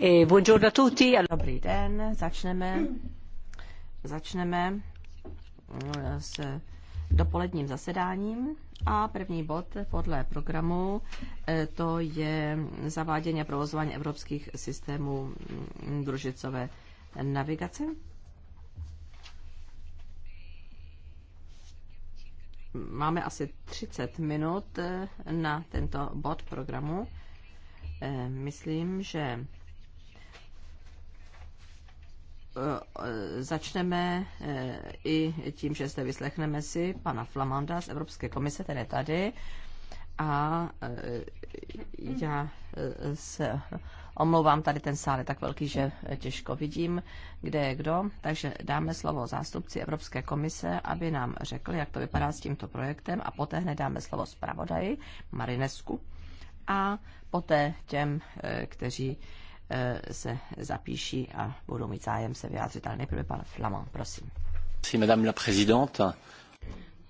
Eh, Dobrý den, začneme. Začneme eh, s dopoledním zasedáním a první bod podle programu eh, to je zavádění a provozování evropských systémů mm, družicové navigace. máme asi 30 minut na tento bod programu. Myslím, že Eh, začneme eh, i tím, že zde vyslechneme si pana Flamanda z Evropské komise, který je tady. A eh, já se omlouvám, tady ten sál je tak velký, že těžko vidím, kde je kdo. Takže dáme slovo zástupci Evropské komise, aby nám řekl, jak to vypadá s tímto projektem a poté hned dáme slovo zpravodaji Marinesku a poté těm, kteří Eh, se zapíší a budou mít zájem se vyjádřit. Ale nejprve pan Flaman, prosím. madame la présidente.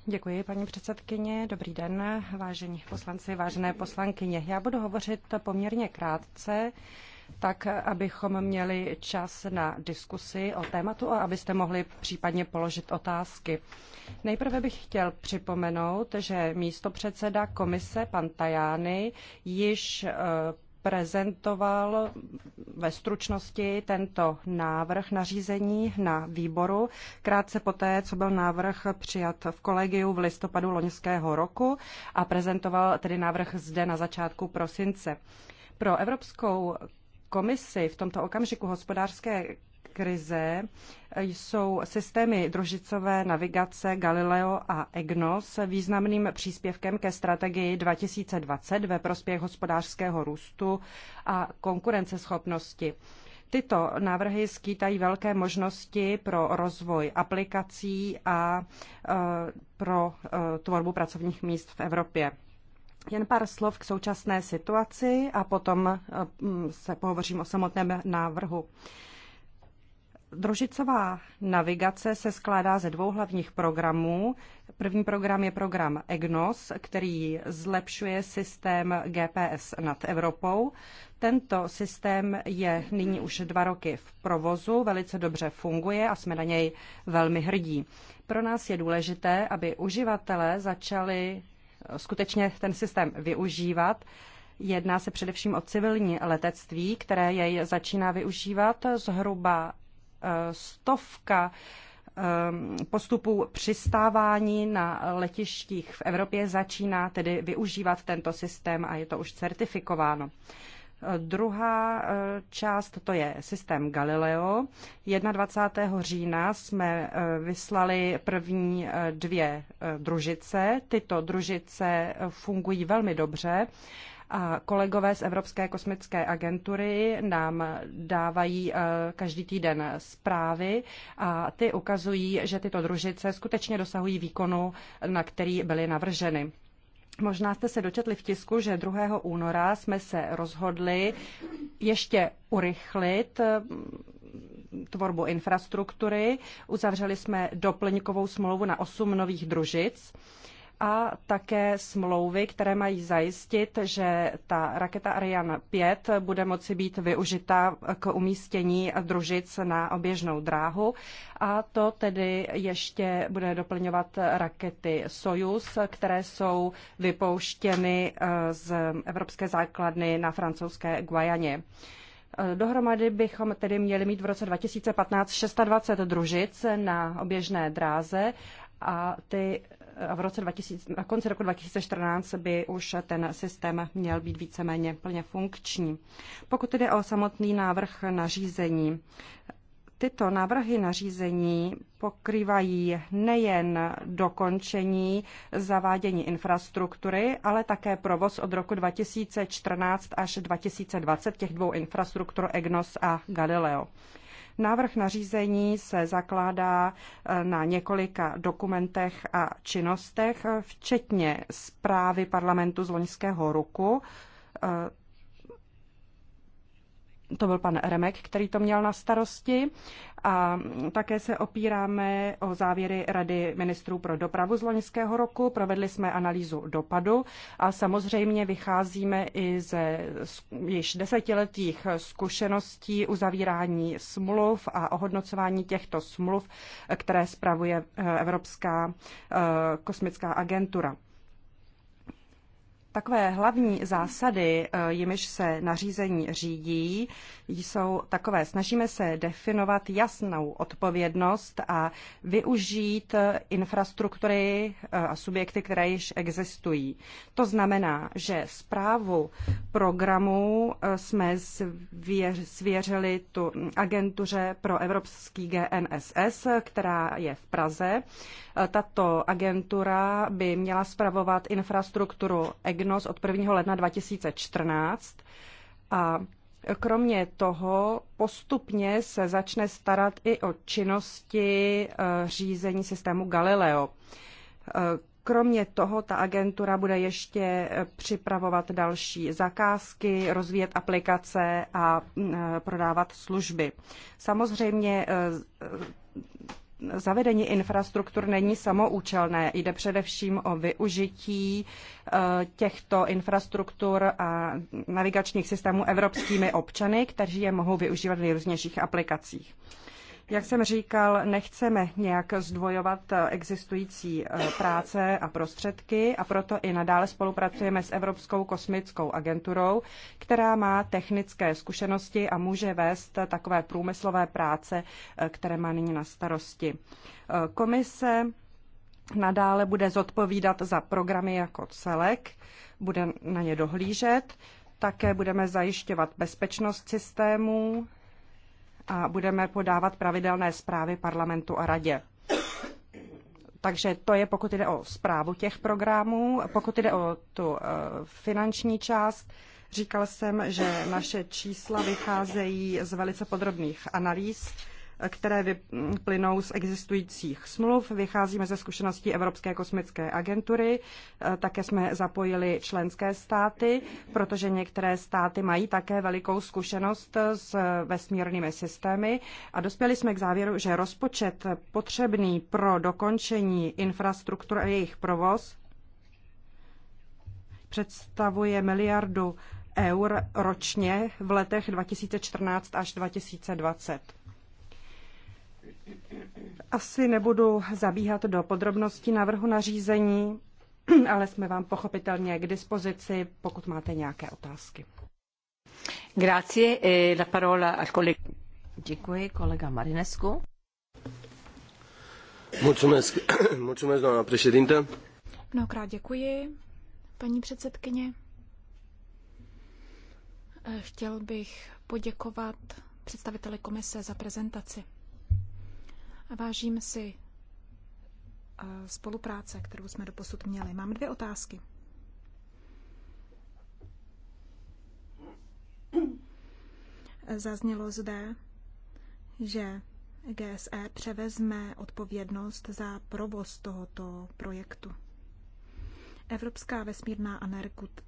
Děkuji, paní předsedkyně. Dobrý den, vážení poslanci, vážené poslankyně. Já budu hovořit poměrně krátce, tak abychom měli čas na diskusi o tématu a abyste mohli případně položit otázky. Nejprve bych chtěl připomenout, že místo předseda komise pan Tajány již eh, prezentoval ve stručnosti tento návrh nařízení na výboru krátce poté, co byl návrh přijat v kolegiu v listopadu loňského roku a prezentoval tedy návrh zde na začátku prosince. Pro Evropskou komisi v tomto okamžiku hospodářské krize jsou systémy družicové navigace Galileo a EGNOS významným příspěvkem ke strategii 2020 ve prospěch hospodářského růstu a konkurenceschopnosti. Tyto návrhy skýtají velké možnosti pro rozvoj aplikací a e, pro e, tvorbu pracovních míst v Evropě. Jen pár slov k současné situaci a potom e, se pohovořím o samotném návrhu. Družicová navigace se skládá ze dvou hlavních programů. První program je program EGNOS, který zlepšuje systém GPS nad Evropou. Tento systém je nyní už dva roky v provozu, velice dobře funguje a jsme na něj velmi hrdí. Pro nás je důležité, aby uživatelé začali eh, skutečně ten systém využívat. Jedná se především o civilní letectví, které jej začíná využívat zhruba stovka ehm, postupů přistávání na letištích v Evropě začíná tedy využívat tento systém a je to už certifikováno. Druhá eh, část to je systém Galileo. 21. října jsme eh, vyslali první eh, dvě družice. Tyto družice fungují velmi dobře a kolegové z Evropské kosmické agentury nám dávají eh, každý týden zprávy a ty ukazují, že tyto družice skutečně dosahují výkonu, na který byly navrženy. Možná jste se dočetli v tisku, že 2. února jsme se rozhodli ještě urychlit eh, tvorbu infrastruktury. Uzavřeli jsme doplňkovou smlouvu na 8 nových družic a také smlouvy, které mají zajistit, že ta raketa Ariane 5 bude moci být využita k umístění družic na oběžnou dráhu a to tedy ještě bude doplňovat rakety Soyuz, které jsou vypouštěny eh, z evropské základny na francouzské Guajaně. Eh, dohromady bychom tedy měli mít v roce 2015 26 družic na oběžné dráze a ty a v roce 2000, na konci roku 2014 by už ten systém měl být víceméně plně funkční. Pokud jde o samotný návrh nařízení, tyto návrhy nařízení pokrývají nejen dokončení zavádění infrastruktury, ale také provoz od roku 2014 až 2020 těch dvou infrastruktur EGNOS a Galileo. Návrh nařízení se zakládá eh, na několika dokumentech a činnostech, včetně zprávy parlamentu z loňského roku, eh, to byl pan Remek, který to měl na starosti. A také se opíráme o závěry Rady ministrů pro dopravu z loňského roku. Provedli jsme analýzu dopadu a samozřejmě vycházíme i ze již desetiletých zkušeností uzavírání smluv a ohodnocování těchto smluv, které spravuje eh, Evropská eh, kosmická agentura. Takové hlavní zásady, eh, jimiž se nařízení řídí, jsou takové. Snažíme se definovat jasnou odpovědnost a využít eh, infrastruktury eh, a subjekty, které již existují. To znamená, že zprávu programu jsme svěřili tu agentuře pro evropský GNSS, která je v Praze. Tato agentura by měla spravovat infrastrukturu Dignos od 1. ledna 2014 a kromě toho postupně se začne starat i o činnosti eh, řízení systému Galileo. Eh, kromě toho ta agentura bude ještě eh, připravovat další zakázky, rozvíjet aplikace a mm, prodávat služby. Samozřejmě zavedení infrastruktur není samoučelné. Jde především o využití eh, těchto infrastruktur a navigačních systémů evropskými občany, kteří je mohou využívat v nejrůznějších aplikacích. Jak jsem říkal, nechceme nějak zdvojovat eh, existující eh, práce a prostředky a proto i nadále spolupracujeme s Evropskou kosmickou agenturou, která má technické zkušenosti a může vést eh, takové průmyslové práce, které má nyní na starosti. Komise nadále bude zodpovídat za programy jako celek, bude na ně dohlížet, také budeme zajišťovat bezpečnost systémů, a budeme podávat pravidelné zprávy parlamentu a radě. Takže to je, pokud jde o zprávu těch programů. Pokud jde o tu eh, finanční část, říkal jsem, že naše čísla vycházejí z velice podrobných analýz které vyplynou mm, z existujících smluv. Vycházíme ze zkušeností Evropské kosmické agentury. E, také jsme zapojili členské státy, protože některé státy mají také velikou zkušenost s vesmírnými systémy a dospěli jsme k závěru, že rozpočet potřebný pro dokončení infrastruktur a jejich provoz představuje miliardu eur ročně v letech 2014 až 2020. Asi nebudu zabíhat do podrobností návrhu nařízení, ale jsme vám pochopitelně k dispozici, pokud máte nějaké otázky. Grazie, eh, la parola al collega. Děkuji, kolega Marinescu. Mulțumesc, mulțumesc, doamna președintă. Mnohokrát děkuji, paní předsedkyně. Eh, chtěl bych poděkovat představiteli komise za prezentaci. Vážím si eh, spolupráce, kterou jsme doposud měli. Mám dvě otázky. Zaznělo zde, že GSE převezme odpovědnost za provoz tohoto projektu. Evropská vesmírná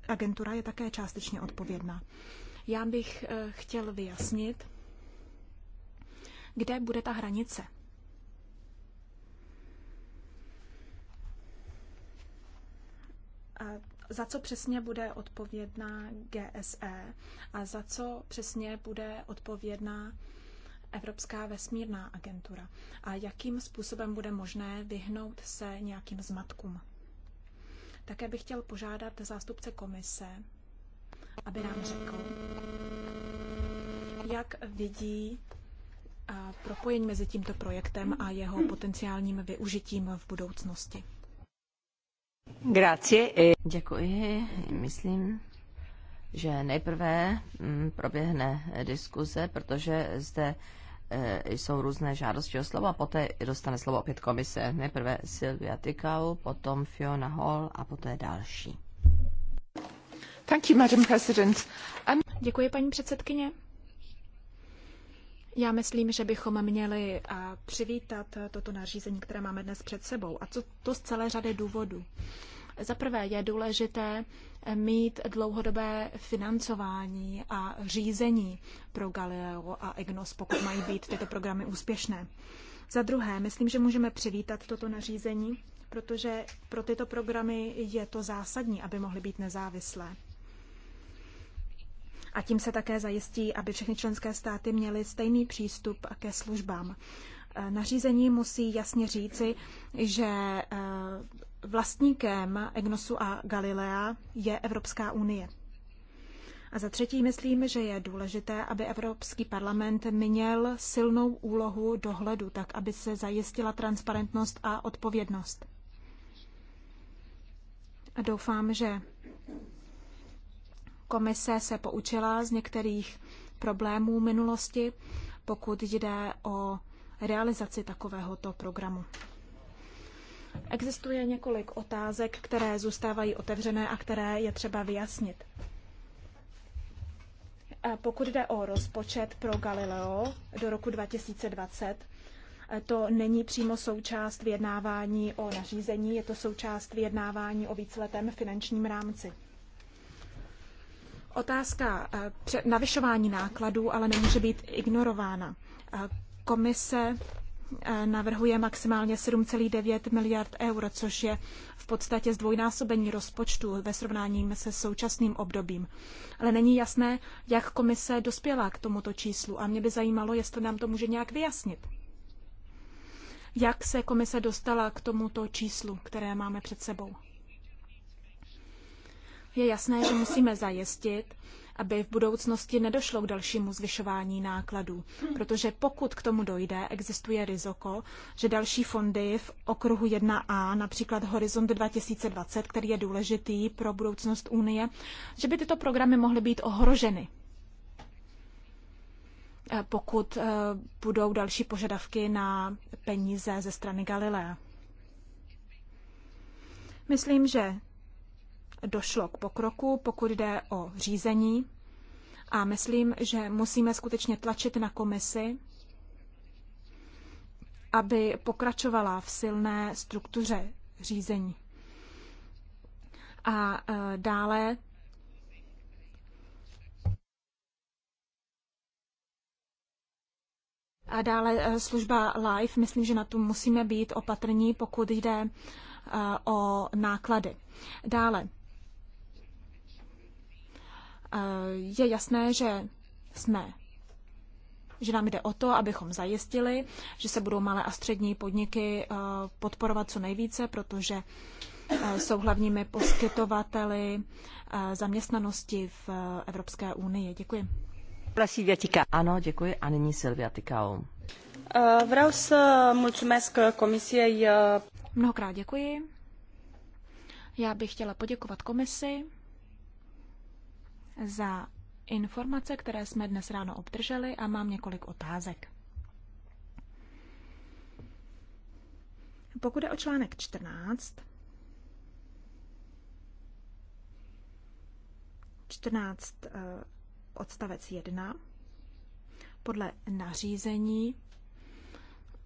agentura je také částečně odpovědná. Já bych eh, chtěl vyjasnit, kde bude ta hranice za co přesně bude odpovědná GSE a za co přesně bude odpovědná Evropská vesmírná agentura a jakým způsobem bude možné vyhnout se nějakým zmatkům. Také bych chtěl požádat zástupce komise, aby nám řekl, jak vidí propojení mezi tímto projektem a jeho potenciálním využitím v budoucnosti. Děkuji. Myslím, že nejprve mm, proběhne diskuze, protože zde eh, jsou různé žádosti o slovo a poté dostane slovo opět komise. Nejprve Silvia Tykau, potom Fiona Hall a poté další. Thank you, Madam President. Um, Děkuji, paní předsedkyně. Já myslím, že bychom měli přivítat e, toto nařízení, které máme dnes před sebou. A to, to z celé řady důvodů. Za prvé je důležité e, mít dlouhodobé financování a řízení pro Galileo a EGNOS, pokud mají být tyto programy úspěšné. Za druhé, myslím, že můžeme přivítat toto nařízení, protože pro tyto programy je to zásadní, aby mohly být nezávislé. A tím se také zajistí, aby všechny členské státy měly stejný přístup ke službám. E, nařízení musí jasně říci, že e, vlastníkem EGNOSu a Galilea je Evropská unie. A za třetí myslím, že je důležité, aby Evropský parlament měl silnou úlohu dohledu, tak aby se zajistila transparentnost a odpovědnost. A doufám, že Komise se poučila z některých problémů minulosti, pokud jde o realizaci takovéhoto programu. Existuje několik otázek, které zůstávají otevřené a které je třeba vyjasnit. Pokud jde o rozpočet pro Galileo do roku 2020, to není přímo součást vyjednávání o nařízení, je to součást vyjednávání o víceletém finančním rámci. Otázka eh, navyšování nákladů ale nemůže být ignorována. Eh, komise eh, navrhuje maximálně 7,9 miliard eur, což je v podstatě zdvojnásobení rozpočtu ve srovnání se současným obdobím. Ale není jasné, jak komise dospěla k tomuto číslu a mě by zajímalo, jestli nám to může nějak vyjasnit. Jak se komise dostala k tomuto číslu, které máme před sebou? je jasné, že musíme zajistit, aby v budoucnosti nedošlo k dalšímu zvyšování nákladů, protože pokud k tomu dojde, existuje riziko, že další fondy v okruhu 1a, například Horizont 2020, který je důležitý pro budoucnost Unie, že by tyto programy mohly být ohroženy eh, pokud eh, budou další požadavky na peníze ze strany Galilea. Myslím, že došlo k pokroku, pokud jde o řízení. A myslím, že musíme skutečně tlačit na komisi, aby pokračovala v silné struktuře řízení. A e, dále A dále e, služba live, myslím, že na tu musíme být opatrní, pokud jde e, o náklady. Dále Eh, je jasné, že jsme že nám jde o to, abychom zajistili, že se budou malé a střední podniky eh, podporovat co nejvíce, protože eh, jsou hlavními poskytovateli zaměstnanosti v Evropské unii. Děkuji. Ano, děkuji. A nyní Silvia Tikao. Vreau se mulțumesc comisiei. Mnohokrát děkuji. Já bych chtěla poděkovat komisi za informace, které jsme dnes ráno obdrželi a mám několik otázek. Pokud je o článek 14, 14 eh, odstavec 1, podle nařízení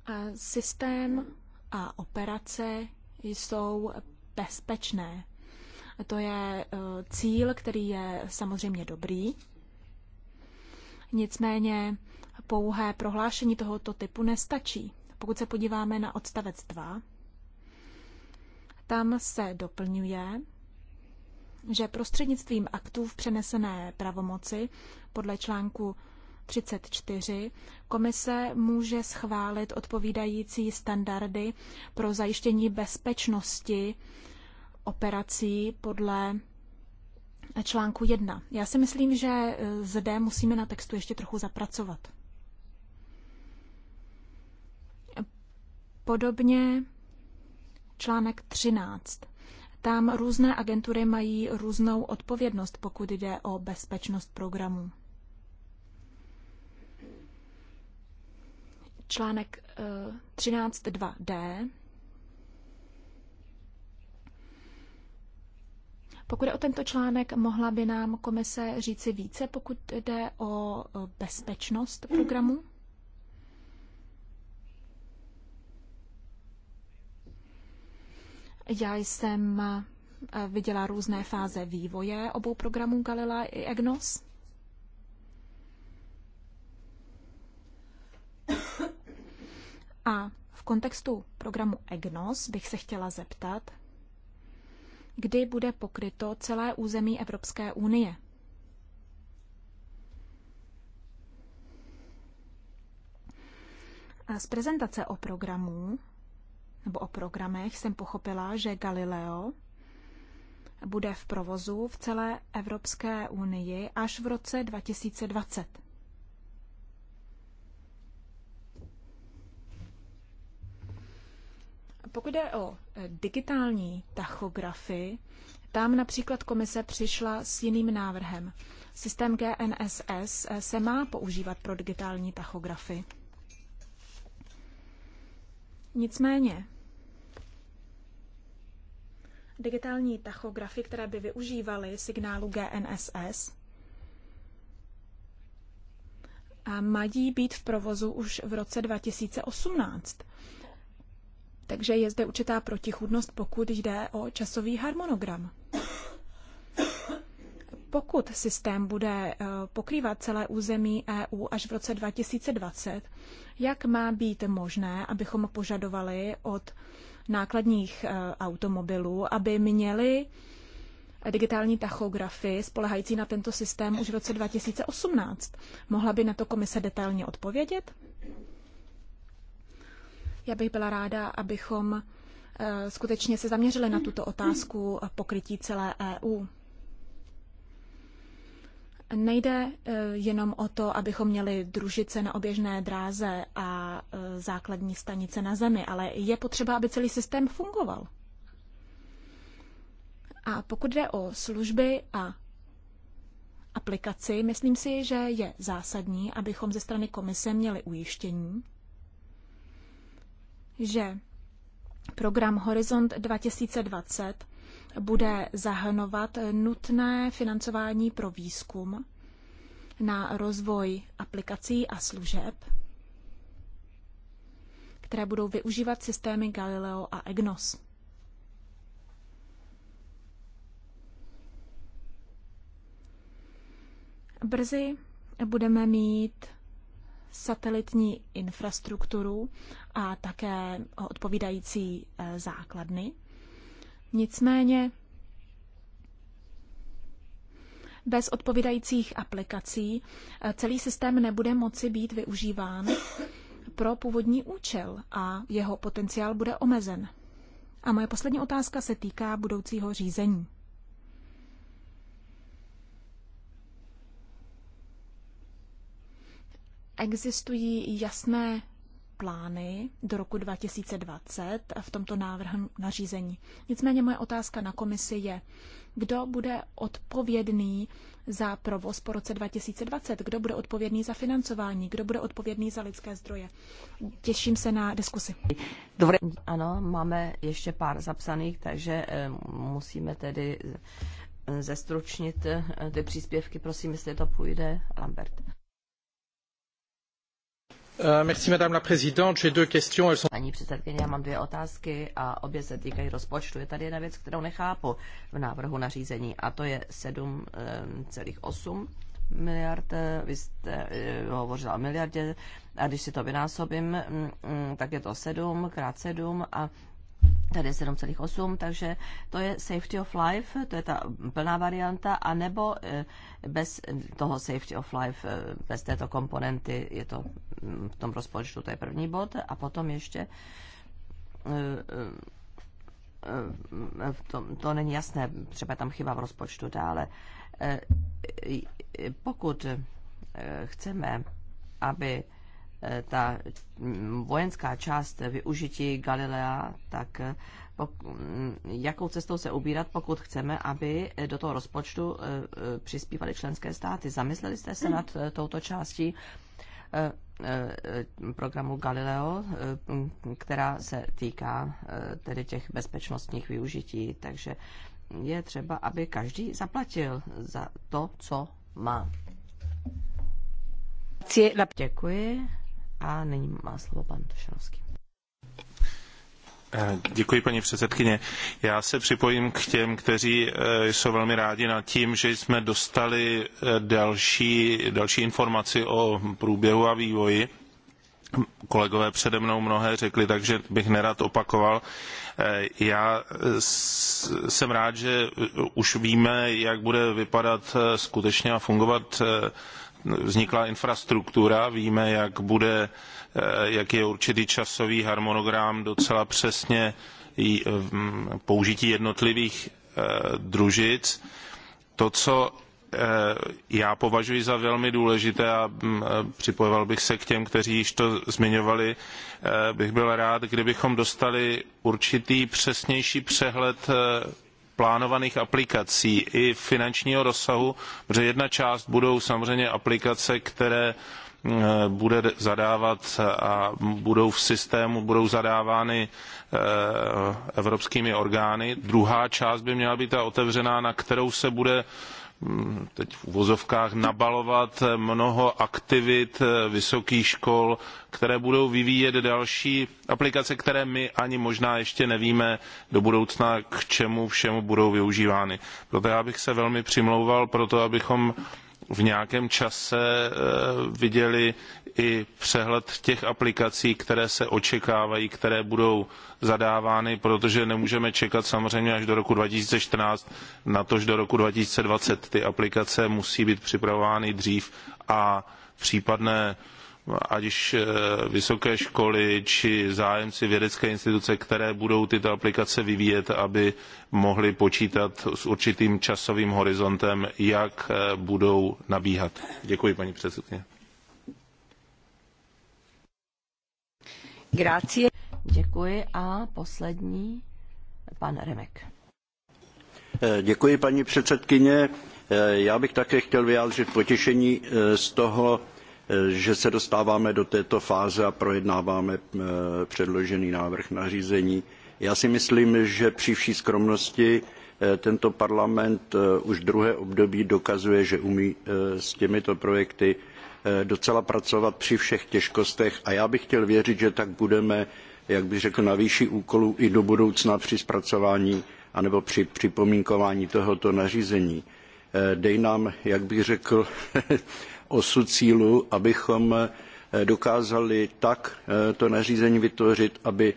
eh, systém a operace jsou bezpečné to je eh, cíl, který je samozřejmě dobrý. Nicméně pouhé prohlášení tohoto typu nestačí. Pokud se podíváme na odstavec 2, tam se doplňuje, že prostřednictvím aktů v přenesené pravomoci podle článku 34 komise může schválit odpovídající standardy pro zajištění bezpečnosti operací podle článku 1. Já si myslím, že eh, zde musíme na textu ještě trochu zapracovat. Podobně článek 13. Tam různé agentury mají různou odpovědnost, pokud jde o bezpečnost programů. Článek 13.2d eh, Pokud je o tento článek, mohla by nám komise říci více, pokud jde o bezpečnost programu? Já jsem eh, viděla různé fáze vývoje obou programů Galila i EGNOS. A v kontextu programu EGNOS bych se chtěla zeptat, kdy bude pokryto celé území Evropské unie. Z prezentace o programu nebo o programech jsem pochopila, že Galileo bude v provozu v celé Evropské unii až v roce 2020. Pokud jde o e, digitální tachografy, tam například komise přišla s jiným návrhem. Systém GNSS e, se má používat pro digitální tachografy. Nicméně, digitální tachografy, které by využívaly signálu GNSS, a mají být v provozu už v roce 2018. Takže je zde určitá protichudnost, pokud jde o časový harmonogram. Pokud systém bude eh, pokrývat celé území EU až v roce 2020, jak má být možné, abychom požadovali od nákladních eh, automobilů, aby měli digitální tachografy spolehající na tento systém už v roce 2018. Mohla by na to komise detailně odpovědět? Já bych byla ráda, abychom eh, skutečně se zaměřili na tuto otázku pokrytí celé EU. Nejde eh, jenom o to, abychom měli družice na oběžné dráze a eh, základní stanice na zemi, ale je potřeba, aby celý systém fungoval. A pokud jde o služby a aplikaci, myslím si, že je zásadní, abychom ze strany komise měli ujištění, že program Horizont 2020 bude zahrnovat nutné financování pro výzkum na rozvoj aplikací a služeb, které budou využívat systémy Galileo a EGNOS. Brzy budeme mít satelitní infrastrukturu a také odpovídající eh, základny. Nicméně bez odpovídajících aplikací eh, celý systém nebude moci být využíván pro původní účel a jeho potenciál bude omezen. A moje poslední otázka se týká budoucího řízení. Existují jasné plány do roku 2020 v tomto návrhu nařízení. Nicméně moje otázka na komisi je, kdo bude odpovědný za provoz po roce 2020, kdo bude odpovědný za financování, kdo bude odpovědný za lidské zdroje. Těším se na diskusi. Dobré, ano, máme ještě pár zapsaných, takže eh, musíme tedy eh, zestručnit eh, ty příspěvky. Prosím, jestli to půjde, Lambert. Euh, Paní předsedkyně, já mám dvě otázky a obě se týkají rozpočtu. Je tady jedna věc, kterou nechápu v návrhu nařízení a to je 7,8 eh, miliard, eh, vy jste eh, hovořila o miliardě, a když si to vynásobím, mm, mm, tak je to 7 krát 7 a tady je 7,8, takže to je safety of life, to je ta plná varianta, a nebo eh, bez toho safety of life, eh, bez této komponenty je to hm, v tom rozpočtu, to je první bod, a potom ještě eh, to, to není jasné, třeba tam chyba v rozpočtu dále. Pokud chceme, aby ta mm, vojenská část využití Galilea, tak mm, jakou cestou se ubírat, pokud chceme, aby do toho rozpočtu e, e, přispívaly členské státy. Zamysleli jste se hmm. nad e, touto částí programu Galileo, která se týká tedy těch bezpečnostních využití, takže je třeba, aby každý zaplatil za to, co má. Děkuji. A nyní má slovo pan Tošenovský. Eh, děkuji, paní předsedkyně. Já se připojím k těm, kteří eh, jsou velmi rádi nad tím, že jsme dostali eh, další, další informaci o průběhu a vývoji. Kolegové přede mnou mnohé řekli, takže bych nerad opakoval. Já jsem rád, že už víme, jak bude vypadat skutečně a fungovat vznikla infrastruktura, víme, jak, bude, eh, jak je určitý časový harmonogram docela přesně eh, použití jednotlivých eh, družic. To, co já považuji za velmi důležité a hm, připojoval bych se k těm, kteří již to zmiňovali, bych byl rád, kdybychom dostali určitý přesnější přehled plánovaných aplikací i finančního rozsahu, protože jedna část budou samozřejmě aplikace, které eh, bude zadávat a budou v systému, budou zadávány eh, evropskými orgány. Druhá část by měla být ta otevřená, na kterou se bude teď v uvozovkách nabalovat mnoho aktivit eh, vysokých škol, které budou vyvíjet další aplikace, které my ani možná ještě nevíme do budoucna, k čemu všemu budou využívány. Proto já bych se velmi přimlouval pro to, abychom v nějakém čase eh, viděli i přehled těch aplikací, které se očekávají, které budou zadávány, protože nemůžeme čekat samozřejmě až do roku 2014, natož do roku 2020. Ty aplikace musí být připravovány dřív a případné ať už eh, vysoké školy či zájemci vědecké instituce, které budou tyto aplikace vyvíjet, aby mohli počítat s určitým časovým horizontem, jak eh, budou nabíhat. Děkuji, paní předsedkyně. Grazie. Děkuji a poslední pan Remek. Eh, děkuji, paní předsedkyně. Eh, já bych také chtěl vyjádřit potěšení eh, z toho, že se dostáváme do této fáze a projednáváme předložený návrh nařízení. Já si myslím, že při vší skromnosti tento parlament už druhé období dokazuje, že umí s těmito projekty Eh, docela pracovat při všech těžkostech a já bych chtěl věřit, že tak budeme, jak bych řekl, na výši úkolů i do budoucna při zpracování anebo při připomínkování tohoto nařízení. Eh, dej nám, jak bych řekl, osud cílu, abychom eh, dokázali tak to nařízení vytvořit, aby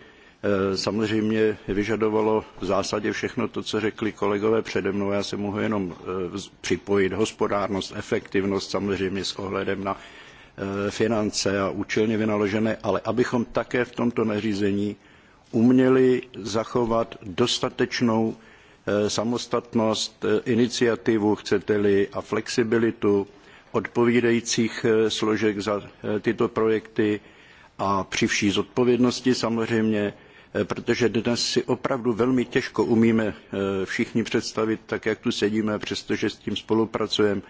Eh, samozřejmě vyžadovalo v zásadě všechno to, co řekli kolegové přede mnou. Já se mohu jenom eh, připojit hospodárnost, efektivnost samozřejmě s ohledem na eh, finance a účelně vynaložené, ale abychom také v tomto nařízení uměli zachovat dostatečnou samostatnost, iniciativu, chcete-li, a flexibilitu odpovídajících složek za tyto projekty a při vší zodpovědnosti samozřejmě Eh, protože dnes si opravdu velmi těžko umíme eh, všichni představit, tak jak tu sedíme, přestože s tím spolupracujeme,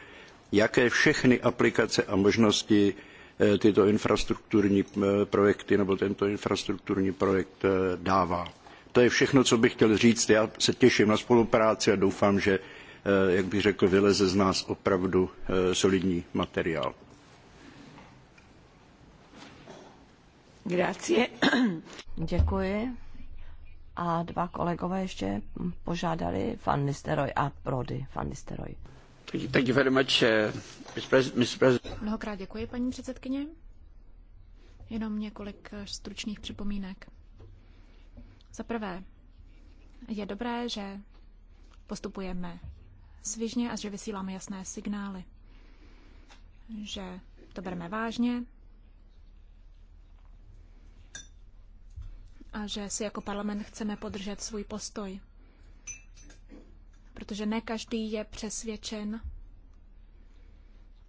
jaké všechny aplikace a možnosti eh, tyto infrastrukturní projekty nebo tento infrastrukturní projekt dává. To je všechno, co bych chtěl říct. Já se těším na spolupráci a doufám, že, jak bych řekl, vyleze z nás opravdu solidní materiál. Děkuji. A dva kolegové ještě požádali, Van Nisteroj a Prody Van Nisteroj. Thank you very much, uh, Mr. President. Mnohokrát děkuji, paní předsedkyně. Jenom několik eh, stručných připomínek. Za prvé, je dobré, že postupujeme svižně a že vysíláme jasné signály, že to bereme vážně a že si jako parlament chceme podržet svůj postoj. Protože ne každý je přesvědčen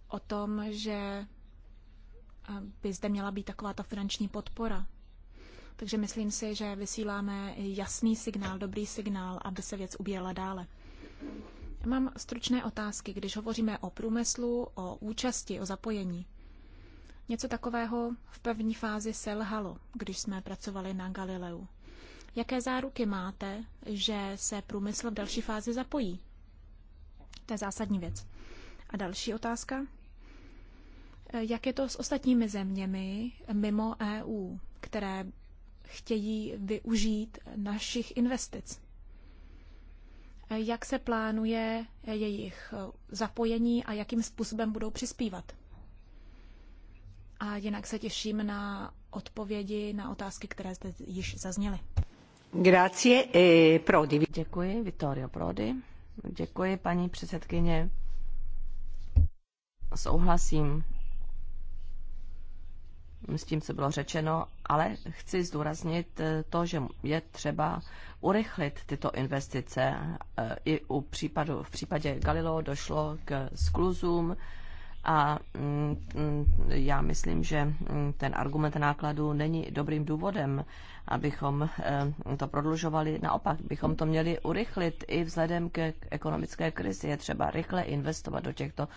o tom, že eh, by zde měla být taková ta finanční podpora. Takže myslím si, že vysíláme jasný signál, dobrý signál, aby se věc ubíjela dále. Mám stručné otázky, když hovoříme o průmyslu, o účasti, o zapojení. Něco takového v první fázi selhalo, když jsme pracovali na Galileu. Jaké záruky máte, že se průmysl v další fázi zapojí? To je zásadní věc. A další otázka? Jak je to s ostatními zeměmi mimo EU, které chtějí využít našich investic? Jak se plánuje jejich zapojení a jakým způsobem budou přispívat? A jinak se těším na odpovědi na otázky, které zde již zazněly. Grazie e Prodi. Děkuji, Vittorio Prodi. Děkuji, paní předsedkyně. Souhlasím s tím, co bylo řečeno, ale chci zdůraznit eh, to, že je třeba urychlit tyto investice. Eh, I u případu, v případě Galileo došlo k skluzům, a mm, já myslím, že mm, ten argument nákladů není dobrým důvodem, abychom eh, to prodlužovali. Naopak, bychom to měli urychlit i vzhledem k ekonomické krizi. Je třeba rychle investovat do těchto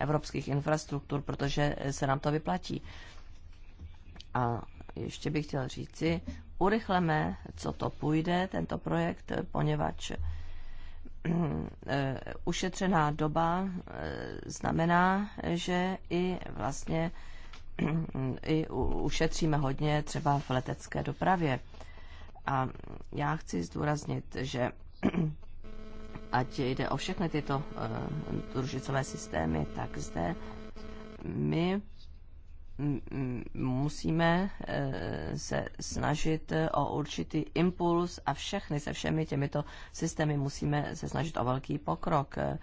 evropských infrastruktur, protože se nám to vyplatí. A ještě bych chtěl říci, urychleme, co to půjde, tento projekt, poněvadž Eh, ušetřená doba eh, znamená, že i vlastně i ušetříme hodně třeba v letecké dopravě. A já chci zdůraznit, že ať jde o všechny tyto eh, družicové systémy, tak zde my musíme eh, se snažit eh, o určitý impuls a všechny se všemi těmito systémy musíme se snažit o velký pokrok, eh,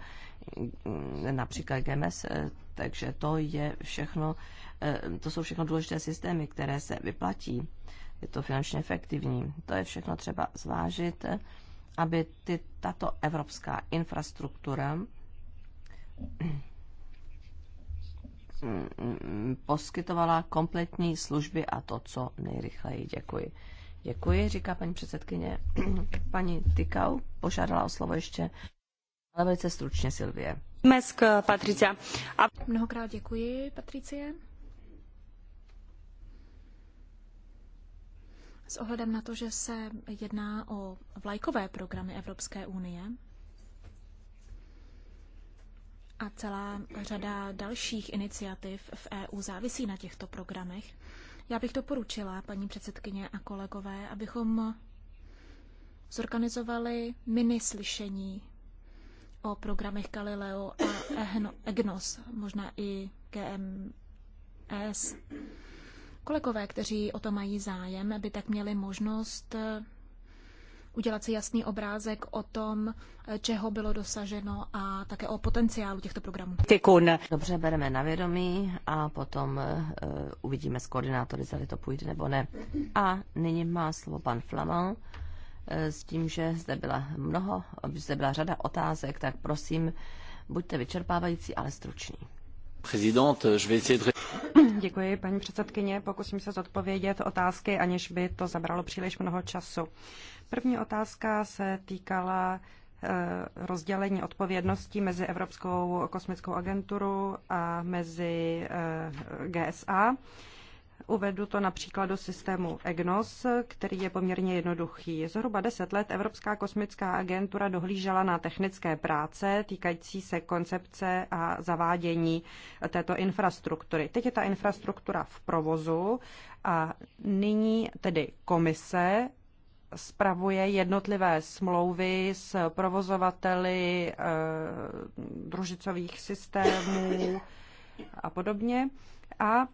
například GMS, takže to je všechno, to jsou všechno důležité systémy, které se vyplatí. Je to finančně efektivní. To je všechno třeba zvážit, aby ty, tato evropská infrastruktura Mm, poskytovala kompletní služby a to, co nejrychleji. Děkuji. Děkuji, říká paní předsedkyně. paní Tykau požádala o slovo ještě, ale velice stručně, Silvie. Mesk, Patricia. A... Mnohokrát děkuji, Patricie. S ohledem na to, že se jedná o vlajkové programy Evropské unie, a celá řada dalších iniciativ v EU závisí na těchto programech. Já bych doporučila, paní předsedkyně a kolegové, abychom zorganizovali mini slyšení o programech Galileo a EGNOS, možná i GMS. Kolegové, kteří o to mají zájem, by tak měli možnost udělat si jasný obrázek o tom, eh, čeho bylo dosaženo a také o potenciálu těchto programů. Dobře, bereme na vědomí a potom uh, uvidíme s koordinátory, zda to půjde nebo ne. A nyní má slovo pan Flamal s tím, že zde byla mnoho, zde byla řada otázek, tak prosím, buďte vyčerpávající, ale struční. Děkuji, paní předsedkyně. Pokusím se zodpovědět otázky, aniž by to zabralo příliš mnoho času. První otázka se týkala eh, rozdělení odpovědností mezi Evropskou kosmickou agenturu a mezi eh, GSA. Uvedu to například do systému EGNOS, který je poměrně jednoduchý. Zhruba deset let Evropská kosmická agentura dohlížela na technické práce týkající se koncepce a zavádění této infrastruktury. Teď je ta infrastruktura v provozu a nyní tedy komise spravuje jednotlivé smlouvy s provozovateli eh, družicových systémů a podobně. A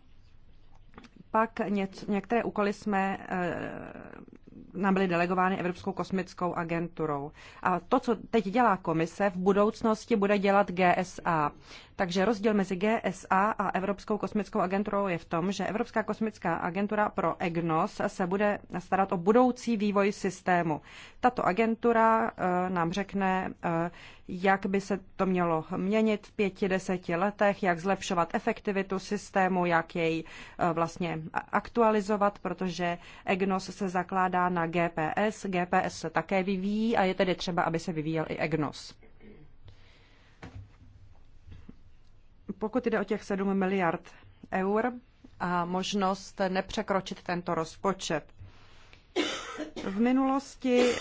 pak něco, některé úkoly jsme eh, nám byly delegovány Evropskou kosmickou agenturou. A to, co teď dělá komise, v budoucnosti bude dělat GSA. Takže rozdíl mezi GSA a Evropskou kosmickou agenturou je v tom, že Evropská kosmická agentura pro EGNOS se bude starat o budoucí vývoj systému. Tato agentura eh, nám řekne, eh, jak by se to mělo měnit v pěti, deseti letech, jak zlepšovat efektivitu systému, jak jej eh, vlastně aktualizovat, protože EGNOS se zakládá na GPS, GPS se také vyvíjí a je tedy třeba, aby se vyvíjel i EGNOS. pokud jde o těch 7 miliard eur a možnost nepřekročit tento rozpočet. V minulosti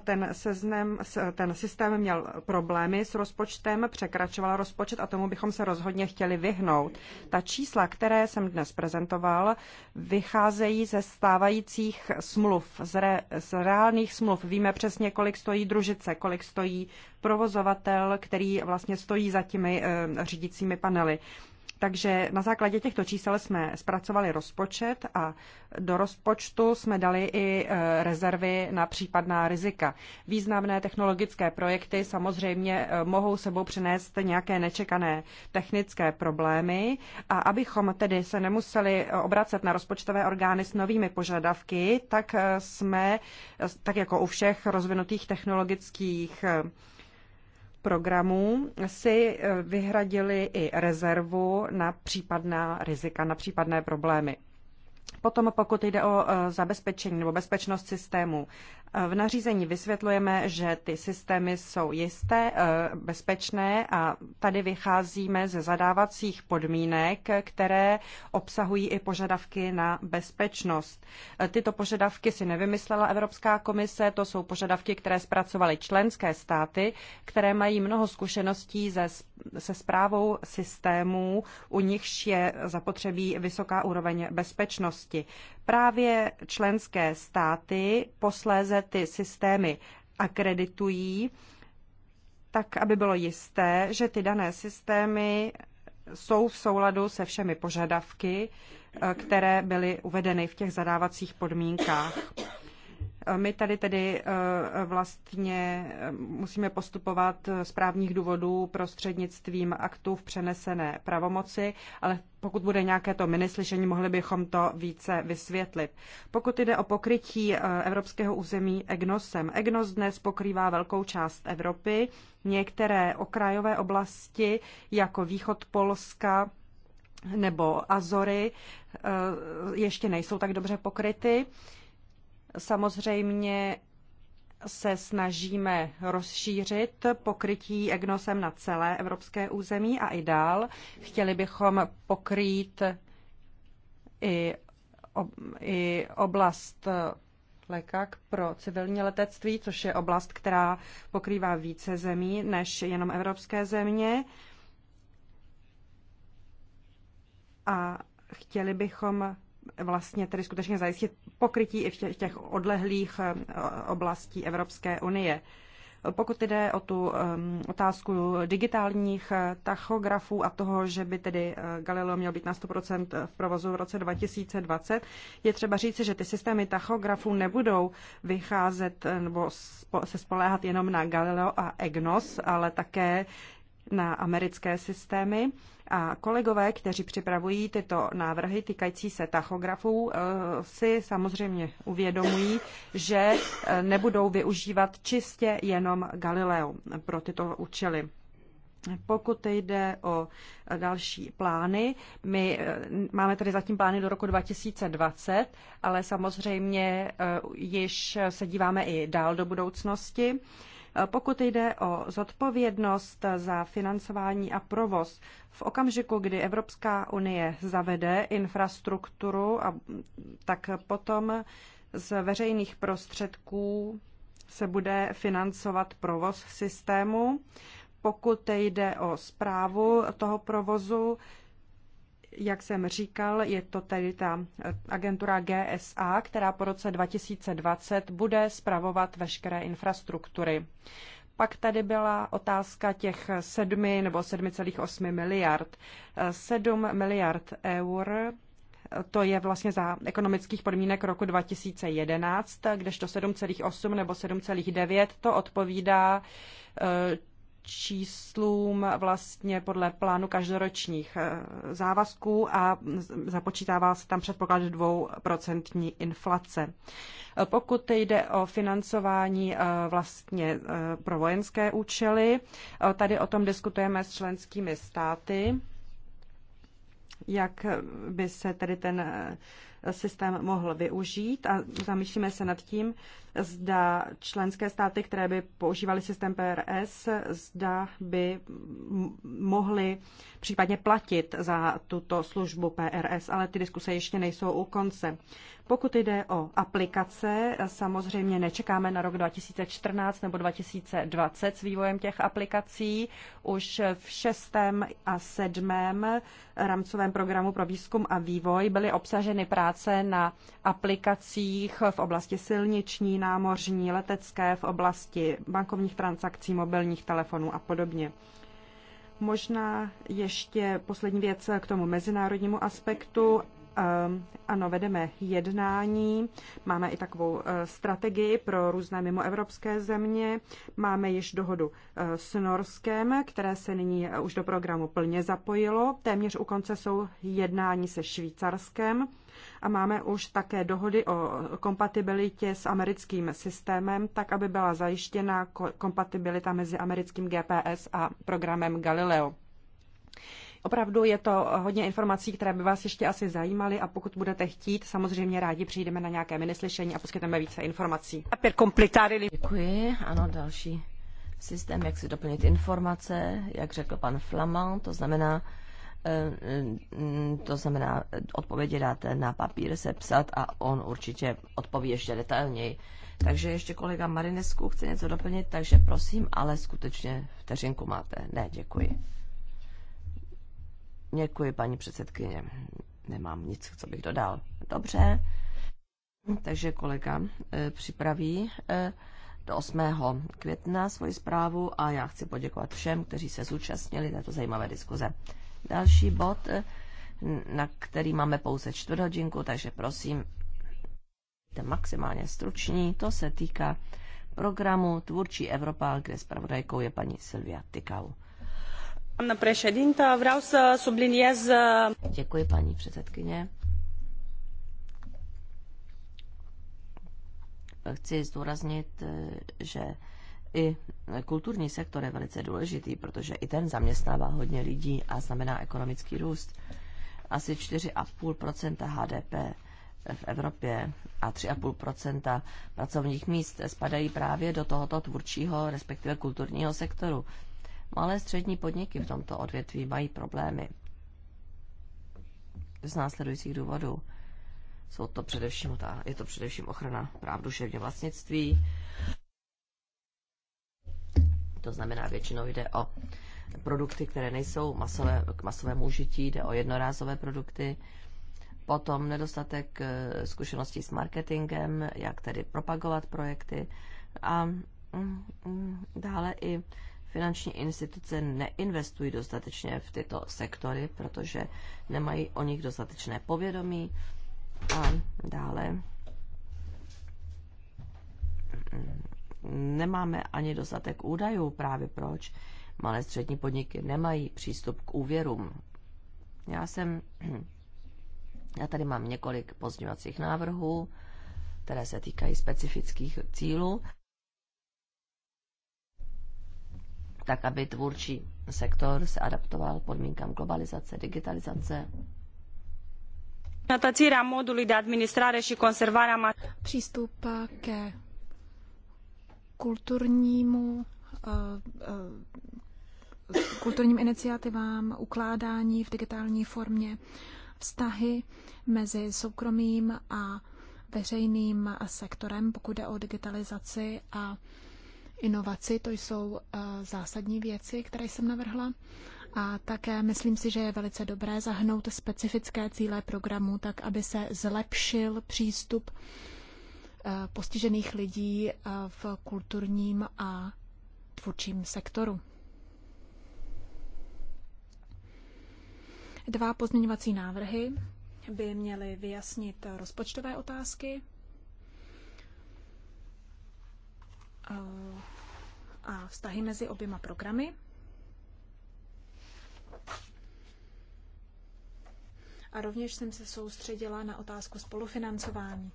ten, seznem, ten systém měl problémy s rozpočtem, překračoval rozpočet a tomu bychom se rozhodně chtěli vyhnout. Ta čísla, které jsem dnes prezentoval, vycházejí ze stávajících smluv, z, re, z reálných smluv. Víme přesně, kolik stojí družice, kolik stojí provozovatel, který vlastně stojí za těmi e, řídícími panely. Takže na základě těchto čísel jsme zpracovali rozpočet a do rozpočtu jsme dali i e, rezervy na případná rizika. Významné technologické projekty samozřejmě e, mohou sebou přinést nějaké nečekané technické problémy a abychom tedy se nemuseli e, obracet na rozpočtové orgány s novými požadavky, tak jsme, tak jako u všech rozvinutých technologických programů si eh, vyhradili i rezervu na případná rizika, na případné problémy. Potom, pokud jde o eh, zabezpečení nebo bezpečnost systému v nařízení vysvětlujeme, že ty systémy jsou jisté, eh, bezpečné a tady vycházíme ze zadávacích podmínek, které obsahují i požadavky na bezpečnost. Eh, tyto požadavky si nevymyslela Evropská komise, to jsou požadavky, které zpracovaly členské státy, které mají mnoho zkušeností se, se zprávou systémů, u nichž je zapotřebí vysoká úroveň bezpečnosti. Právě členské státy posléze ty systémy akreditují, tak aby bylo jisté, že ty dané systémy jsou v souladu se všemi požadavky, eh, které byly uvedeny v těch zadávacích podmínkách. My tady tedy eh, vlastně eh, musíme postupovat z právních důvodů prostřednictvím aktů v přenesené pravomoci, ale pokud bude nějaké to minislyšení, mohli bychom to více vysvětlit. Pokud jde o pokrytí eh, evropského území EGNOSem, EGNOS dnes pokrývá velkou část Evropy, některé okrajové oblasti jako východ Polska nebo Azory ještě nejsou tak dobře pokryty. Samozřejmě se snažíme rozšířit pokrytí EGNOSem na celé evropské území a i dál. Chtěli bychom pokrýt i, ob, i oblast eh, lekak pro civilní letectví, což je oblast, která pokrývá více zemí než jenom evropské země. A chtěli bychom vlastně tedy skutečně zajistit pokrytí i v těch, těch odlehlých eh, oblastí Evropské unie. Pokud jde o tu eh, otázku digitálních eh, tachografů a toho, že by tedy Galileo měl být na 100% v provozu v roce 2020, je třeba říci, že ty systémy tachografů nebudou vycházet nebo se spoléhat jenom na Galileo a EGNOS, ale také na americké systémy. A kolegové, kteří připravují tyto návrhy týkající se tachografů, eh, si samozřejmě uvědomují, že eh, nebudou využívat čistě jenom Galileo pro tyto účely. Pokud jde o eh, další plány, my máme tady zatím plány do roku 2020, ale samozřejmě již se díváme i dál do budoucnosti. Pokud jde o zodpovědnost za financování a provoz, v okamžiku, kdy Evropská unie zavede infrastrukturu, a tak potom z veřejných prostředků se bude financovat provoz systému. Pokud jde o zprávu toho provozu, jak jsem říkal, je to tedy ta eh, agentura GSA, která po roce 2020 bude spravovat veškeré infrastruktury. Pak tady byla otázka těch 7 nebo 7,8 miliard. 7 eh, miliard eur eh, to je vlastně za ekonomických podmínek roku 2011, kdežto 7,8 nebo 7,9 to odpovídá číslům vlastně podle plánu každoročních eh, závazků a započítává se tam předpoklad dvouprocentní inflace. Eh, pokud jde o financování eh, vlastně pro vojenské účely, tady o tom diskutujeme s členskými státy jak by se tedy ten systém mohl využít a zamýšlíme se nad tím, zda členské státy, které by používaly systém PRS, zda by mohly případně platit za tuto službu PRS, ale ty diskuse ještě nejsou u konce. Pokud jde o aplikace, samozřejmě nečekáme na rok 2014 nebo 2020 s vývojem těch aplikací. Už v šestém a sedmém rámcovém programu pro výzkum a vývoj byly obsaženy práce na aplikacích v oblasti silniční, námořní, letecké, v oblasti bankovních transakcí, mobilních telefonů a podobně. Možná ještě poslední věc k tomu mezinárodnímu aspektu Eh, ano, vedeme jednání, máme i takovou eh, strategii pro různé mimoevropské země, máme již dohodu eh, s Norskem, které se nyní už do programu plně zapojilo, téměř u konce jsou jednání se Švýcarskem a máme už také dohody o kompatibilitě s americkým systémem, tak aby byla zajištěna kompatibilita mezi americkým GPS a programem Galileo. Opravdu je to hodně informací, které by vás ještě asi zajímaly a pokud budete chtít, samozřejmě rádi přijdeme na nějaké minislyšení a poskytneme více informací. Děkuji, ano, další systém, jak si doplnit informace, jak řekl pan Flamand, to znamená, eh, mm, to znamená, odpovědi dáte na papír sepsat a on určitě odpoví ještě detailněji. Takže ještě kolega Marinesku chce něco doplnit, takže prosím, ale skutečně vteřinku máte. Ne, děkuji. Děkuji, paní předsedkyně. Nemám nic, co bych dodal. Dobře. Takže kolega eh, připraví eh, do 8. května svoji zprávu a já chci poděkovat všem, kteří se zúčastnili této zajímavé diskuze. Další bod, eh, na který máme pouze čtvrt hodinku, takže prosím, jste maximálně struční. To se týká programu Tvůrčí Evropa, kde zpravodajkou je paní Silvia Tykau vreau să subliniez... Uh, Děkuji, paní předsedkyně. Chci zdůraznit, eh, že i kulturní sektor je velice důležitý, protože i ten zaměstnává hodně lidí a znamená ekonomický růst. Asi 4,5 HDP v Evropě a 3,5 pracovních míst spadají právě do tohoto tvůrčího, respektive kulturního sektoru. Malé střední podniky v tomto odvětví mají problémy z následujících důvodů. Jsou to především, ta, je to především ochrana práv duševního vlastnictví. To znamená, většinou jde o produkty, které nejsou masové, k masovému užití, jde o jednorázové produkty. Potom nedostatek eh, zkušeností s marketingem, jak tedy propagovat projekty. A mm, mm, dále i finanční instituce neinvestují dostatečně v tyto sektory, protože nemají o nich dostatečné povědomí. A dále mm, nemáme ani dostatek údajů, právě proč malé střední podniky nemají přístup k úvěrům. Já jsem, já tady mám několik pozměňovacích návrhů, které se týkají specifických cílů. tak aby tvůrčí sektor se adaptoval podmínkám globalizace, digitalizace. Natățirea modului de administrare și conservarea Přístup eh, ke kulturnímu eh, eh, kulturním iniciativám, ukládání v digitální formě, vztahy mezi soukromým a veřejným sektorem, pokud jde o digitalizaci a inovaci, to jsou eh, zásadní věci, které jsem navrhla. A také myslím si, že je velice dobré zahnout specifické cíle programu, tak aby se zlepšil přístup eh, postižených lidí eh, v kulturním a tvůrčím sektoru. Dva pozměňovací návrhy by měly vyjasnit rozpočtové otázky a vztahy mezi oběma programy. A rovněž jsem se soustředila na otázku spolufinancování.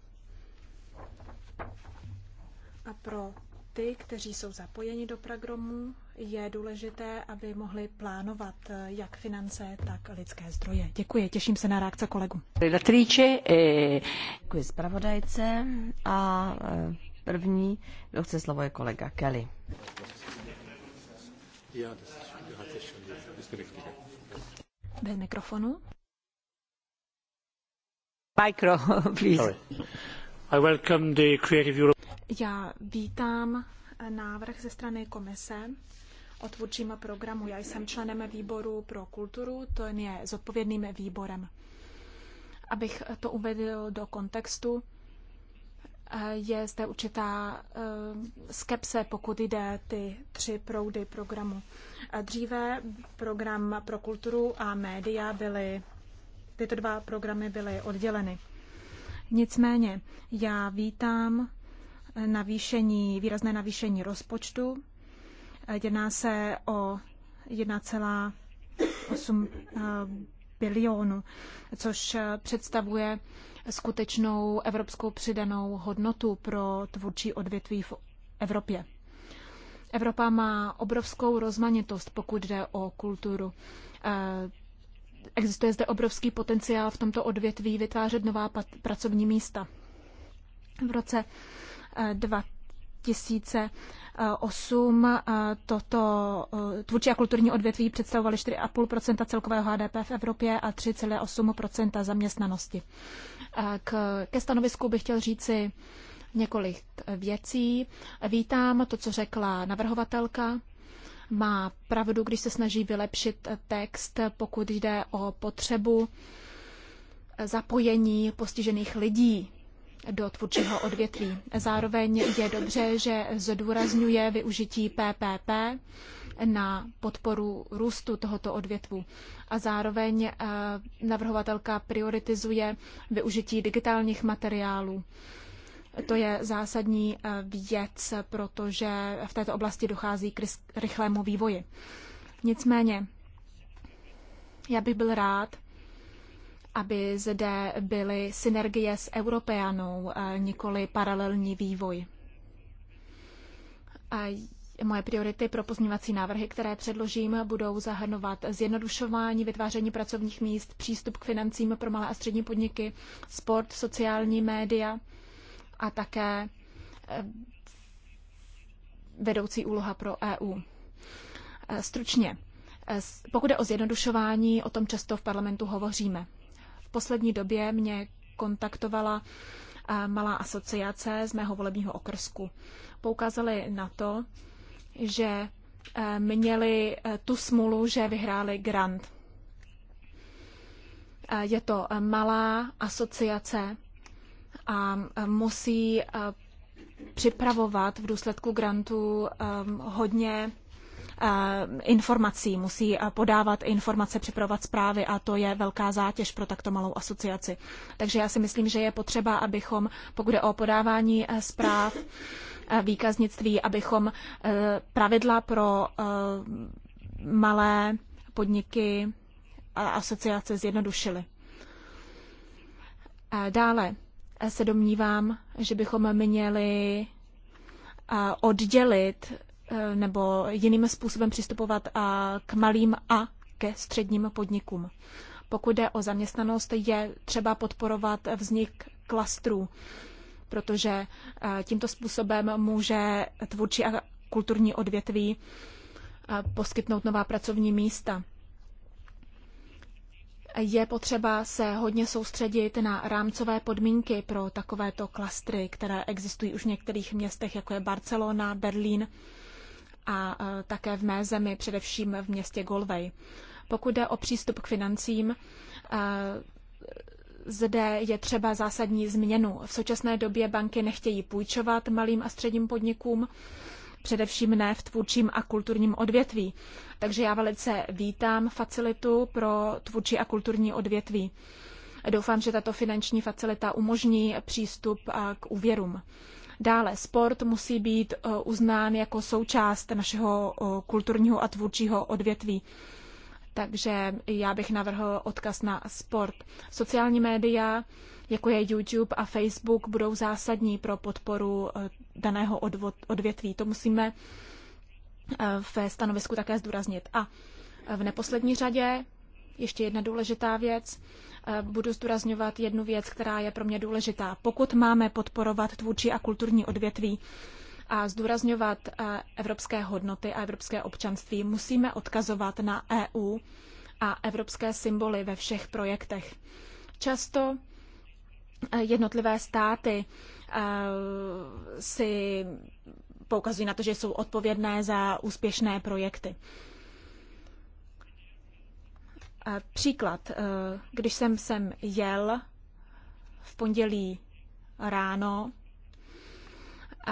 A pro ty, kteří jsou zapojeni do programu, je důležité, aby mohli plánovat jak finance, tak lidské zdroje. Děkuji, těším se na reakce kolegu. Eh, děkuji zpravodajce a eh, První, kdo chce slovo, je kolega Kelly. Bez mikrofonu. Micro, please. I welcome the Creative Europe. Já vítám návrh ze strany komise o tvůrčím programu. Já jsem členem výboru pro kulturu, to je zodpovědným výborem. Abych to uvedl do kontextu, je zde určitá eh, skepse, pokud jde ty tři proudy programu. Eh, dříve program pro kulturu a média byly, tyto dva programy byly odděleny. Nicméně já vítám navýšení, výrazné navýšení rozpočtu. Eh, jedná se o 1,8 bilionů, což eh, představuje skutečnou evropskou přidanou hodnotu pro tvůrčí odvětví v Evropě. Evropa má obrovskou rozmanitost, pokud jde o kulturu. Eh, existuje zde obrovský potenciál v tomto odvětví vytvářet nová pracovní místa. V roce 2000 eh, 2008 eh, eh, toto eh, tvůrčí a kulturní odvětví představovaly 4,5 celkového HDP v Evropě a 3,8 zaměstnanosti. K, ke stanovisku bych chtěl říci několik věcí. Vítám to, co řekla navrhovatelka. Má pravdu, když se snaží vylepšit text, pokud jde o potřebu zapojení postižených lidí do tvůrčího odvětví. Zároveň je dobře, že zdůrazňuje využití PPP na podporu růstu tohoto odvětvu. A zároveň eh, navrhovatelka prioritizuje využití digitálních materiálů. To je zásadní eh, věc, protože v této oblasti dochází k rychlému vývoji. Nicméně, já bych byl rád, aby zde byly synergie s Europeanou, eh, nikoli paralelní vývoj. A moje priority pro pozměňovací návrhy, které předložím, budou zahrnovat zjednodušování, vytváření pracovních míst, přístup k financím pro malé a střední podniky, sport, sociální média a také eh, vedoucí úloha pro EU. Eh, stručně, pokud je o zjednodušování, o tom často v parlamentu hovoříme. V poslední době mě kontaktovala eh, malá asociace z mého volebního okrsku. Poukázali na to, že eh, měli eh, tu smůlu, že vyhráli grant. Je to malá asociace a musí připravovat v důsledku grantu hodně informací, musí podávat informace, připravovat zprávy a to je velká zátěž pro takto malou asociaci. Takže já si myslím, že je potřeba, abychom, pokud je o podávání e, zpráv, e, výkaznictví, abychom e, pravidla pro malé podniky a asociace zjednodušili. Dále se domnívám, že bychom měli oddělit E, nebo jiným způsobem přistupovat k malým a ke středním podnikům. Pokud jde o zaměstnanost, je třeba podporovat vznik klastrů, protože e, tímto způsobem může tvůrčí a kulturní odvětví e, poskytnout nová pracovní místa. Je potřeba se hodně soustředit na rámcové podmínky pro takovéto klastry, které existují už v některých městech, jako je Barcelona, Berlín a e, také v mé zemi, především v městě Golvej. Pokud jde o přístup k financím, e, zde je třeba zásadní změnu. V současné době banky nechtějí půjčovat malým a středním podnikům, především ne v tvůrčím a kulturním odvětví. Takže já velice vítám facilitu pro tvůrčí a kulturní odvětví. Doufám, že tato finanční facilita umožní přístup e, k úvěrům. Dále sport musí být eh, uznán jako součást našeho eh, kulturního a tvůrčího odvětví. Takže já bych navrhl odkaz na sport. Sociální média, jako je YouTube a Facebook, budou zásadní pro podporu eh, daného odvětví. To musíme ve stanovisku také zdůraznit. A v neposlední řadě ještě jedna důležitá věc. Eh, budu zdůrazňovat jednu věc, která je pro mě důležitá. Pokud máme podporovat tvůrčí a kulturní odvětví, a zdůrazňovat eh, evropské hodnoty a evropské občanství, musíme odkazovat na EU a evropské symboly ve všech projektech. Často eh, jednotlivé státy si poukazují na to, že jsou odpovědné za úspěšné projekty. Eh, příklad, eh, když jsem sem jel v pondělí ráno, eh,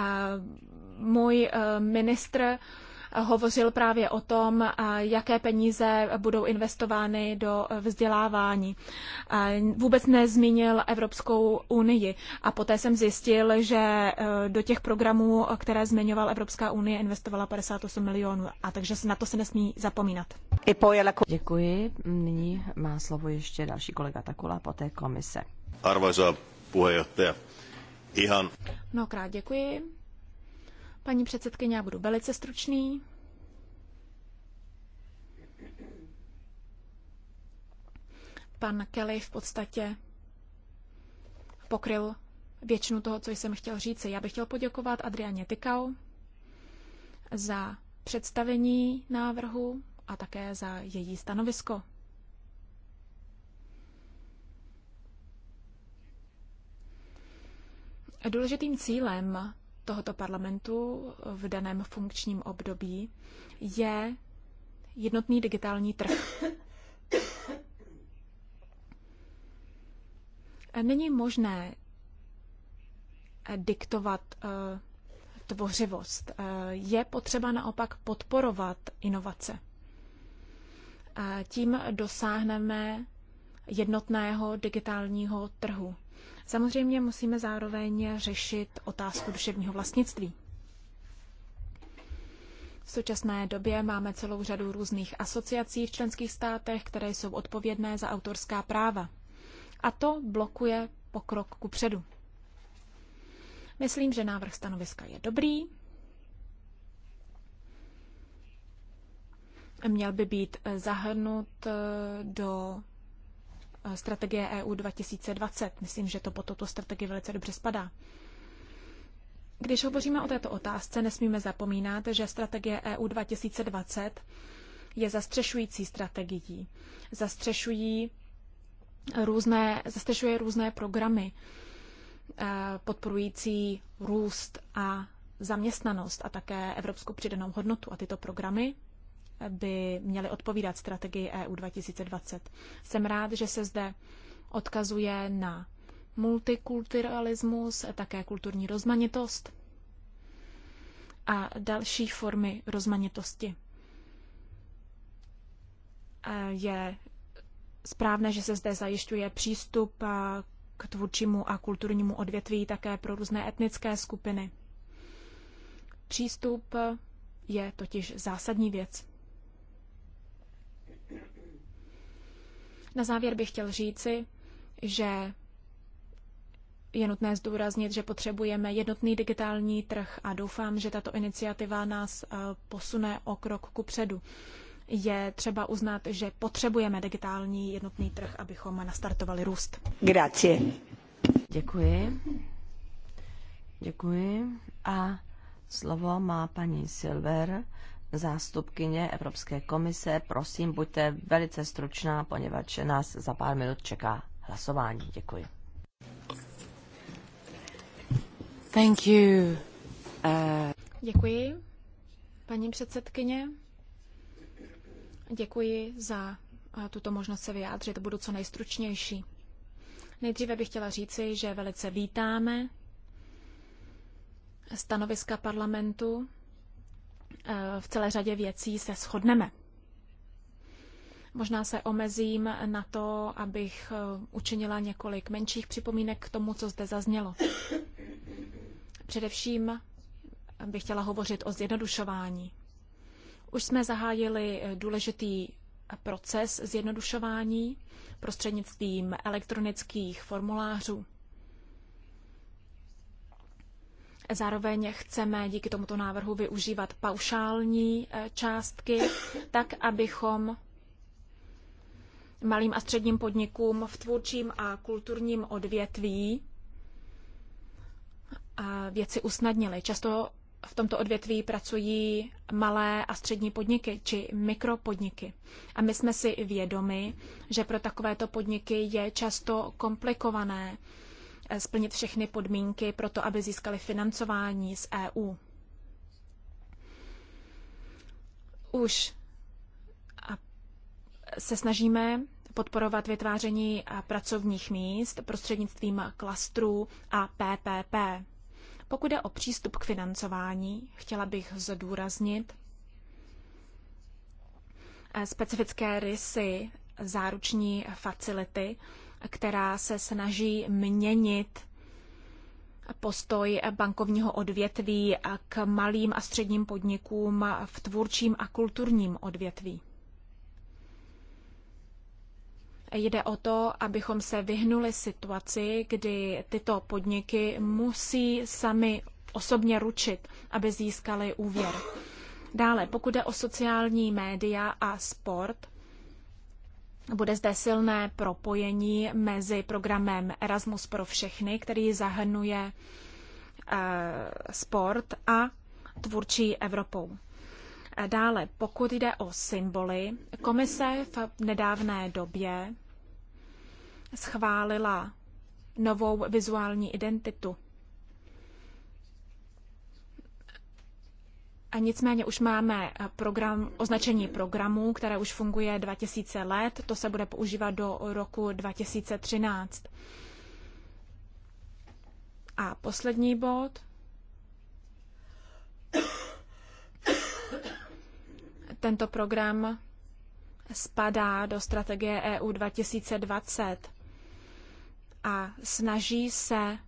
můj ministr hovořil právě o tom, jaké peníze budou investovány do vzdělávání. Vůbec nezmínil Evropskou unii a poté jsem zjistil, že do těch programů, které zmiňoval Evropská unie, investovala 58 milionů a takže na to se nesmí zapomínat. E děkuji. Nyní má slovo ještě další kolega Takula, poté komise. Arvoisa puheenjohtaja, ihan... Mnohokrát děkuji. Paní předsedkyně, já budu velice stručný. Pan Kelly v podstatě pokryl většinu toho, co jsem chtěl říct. Já bych chtěl poděkovat Adrianě Tykau za představení návrhu a také za její stanovisko. Důležitým cílem tohoto parlamentu v daném funkčním období je jednotný digitální trh. Není možné diktovat eh, tvořivost. Eh, je potřeba naopak podporovat inovace. Tím dosáhneme jednotného digitálního trhu. Samozřejmě musíme zároveň řešit otázku duševního vlastnictví. V současné době máme celou řadu různých asociací v členských státech, které jsou odpovědné za autorská práva. A to blokuje pokrok ku předu. Myslím, že návrh stanoviska je dobrý měl by být eh, zahrnut eh, do eh, strategie EU 2020. Myslím, že to po tuto strategii velice dobře spadá. Když hovoříme o této otázce, nesmíme zapomínat, že strategie EU 2020 je zastřešující strategií. Zastřešují různé, zastřešuje různé programy podporující růst a zaměstnanost a také evropskou přidanou hodnotu. A tyto programy by měly odpovídat strategii EU 2020. Jsem rád, že se zde odkazuje na multikulturalismus, také kulturní rozmanitost a další formy rozmanitosti. Je správné, že se zde zajišťuje přístup k tvůrčímu a kulturnímu odvětví také pro různé etnické skupiny. Přístup je totiž zásadní věc. Na závěr bych chtěl říci, že je nutné zdůraznit, že potřebujeme jednotný digitální trh a doufám, že tato iniciativa nás eh, posune o krok ku předu. Je třeba uznat, že potřebujeme digitální jednotný trh, abychom nastartovali růst. Grazie. Děkuji. Děkuji. A slovo má paní Silver zástupkyně Evropské komise, prosím, buďte velice stručná, poněvadž nás za pár minut čeká hlasování. Děkuji. Thank you. Uh... Děkuji, paní předsedkyně. Děkuji za uh, tuto možnost se vyjádřit. Budu co nejstručnější. Nejdříve bych chtěla říci, že velice vítáme stanoviska parlamentu Eh, v celé řadě věcí se shodneme. Možná se omezím na to, abych eh, učinila několik menších připomínek k tomu, co zde zaznělo. Především bych chtěla hovořit o zjednodušování. Už jsme zahájili eh, důležitý proces zjednodušování prostřednictvím elektronických formulářů. Zároveň chceme díky tomuto návrhu využívat paušální eh, částky, tak abychom malým a středním podnikům v tvůrčím a kulturním odvětví eh, věci usnadnili. Často v tomto odvětví pracují malé a střední podniky či mikropodniky. A my jsme si vědomi, že pro takovéto podniky je často komplikované splnit všechny podmínky pro to, aby získali financování z EU. Už se snažíme podporovat vytváření pracovních míst prostřednictvím klastrů a PPP. Pokud jde o přístup k financování, chtěla bych zdůraznit e, specifické rysy záruční facility která se snaží měnit postoj bankovního odvětví k malým a středním podnikům v tvůrčím a kulturním odvětví. Jde o to, abychom se vyhnuli situaci, kdy tyto podniky musí sami osobně ručit, aby získali úvěr. Dále, pokud jde o sociální média a sport, bude zde silné propojení mezi programem Erasmus pro všechny, který zahrnuje eh, sport a tvůrčí Evropou. Eh, dále, pokud jde o symboly, komise v nedávné době schválila novou vizuální identitu A nicméně už máme eh, program, označení programů, které už funguje 2000 let. To se bude používat do roku 2013. A poslední bod. Tento program spadá do strategie EU 2020 a snaží se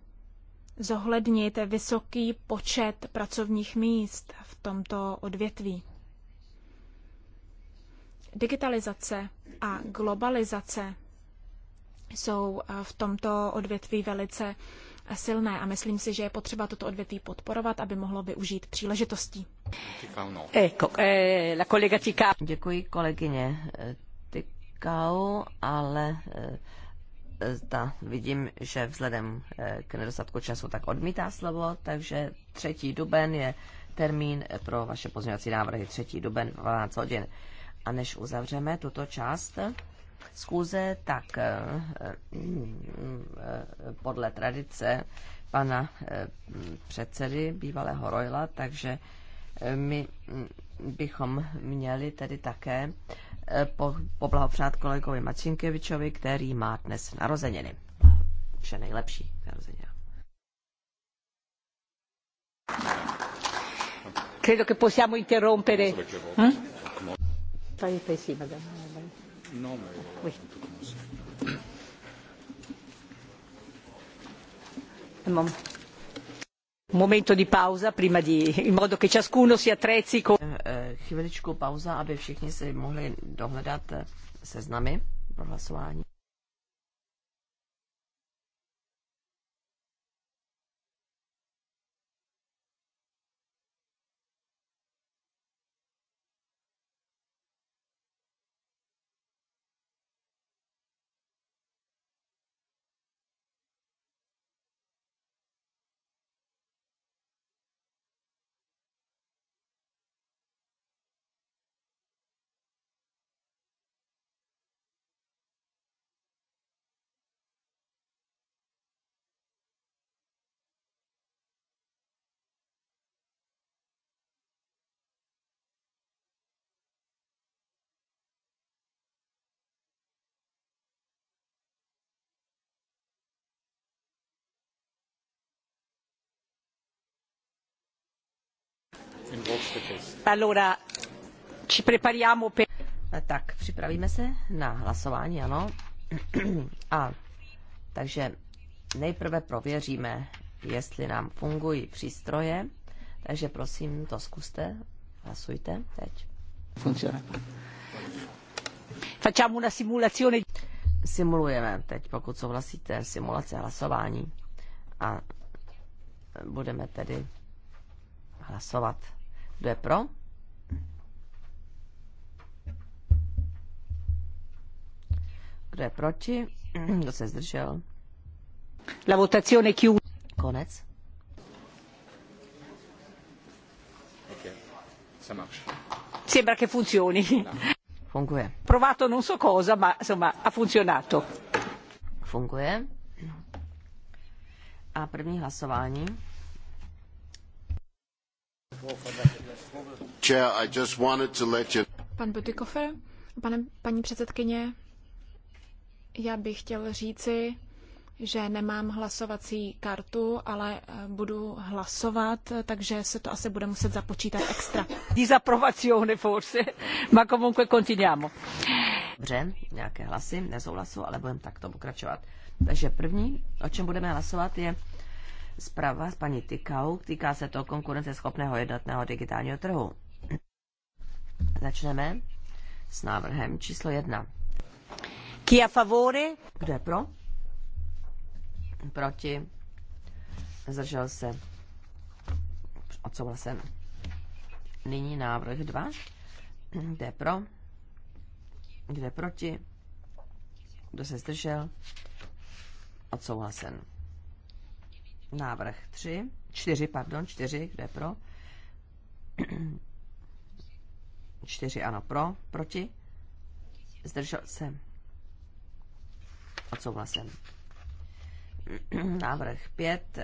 zohlednit vysoký počet pracovních míst v tomto odvětví. Digitalizace a globalizace jsou eh, v tomto odvětví velice eh, silné a myslím si, že je potřeba toto odvětví podporovat, aby mohlo využít příležitostí. Eh, Děkuji kolegyně Tykau, ale zda vidím, že vzhledem eh, k nedostatku času tak odmítá slovo, takže 3. duben je termín pro vaše pozměňovací návrhy 3. duben 12 hodin. A než uzavřeme tuto část zkůze, tak eh, eh, podle tradice pana předsedy bývalého Rojla, takže my hm, bychom měli tedy také poblahopřát kolegovi Mačinkevičovi, který má dnes narozeniny. Vše nejlepší narozeniny. Credo che possiamo interrompere. madame. Hm? No, ma momento di pausa prima di, in modo che ciascuno si attrezzi con... Eh, eh, chviličku pauza, aby všichni si mohli dohledat eh, seznamy pro hlasování. Tak, připravíme se na hlasování, ano. A takže nejprve prověříme, jestli nám fungují přístroje. Takže prosím, to zkuste. Hlasujte teď. Funkcionuje. Facciamo una simulazione. Simulujeme teď, pokud souhlasíte, simulace hlasování. A budeme tedy hlasovat. Kdo je pro? Kdo je proti? Kdo se zdržel? La votazione chiude. Konec. Sembra che funzioni. Funguje. Provato non so cosa, ma insomma ha funzionato. Funguje. A první hlasování. Pan Butikofer, pane, paní předsedkyně, já bych chtěl říci, že nemám hlasovací kartu, ale eh, budu hlasovat, takže se to asi bude muset započítat extra. Disapprovazione forse, ma comunque continuiamo. Dobře, nějaké hlasy, nesouhlasu, ale budeme takto pokračovat. Takže první, o čem budeme hlasovat, je Zprava s paní Tykau týká se to konkurenceschopného jednotného digitálního trhu. Začneme s návrhem číslo jedna. Kia favore. Kdo je pro? Proti. Zdržel se. Odsouhlasen. Nyní návrh dva. Kde je pro? Kde je proti? Kdo se zdržel? Odsouhlasen. Návrh 3, 4, pardon, 4, kde pro? 4, ano, pro, proti? Zdržel se. Odsouhlasen. Návrh 5,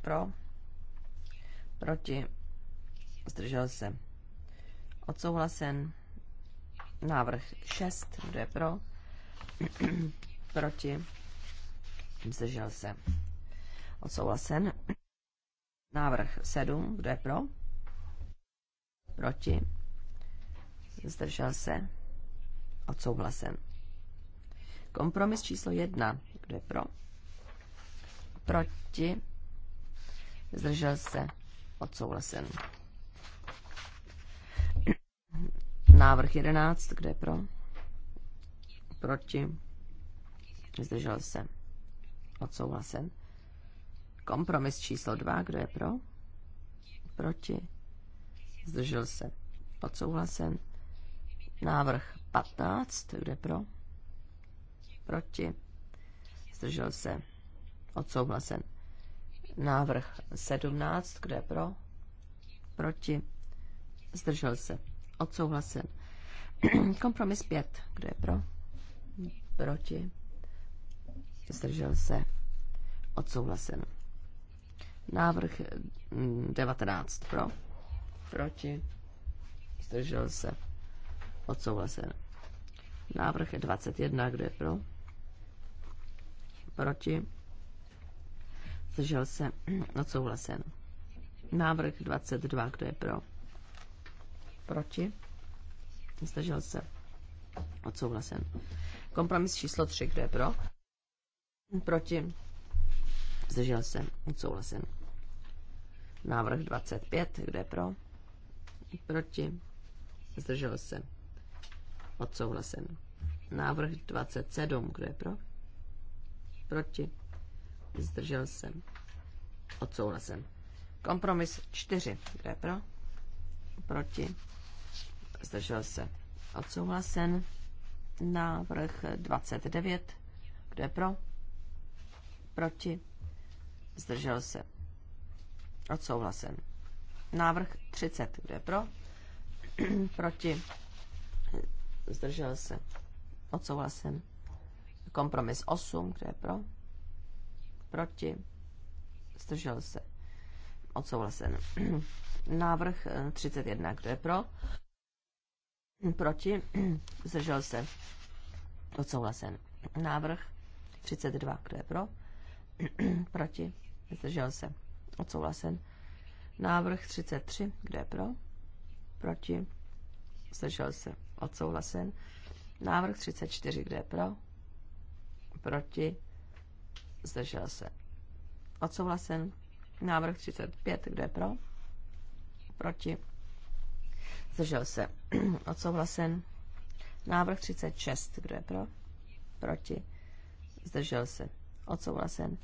pro, proti, zdržel se. Odsouhlasen. Návrh 6, kde pro? proti, zdržel se odsouhlasen. Návrh 7, kdo je pro? Proti? Zdržel se? Odsouhlasen. Kompromis číslo 1, kdo je pro? Proti? Zdržel se? Odsouhlasen. Návrh 11, kdo je pro? Proti? Zdržel se? Odsouhlasen. Kompromis číslo dva. kdo je pro? Proti? Zdržel se. Odsouhlasen. Návrh 15, kdo je pro? Proti? Zdržel se. Odsouhlasen. Návrh 17, kdo je pro? Proti? Zdržel se. Odsouhlasen. Kompromis 5, kdo je pro? Proti? Zdržel se. Odsouhlasen. Návrh 19 mm, pro, proti, zdržel se, odsouhlasen. Návrh 21, kdo je pro, proti, zdržel se, odsouhlasen. Návrh 22, kdo je pro, proti, zdržel se, odsouhlasen. Kompromis číslo 3, kdo je pro, proti, Zdržel se. Odsouhlasen. Návrh 25. Kdo je pro? Proti. Zdržel se. Odsouhlasen. Návrh 27. Kdo je pro? Proti. Zdržel se. Odsouhlasen. Kompromis 4. Kdo je pro? Proti. Zdržel se. Odsouhlasen. Návrh 29. Kdo je pro? Proti zdržel se, odsouhlasen. Návrh 30, kdo je pro, proti, zdržel se, odsouhlasen. Kompromis eh, 8, kdo je pro, proti, zdržel se, odsouhlasen. Návrh 31, kdo je pro, proti, zdržel se, odsouhlasen. Návrh 32, kdo je pro, proti, zdržel se, odsouhlasen. Návrh 33, kdo je pro, proti, zdržel se, odsouhlasen. Návrh 34, kdo je pro, proti, zdržel se, odsouhlasen. Návrh 35, kdo je pro, proti, zdržel se, odsouhlasen. Návrh 36, kdo je pro, proti, zdržel se, odsouhlasen.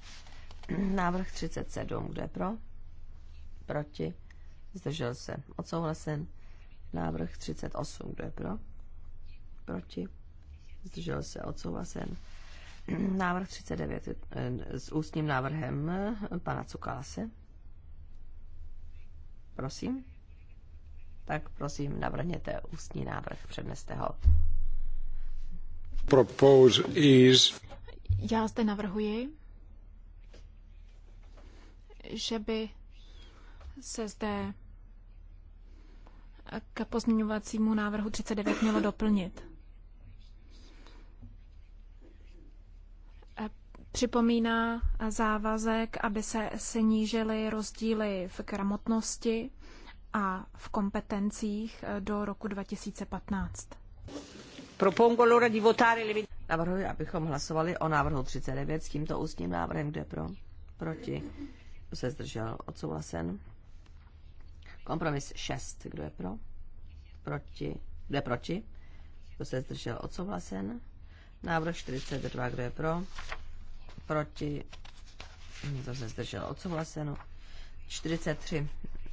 Návrh 37, kdo je pro? Proti? Zdržel se. Odsouhlasen. Návrh 38, kdo je pro? Proti? Zdržel se. Odsouhlasen. Návrh 39 eh, s ústním návrhem pana Cukalase. Prosím. Tak prosím, navrhněte ústní návrh, předneste ho. Propose is... Já zde navrhuji, že by se zde k pozměňovacímu návrhu 39 mělo doplnit. E, připomíná závazek, aby se snížily rozdíly v gramotnosti a v kompetencích e, do roku 2015. Navrhuji, abychom hlasovali o návrhu 39 s tímto ústním návrhem. Kde pro? Proti se zdržel? Odsouhlasen. Kompromis 6. Kdo je pro? Proti. Kdo je proti? Kdo se zdržel? Odsouhlasen. Návrh 42. Kdo je pro? Proti. Kdo se zdržel? odsouhlasen. 43.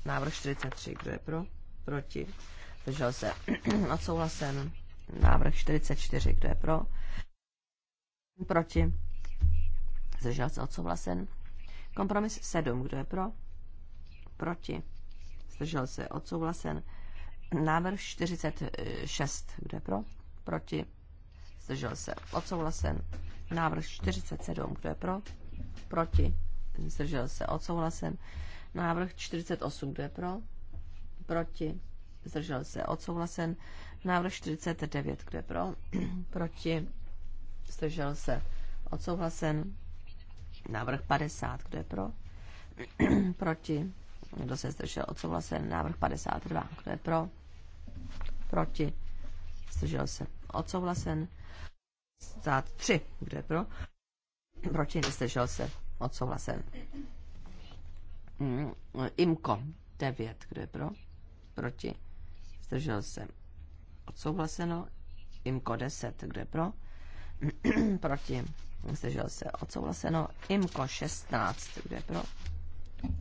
Návrh 43. Kdo je pro? Proti. Zdržel se. Odsouhlasen. Návrh 44. Kdo je pro? Proti. Zdržel se. Odsouhlasen. Kompromis 7. Kdo je pro? Proti. Zdržel se. Odsouhlasen. Návrh 46. Kdo je pro? Proti. Zdržel se. Odsouhlasen. Návrh 47. Kdo je pro? Proti. Zdržel se. Odsouhlasen. Návrh 48. Kdo je pro? Proti. Zdržel se. Odsouhlasen. Návrh 49. Kdo je pro? Proti. Zdržel se. Odsouhlasen. Návrh 50, kdo je pro? Proti. Kdo se zdržel? Odsouhlasen. Návrh 52, kdo je pro? Proti. Zdržel se. Odsouhlasen. 3, kdo je pro? Proti. Zdržel se. Odsouhlasen. Mm, Imko 9, kdo je pro? Proti. Zdržel se. Odsouhlaseno. Imko 10, kdo je pro? Proti zdržel se odsouhlaseno. IMKO 16, kdo je pro,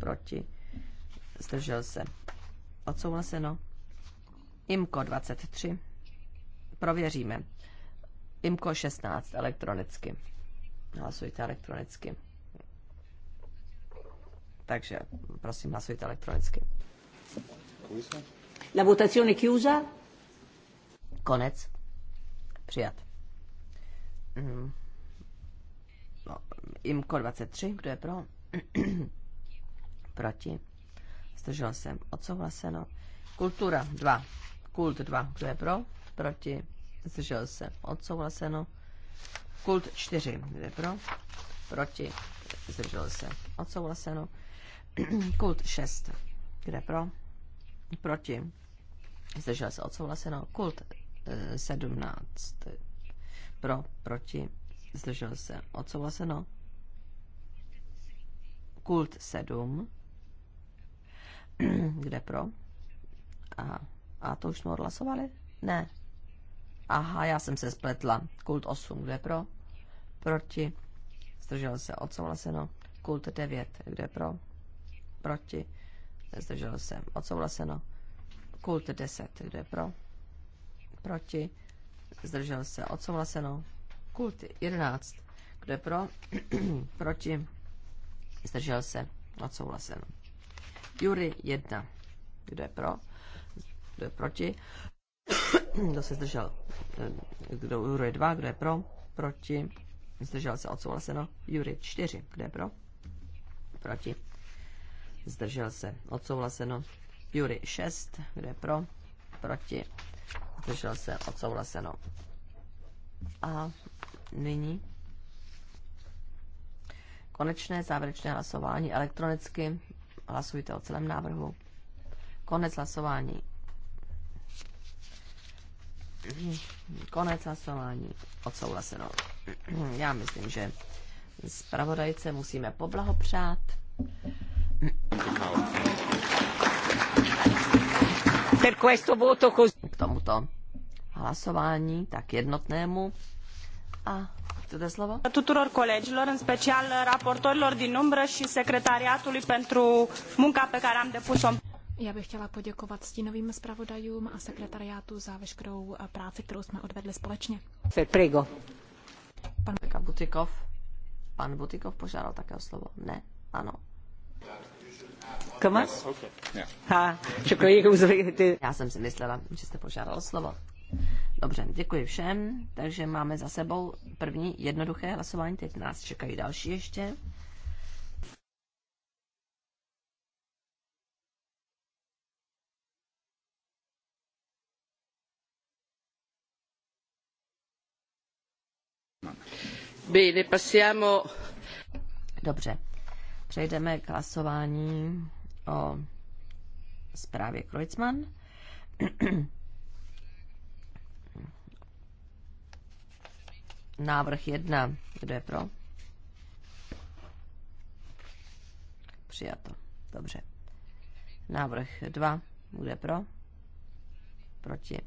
proti, zdržel se odsouhlaseno. IMKO 23, prověříme. IMKO 16 elektronicky. Hlasujte elektronicky. Takže prosím, hlasujte elektronicky. La votazione chiusa. Konec. Přijat. Mm. IMKO 23, kdo je pro? Proti. Zdržel jsem. Odsouhlaseno. Kultura 2. Kult 2. Kdo je pro? Proti. Zdržel jsem. Odsouhlaseno. Kult 4. Kdo je pro? Proti. Zdržel jsem. Odsouhlaseno. Kult 6. Kdo je pro? Proti. Zdržel se. Odsouhlaseno. Kult 17. Pro. Proti. zdržel se, odsouhlaseno. Kult 7, kde pro? Aha. A to už jsme odhlasovali? Ne. Aha, já jsem se spletla. Kult 8, kde pro? Proti. Zdržel se, odsouhlaseno. Kult 9, kde pro? Proti. Zdržel se, odsouhlaseno. Kult 10, kde pro? Proti. Zdržel se, odsouhlaseno. Kult 11. Kdo je pro? Proti? Zdržel se? Odsouhlasen. Jury 1. Kdo je pro? Kdo je proti? kdo se zdržel? Eh, kdo Jury 2? Kdo je pro? Proti? Zdržel se? Odsouhlaseno. Jury 4. Kdo je pro? Proti? Zdržel se? Odsouhlaseno. Jury 6. Kdo je pro? Proti? Zdržel se? Odsouhlaseno. A nyní konečné závěrečné hlasování elektronicky. Hlasujte o celém návrhu. Konec hlasování. Konec hlasování. Odsouhlaseno. Já myslím, že zpravodajce musíme poblahopřát. K tomuto hlasování tak jednotnému a de slovo? Tuturor colegilor, în special raportorilor din umbră și secretariatului pentru munca pe care am depus-o. Já bych chtěla poděkovat stínovým zpravodajům a sekretariátu za veškerou práci, kterou jsme odvedli společně. Prego. Pan Peka Butikov. Pan Butikov požádal také o slovo. Ne? Ano. Kama? Já jsem si myslela, že jste požádal o slovo. Dobře, děkuji všem. Takže máme za sebou první jednoduché hlasování. Teď nás čekají další ještě. Bene, passiamo. Dobře, přejdeme k hlasování o zprávě Kreuzmann. Návrh 1. Kdo je pro? Přijato. Dobře. Návrh 2. Kdo je pro? Proti.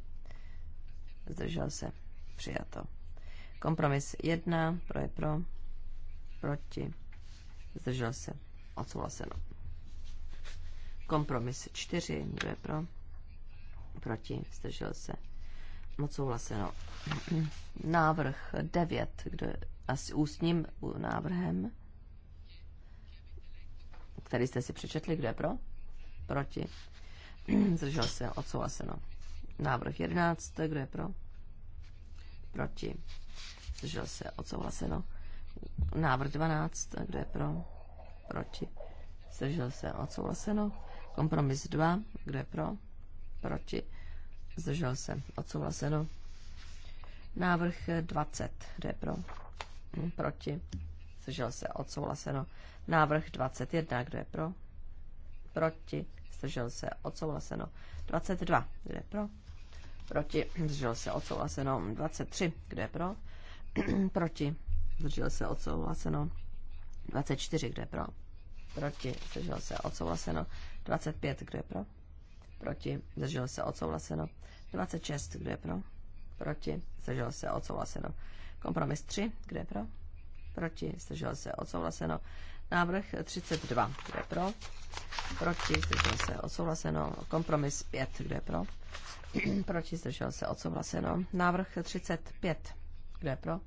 Zdržel se. Přijato. Kompromis 1. Pro je pro. Proti. Zdržel se. Odsouhlaseno. Kompromis 4. Kdo je pro? Proti. Zdržel se moc souhlaseno. Návrh 9, kdo je asi ústním návrhem, který jste si přečetli, kdo je pro? Proti. Zdržel se, odsouhlaseno. Návrh 11, kdo je pro? Proti. Zdržel se, odsouhlaseno. Návrh 12, kdo je pro? Proti. Zdržel se, odsouhlaseno. Kompromis 2, kdo je pro? Proti zdržel se, odsouhlaseno. Návrh 20, Jde pro, hm, proti, zdržel se, odsouhlaseno. Návrh 21, kdo je pro, proti, zdržel se, odsouhlaseno. 22, kdo je pro, proti, zdržel se, odsouhlaseno. 23, kdo je pro, proti, zdržel se, odsouhlaseno. 24, kdo je pro, proti, zdržel se, odsouhlaseno. 25, kdo je pro, proti, zdržel se odsouhlaseno. 26, kdo je pro, proti, zdržel se odsouhlaseno. Kompromis 3, kdo je pro, proti, zdržel se odsouhlaseno. Návrh 32, kdo je pro, proti, zdržel se odsouhlaseno. Kompromis 5, kdo je pro, proti, zdržel se odsouhlaseno. Návrh 35, kdo je pro,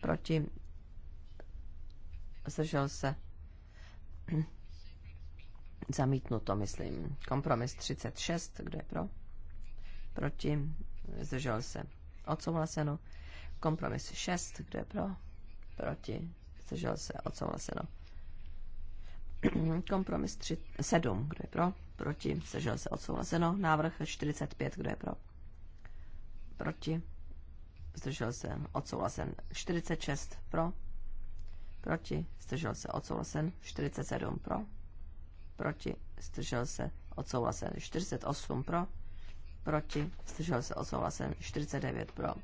proti, zdržel se Zamítnuto, myslím. Kompromis 36, kdo je pro? Proti? Zdržel se. Odsouhlaseno. Kompromis 6, kdo je pro? Proti? Zdržel se. Odsouhlaseno. Kompromis 3, 7, kdo je pro? Proti? Zdržel se. Odsouhlaseno. Návrh 45, kdo je pro? Proti? Zdržel se. Odsouhlasen. 46 pro? Proti? Zdržel se. Odsouhlasen. 47 pro? proti, zdržel se, odsouhlasen. 48 pro, proti, zdržel se, odsouhlasen. 49 pro,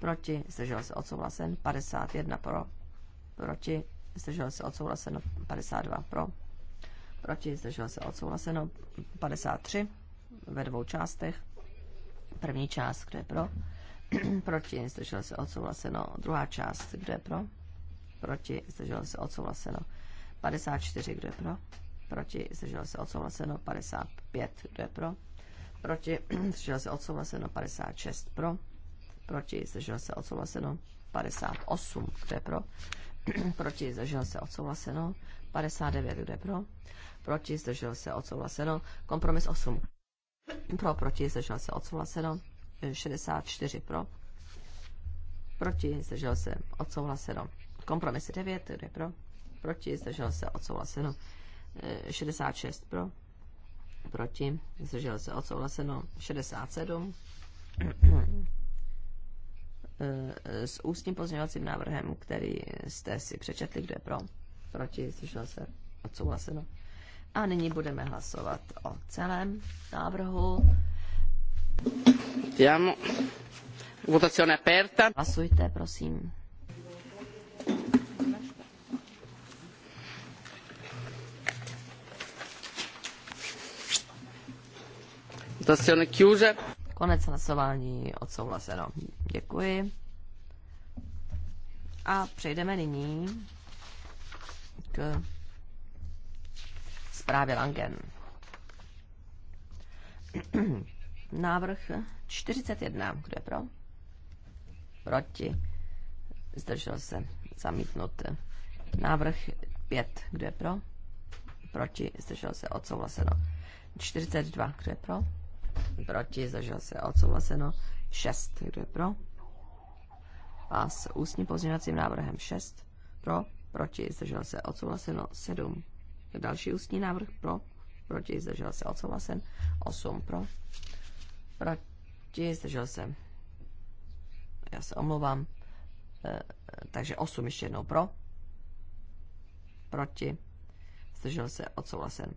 proti, zdržel se, odsouhlasen. 51 pro, proti, zdržel se, odsouhlasen 52 pro, proti, zdržel se, odsouhlasen 53 ve dvou částech. První část, kde je pro, proti, zdržel se, odsouhlaseno. Druhá část, kde je pro, proti, zdržel se, odsouhlaseno. 54, kdo je pro? proti, zdržel se odsouhlaseno 55, kdo je pro, proti, zdržel se odsouhlaseno 56 pro, proti, zdržel se odsouhlaseno 58, kdo je pro, proti, zdržel se odsouhlaseno 59, kdo je pro, proti, zdržel se odsouhlaseno, kompromis 8, pro, proti, zdržel se odsouhlaseno 64 pro, proti, zdržel se odsouhlaseno, kompromis 9, kdo je pro, proti, zdržel se odsouhlaseno 66 eh, pro, proti, zdržel se odsouhlaseno 67 eh, eh, s ústním pozměňovacím návrhem, který jste si přečetli, kde pro, proti, zdržel se odsouhlaseno. A nyní budeme hlasovat o celém návrhu. Votazione aperta. Hlasujte, prosím. Votazione chiusa. Konec hlasování odsouhlaseno. Děkuji. A přejdeme nyní k zprávě Langen. Návrh 41. Kdo je pro? Proti. Zdržel se. Zamítnut. Návrh 5. Kdo je pro? Proti. Zdržel se. Odsouhlaseno. 42. Kdo je pro? proti, zdržel se odsouhlaseno 6, kdo je pro a s ústním pozměňovacím návrhem 6 pro, proti, zdržel se odsouhlaseno 7, další ústní návrh pro, proti, zdržel se odsouhlasen 8 pro, proti, zdržel se já se omlouvám, e, takže 8 ještě jednou pro, proti, zdržel se odsouhlasen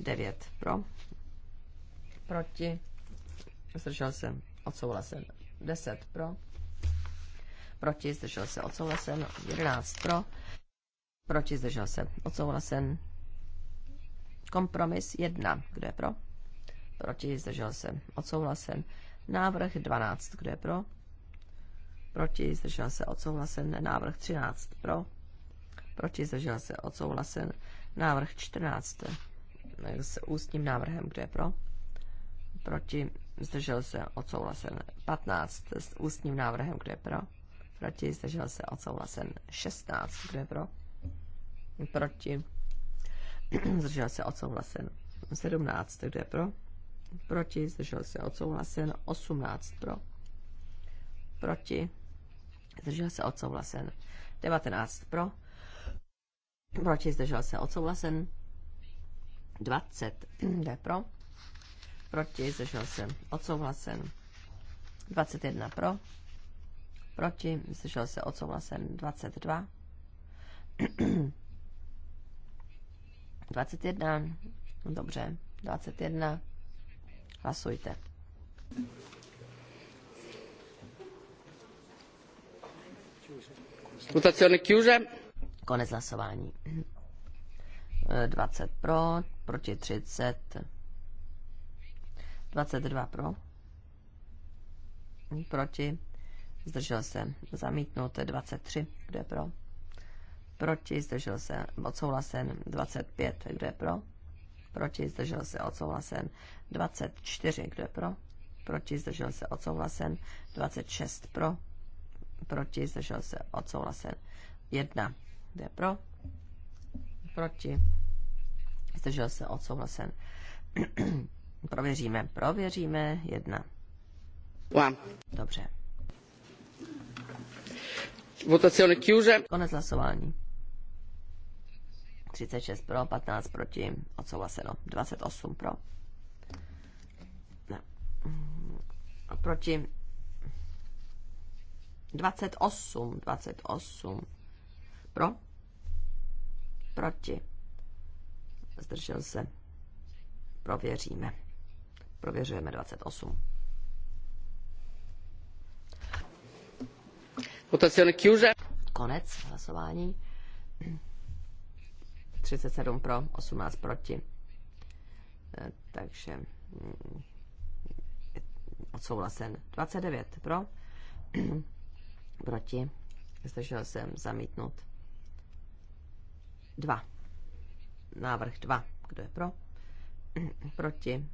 9 pro, proti, zdržel se, odsouhlasen. 10 pro, proti, zdržel se, odsouhlasen. 11 pro, proti, zdržel se, odsouhlasen. Kompromis 1, kdo je pro? Proti, zdržel se, odsouhlasen. Návrh 12, kdo je pro? Proti, zdržel se, odsouhlasen. Návrh 13 pro, proti, zdržel se, odsouhlasen. Návrh 14 s ústním návrhem, kdo je pro? proti, zdržel se, odsouhlasen 15 s ústním návrhem, kdo je pro, proti, zdržel se, odsouhlasen 16, kdo je pro, proti, zdržel se, odsouhlasen 17, kdo je pro, proti, zdržel se, odsouhlasen 18 pro, proti, zdržel se, odsouhlasen 19 pro, proti, zdržel se, odsouhlasen 20, je pro, proti, zdržel se, odsouhlasen. 21 pro, proti, zdržel se, odsouhlasen. 22, 21, dobře, 21, hlasujte. Votazione chiusa. Konec hlasování. 20 pro, proti 30. 22 pro. Proti. Zdržel se. zamítnuté 23. Kdo je pro? Proti. Zdržel se. Odsouhlasen. 25. Kdo je pro? Proti. Zdržel se. Odsouhlasen. 24. Kdo je pro? Proti. Zdržel se. Odsouhlasen. 26 pro. Proti. Zdržel se. Odsouhlasen. 1. Kdo je pro? Proti. Zdržel se. Odsouhlasen. Prověříme, prověříme, jedna. One. Dobře. Votazione chiuse. Konec hlasování. 36 pro, 15 proti, odsouhlaseno. 28 pro. Ne. Proti. 28, 28 pro, proti. Zdržel se. Prověříme. Prověřujeme 28. Konec hlasování. 37 pro, 18 proti. Eh, takže mm, odsouhlasen. 29 pro, proti. Zdržel jsem zamítnut. 2. Návrh 2. Kdo je pro? proti?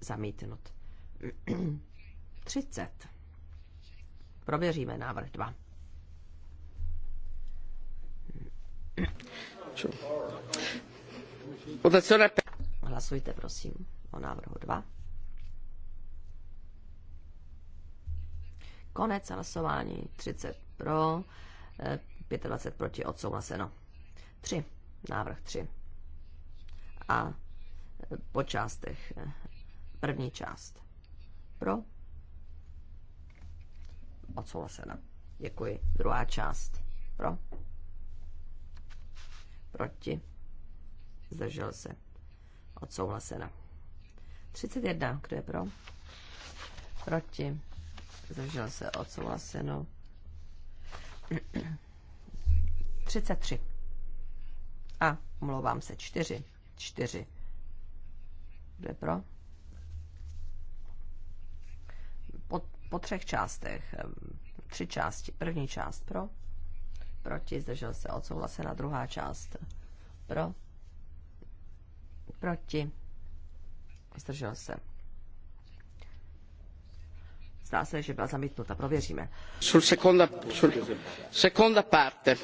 zamítnut. 30. Prověříme návrh 2. Hlasujte, prosím, o návrhu 2. Konec hlasování. 30 pro, 25 eh, proti, odsouhlaseno. 3. Návrh 3. A po částech eh, První část. Pro. Odsouhlasena. Děkuji. Druhá část. Pro. Proti. Zdržel se. Odsouhlasena. 31. Kdo je pro? Proti. Zdržel se. Odsouhlaseno. 33. A, omlouvám se, 4. 4. Kdo je pro? po třech částech. Tři části. První část pro, proti, zdržel se, odsouhlasena. Druhá část pro, proti, zdržel se. Zdá se, že byla zamítnuta. Prověříme. Sul seconda, sul seconda parte.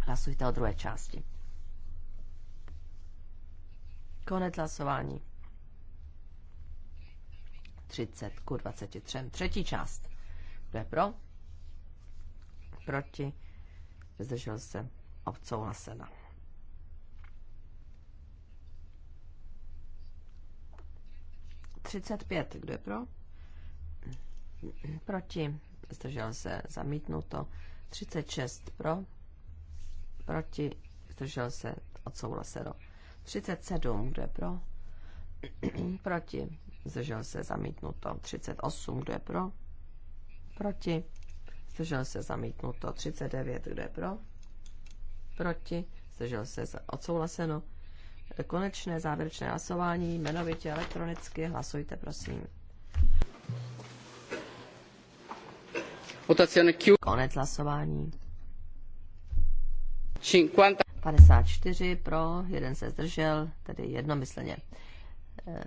Hlasujte o druhé části. Konec hlasování. 30 ku 23. Třetí část. Kdo je pro? Proti? Zdržel se odsouhlasena. Třicet pět. Kdo je pro? Proti? Zdržel se zamítnuto. 36 pro, proti, zdržel se, odsouhlaseno. 37, kdo je pro, proti, zdržel se zamítnuto 38, kdo je pro, proti, zdržel se zamítnuto 39, kdo je pro, proti, zdržel se odsouhlaseno. Konečné závěrečné hlasování, jmenovitě elektronicky, hlasujte prosím. Konec hlasování. 54 pro, jeden se zdržel, tedy jednomyslně. Eh,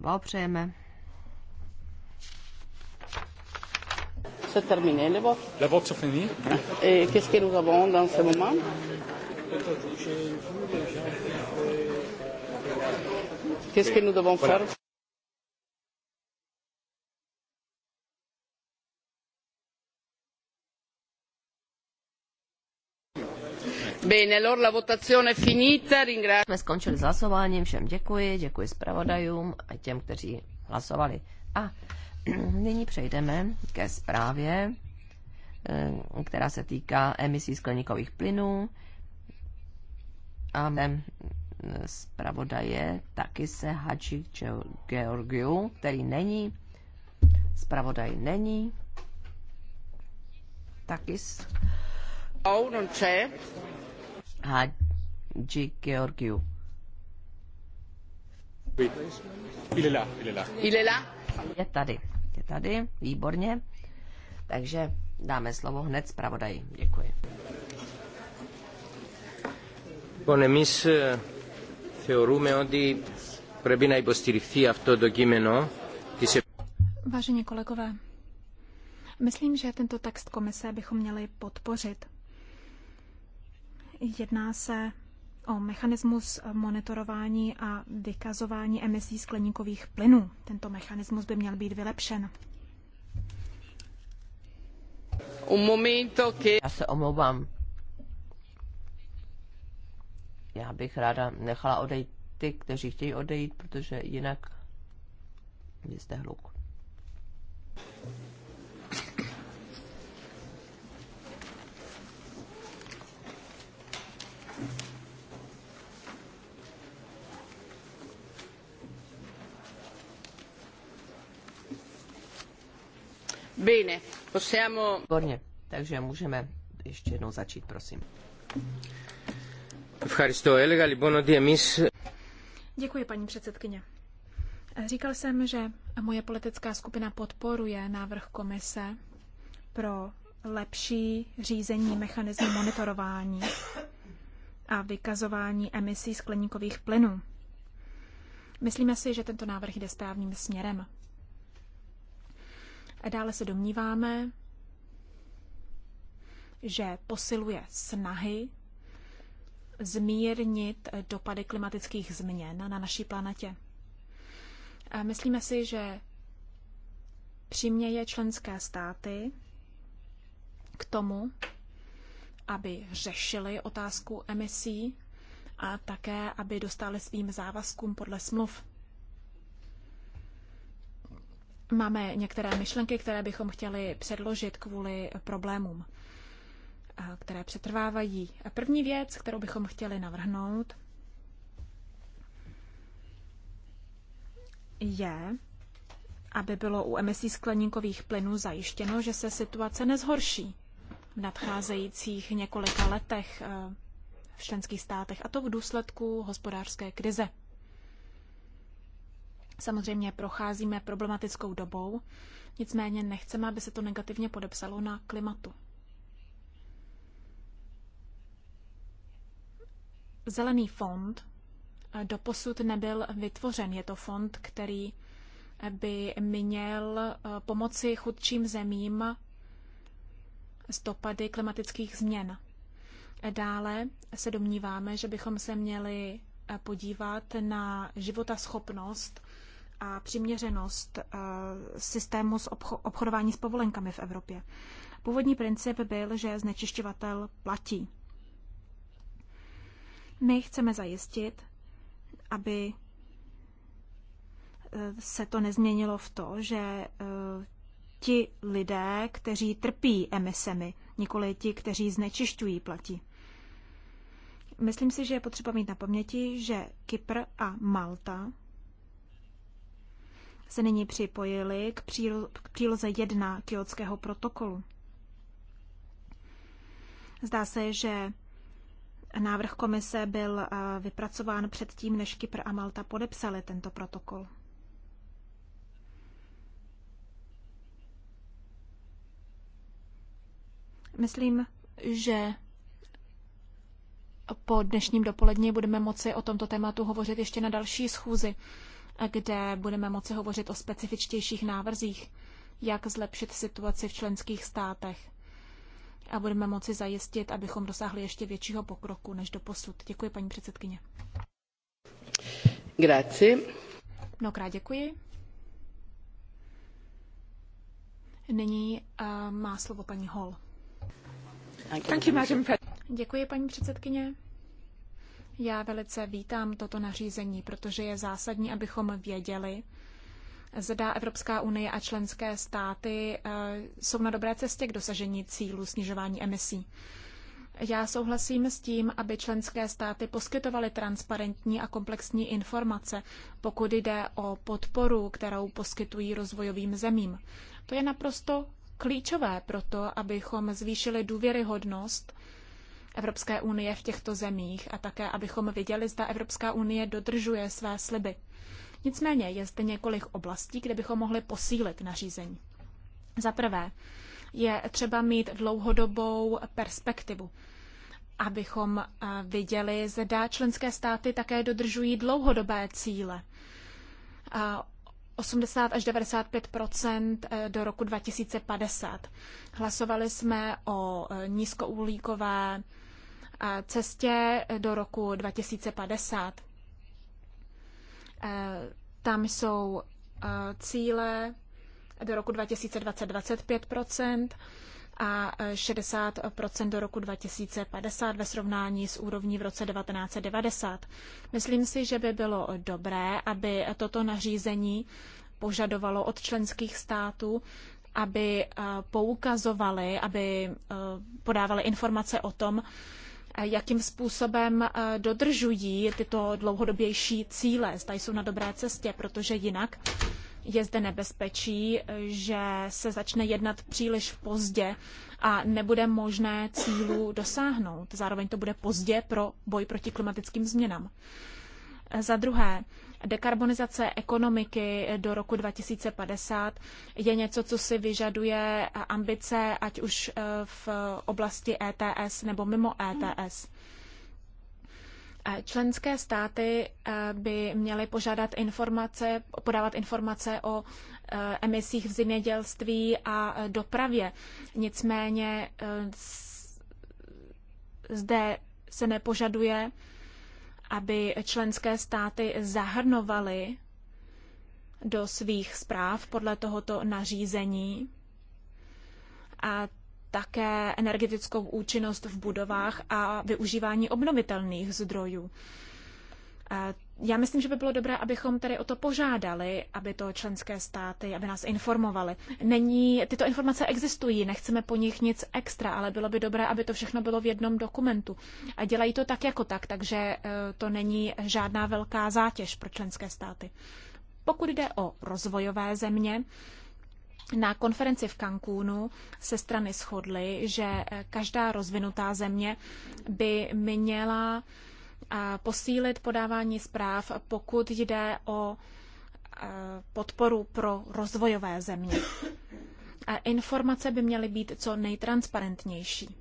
blahopřejeme. se terminer le vote. Le vote se finit. Et qu'est-ce que nous avons dans ce moment Qu'est-ce que nous devons faire Jsme skončili s hlasováním, všem děkuji, děkuji zpravodajům a těm, kteří hlasovali. A nyní přejdeme ke zprávě, eh, která se týká emisí skleníkových plynů. A eh, zpravodaje taky se Hadži Georgiu, který není, zpravodaj není, taky Oh, non c'è had Hadži Georgiou. Je tady, je tady, výborně. Takže dáme slovo hned zpravodaji. Děkuji. Λοιπόν, εμείς θεωρούμε ότι πρέπει να υποστηριχθεί αυτό το κείμενο της Vážení kolegové, myslím, že tento text komise bychom měli podpořit. Jedná se o mechanismus monitorování a vykazování emisí skleníkových plynů. Tento mechanismus by měl být vylepšen. Já se omlouvám. Já bych ráda nechala odejít ty, kteří chtějí odejít, protože jinak je hluk. Bene, possiamo... Borně, takže můžeme ještě jednou začít, prosím. Děkuji, paní předsedkyně. Říkal jsem, že moje politická skupina podporuje návrh komise pro lepší řízení mechanismu monitorování a vykazování emisí skleníkových plynů. Myslíme si, že tento návrh jde správným směrem. A dále se domníváme, že posiluje snahy zmírnit dopady klimatických změn na naší planetě. A myslíme si, že přiměje členské státy k tomu, aby řešili otázku emisí a také, aby dostali svým závazkům podle smluv. Máme některé myšlenky, které bychom chtěli předložit kvůli problémům, které přetrvávají. První věc, kterou bychom chtěli navrhnout, je, aby bylo u emisí skleníkových plynů zajištěno, že se situace nezhorší v nadcházejících několika letech eh, v členských státech, a to v důsledku hospodářské krize. Samozřejmě procházíme problematickou dobou, nicméně nechceme, aby se to negativně podepsalo na klimatu. Zelený fond eh, doposud nebyl vytvořen. Je to fond, který by měl eh, pomoci chudším zemím s dopady klimatických změn. Dále se domníváme, že bychom se měli eh, podívat na životaschopnost a přiměřenost eh, systému s obchodování s povolenkami v Evropě. Původní princip byl, že znečišťovatel platí. My chceme zajistit, aby eh, se to nezměnilo v to, že ti lidé, kteří trpí emisemi, nikoli ti, kteří znečišťují platí. Myslím si, že je potřeba mít na paměti, že Kypr a Malta se nyní připojili k, přílo- k příloze 1 Kyotského protokolu. Zdá se, že návrh komise byl eh, vypracován předtím, než Kypr a Malta podepsali tento protokol. Myslím, že po dnešním dopolední budeme moci o tomto tématu hovořit ještě na další schůzi, kde budeme moci hovořit o specifičtějších návrzích, jak zlepšit situaci v členských státech. A budeme moci zajistit, abychom dosáhli ještě většího pokroku než do posud. Děkuji, paní předsedkyně. Grazie. Mnohokrát děkuji. Nyní eh, má slovo paní Hall. Děkuji, paní předsedkyně. Já velice vítám toto nařízení, protože je zásadní, abychom věděli, zda Evropská unie a členské státy eh, jsou na dobré cestě k dosažení cílu snižování emisí. Já souhlasím s tím, aby členské státy poskytovaly transparentní a komplexní informace, pokud jde o podporu, kterou poskytují rozvojovým zemím. To je naprosto klíčové pro to, abychom zvýšili důvěryhodnost Evropské unie v těchto zemích a také, abychom viděli, zda Evropská unie dodržuje své sliby. Nicméně je zde několik oblastí, kde bychom mohli posílit nařízení. Za prvé, je třeba mít dlouhodobou perspektivu, abychom eh, viděli, zda členské státy také dodržují dlouhodobé cíle 80 až 95 eh, do roku 2050. Hlasovali jsme o eh, nízkouhlíkové eh, cestě do roku 2050. Tam jsou cíle do roku 2020 25 a 60 eh, do roku 2050 ve srovnání s úrovní v roce 1990. Myslím si, že by bylo dobré, aby toto nařízení požadovalo od členských států, aby eh, poukazovali, aby eh, podávali informace o tom, jakým způsobem dodržují tyto dlouhodobější cíle, zda jsou na dobré cestě, protože jinak je zde nebezpečí, že se začne jednat příliš pozdě a nebude možné cílu dosáhnout. Zároveň to bude pozdě pro boj proti klimatickým změnám. Za druhé, dekarbonizace ekonomiky do roku 2050 je něco, co si vyžaduje ambice, ať už eh, v oblasti ETS nebo mimo ETS. Hmm. Členské státy eh, by měly požádat informace, podávat informace o eh, emisích v zemědělství a eh, dopravě. Nicméně zde se nepožaduje, aby členské státy zahrnovaly do svých zpráv podle tohoto nařízení a také energetickou účinnost v budovách a využívání obnovitelných zdrojů. Eh, já myslím, že by bylo dobré, abychom tedy o to požádali, aby to členské státy, aby nás informovali. Není, tyto informace existují, nechceme po nich nic extra, ale bylo by dobré, aby to všechno bylo v jednom dokumentu. A dělají to tak jako tak, takže eh, to není žádná velká zátěž pro členské státy. Pokud jde o rozvojové země, na konferenci v Cancúnu se strany shodly, že eh, každá rozvinutá země by měla eh, posílit podávání zpráv, pokud jde o eh, podporu pro rozvojové země. Informace by měly být co nejtransparentnější.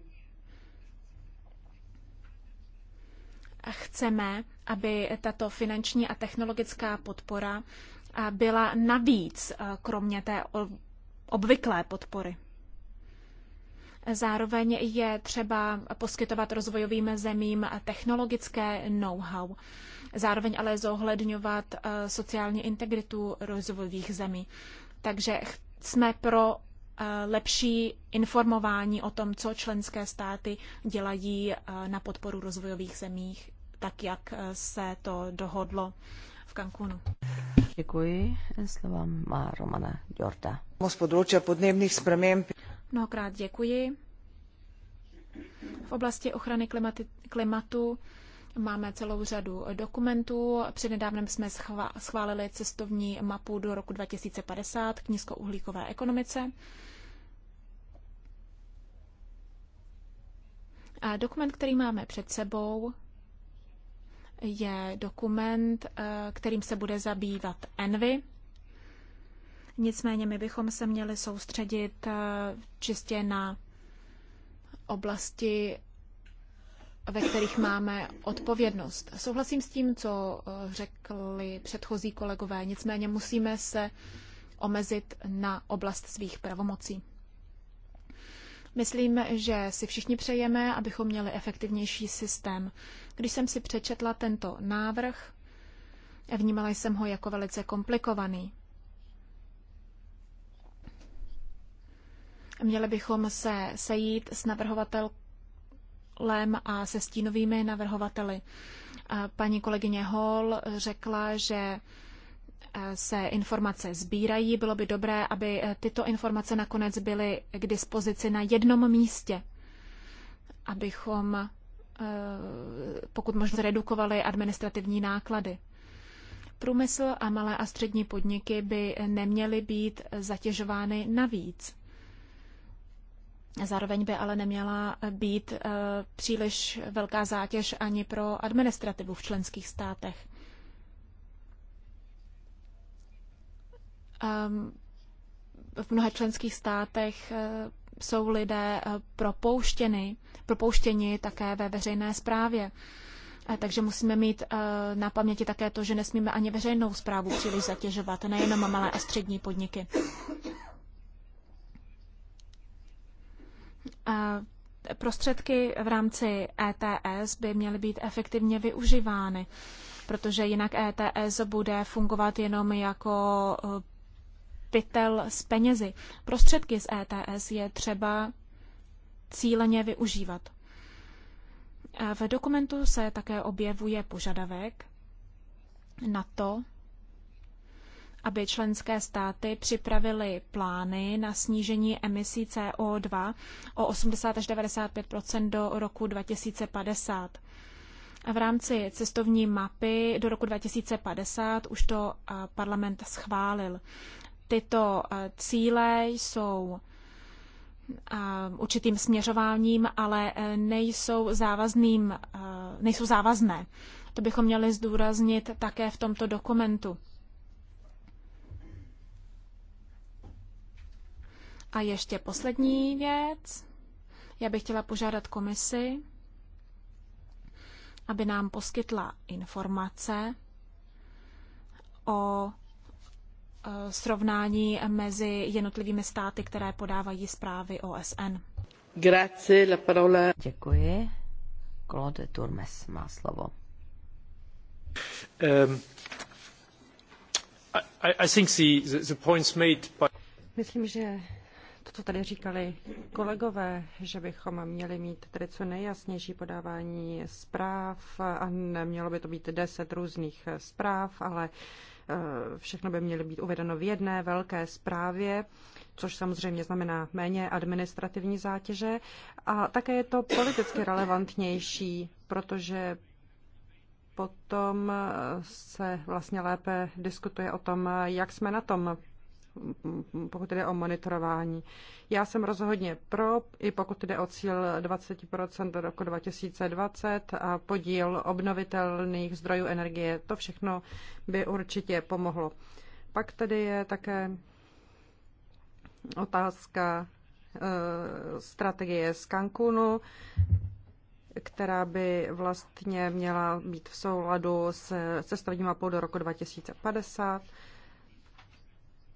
Chceme, aby tato finanční a technologická podpora byla navíc, kromě té obvyklé podpory. Zároveň je třeba poskytovat rozvojovým zemím technologické know-how. Zároveň ale zohledňovat eh, sociální integritu rozvojových zemí. Takže jsme pro eh, lepší informování o tom, co členské státy dělají eh, na podporu rozvojových zemích, tak jak se to dohodlo Cancúnu. Děkuji. Slova má Romana Jorda. Z područja podnebných sprememb. Mnohokrát děkuji. V oblasti ochrany klimaty, klimatu Máme celou řadu dokumentů. Přednedávnem jsme schválili cestovní mapu do roku 2050 k nízkouhlíkové ekonomice. A dokument, který máme před sebou, je dokument, eh, kterým se bude zabývat Envy. Nicméně my bychom se měli soustředit eh, čistě na oblasti, ve kterých máme odpovědnost. Souhlasím s tím, co eh, řekli předchozí kolegové, nicméně musíme se omezit na oblast svých pravomocí. Myslím, že si všichni přejeme, abychom měli efektivnější systém. Když jsem si přečetla tento návrh, vnímala jsem ho jako velice komplikovaný. Měli bychom se sejít s navrhovatelem a se stínovými navrhovateli. Paní kolegyně Hall řekla, že Eh, se informace sbírají, bylo by dobré, aby eh, tyto informace nakonec byly k dispozici na jednom místě, abychom eh, pokud možno zredukovali administrativní náklady. Průmysl a malé a střední podniky by neměly být zatěžovány navíc. Zároveň by ale neměla být příliš velká zátěž ani pro administrativu v členských státech. Ehm, v mnoha členských státech eh, jsou lidé eh, propouštěni, propouštěni také ve veřejné správě. Takže musíme mít eh, na paměti také to, že nesmíme ani veřejnou zprávu příliš zatěžovat, nejenom malé a střední podniky. A prostředky v rámci ETS by měly být efektivně využívány, protože jinak ETS bude fungovat jenom jako pytel s penězi. Prostředky z ETS je třeba cíleně využívat. V dokumentu se také objevuje požadavek na to, aby členské státy připravily plány na snížení emisí CO2 o 80 až 95 do roku 2050. A v rámci cestovní mapy do roku 2050 už to parlament schválil. Tyto eh, cíle jsou eh, určitým směřováním, ale eh, nejsou, závazným, nejsou závazné. To bychom měli zdůraznit také v tomto dokumentu. A ještě poslední věc. Já bych chtěla požádat komisi, aby nám poskytla informace o Eh, srovnání mezi jednotlivými státy, které podávají zprávy OSN. Grazie, la parola. Děkuji. Claude Turmes má slovo. Um, I, I think the, the, the points made by... Myslím, že to, co tady říkali kolegové, že bychom měli mít tedy co nejjasnější podávání zpráv a nemělo by to být deset různých zpráv, ale uh, Eh, všechno by mělo být uvedeno v jedné velké zprávě, což samozřejmě znamená méně administrativní zátěže. A také je to politicky relevantnější, protože potom eh, se vlastně lépe diskutuje o tom, jak jsme na tom pokud jde o monitorování. Já jsem rozhodně pro, i pokud jde o cíl 20% do roku 2020 a podíl obnovitelných zdrojů energie. To všechno by určitě pomohlo. Pak tady je také otázka eh, strategie z Cancunu, která by vlastně měla být v souladu s cestovním mapou do roku 2050.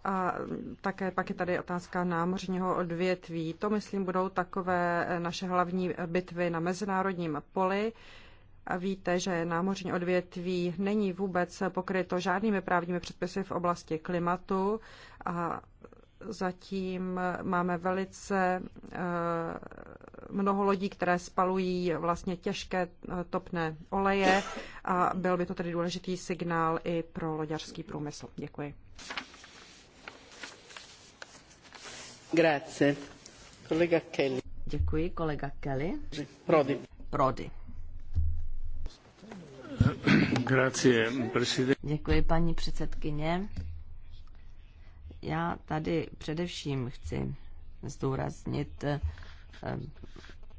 A také pak je tady otázka námořního odvětví. To, myslím, budou takové eh, naše hlavní bitvy na mezinárodním poli. A víte, že námořní odvětví není vůbec pokryto žádnými právními předpisy v oblasti klimatu a zatím máme velice eh, mnoho lodí, které spalují vlastně těžké eh, topné oleje a byl by to tedy důležitý signál i pro loďařský průmysl. Děkuji. Grazie. Kolega Kelly. Děkuji, kolega Kelly. Grazie, president. Děkuji, paní předsedkyně. Já tady především chci zdůraznit eh,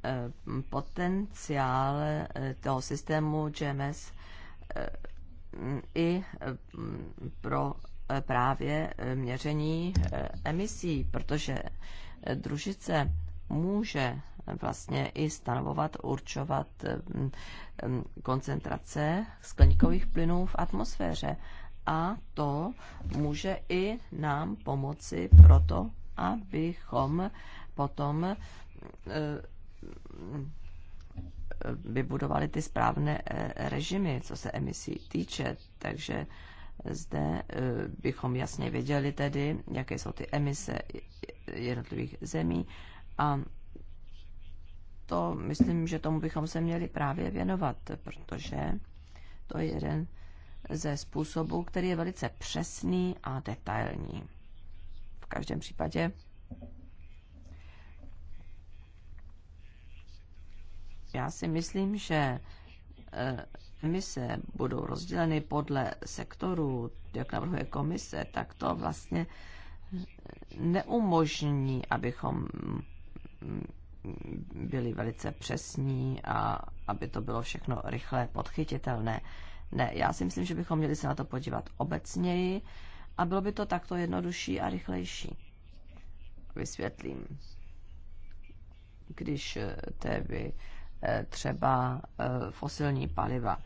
eh, potenciál eh, toho systému GMS i pro E, právě e, měření e, emisí, protože družice může vlastně i stanovovat, určovat koncentrace skleníkových plynů v atmosféře. A to může i nám pomoci proto, abychom potom vybudovali ty správné režimy, co se emisí týče. Takže zde eh, bychom jasně věděli tedy, jaké jsou ty emise jednotlivých zemí a to myslím, že tomu bychom se měli právě věnovat, protože to je jeden ze způsobů, který je velice přesný a detailní. V každém případě já si myslím, že eh, emise budou rozděleny podle sektorů, jak navrhuje komise, tak to vlastně neumožní, abychom byli velice přesní a aby to bylo všechno rychle podchytitelné. Ne, já si myslím, že bychom měli se na to podívat obecněji a bylo by to takto jednodušší a rychlejší. Vysvětlím. Když tedy Eh, třeba eh, fosilní paliva,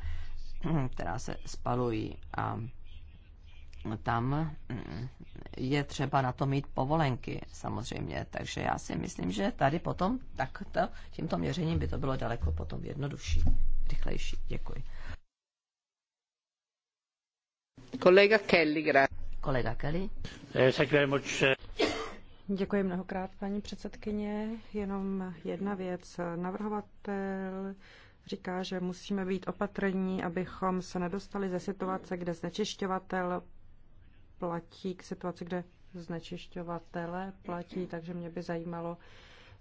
hm, která se spalují a tam hm, je třeba na to mít povolenky samozřejmě, takže já si myslím, že tady potom takto, tímto měřením by to bylo daleko potom jednodušší, rychlejší. Děkuji. Kolega Kelly, gra. Kolega Kelly. Eh, Děkuji mnohokrát, paní předsedkyně. Jenom jedna věc. Navrhovatel říká, že musíme být opatrní, abychom se nedostali ze situace, kde znečišťovatel platí k situaci, kde znečišťovatele platí, takže mě by zajímalo,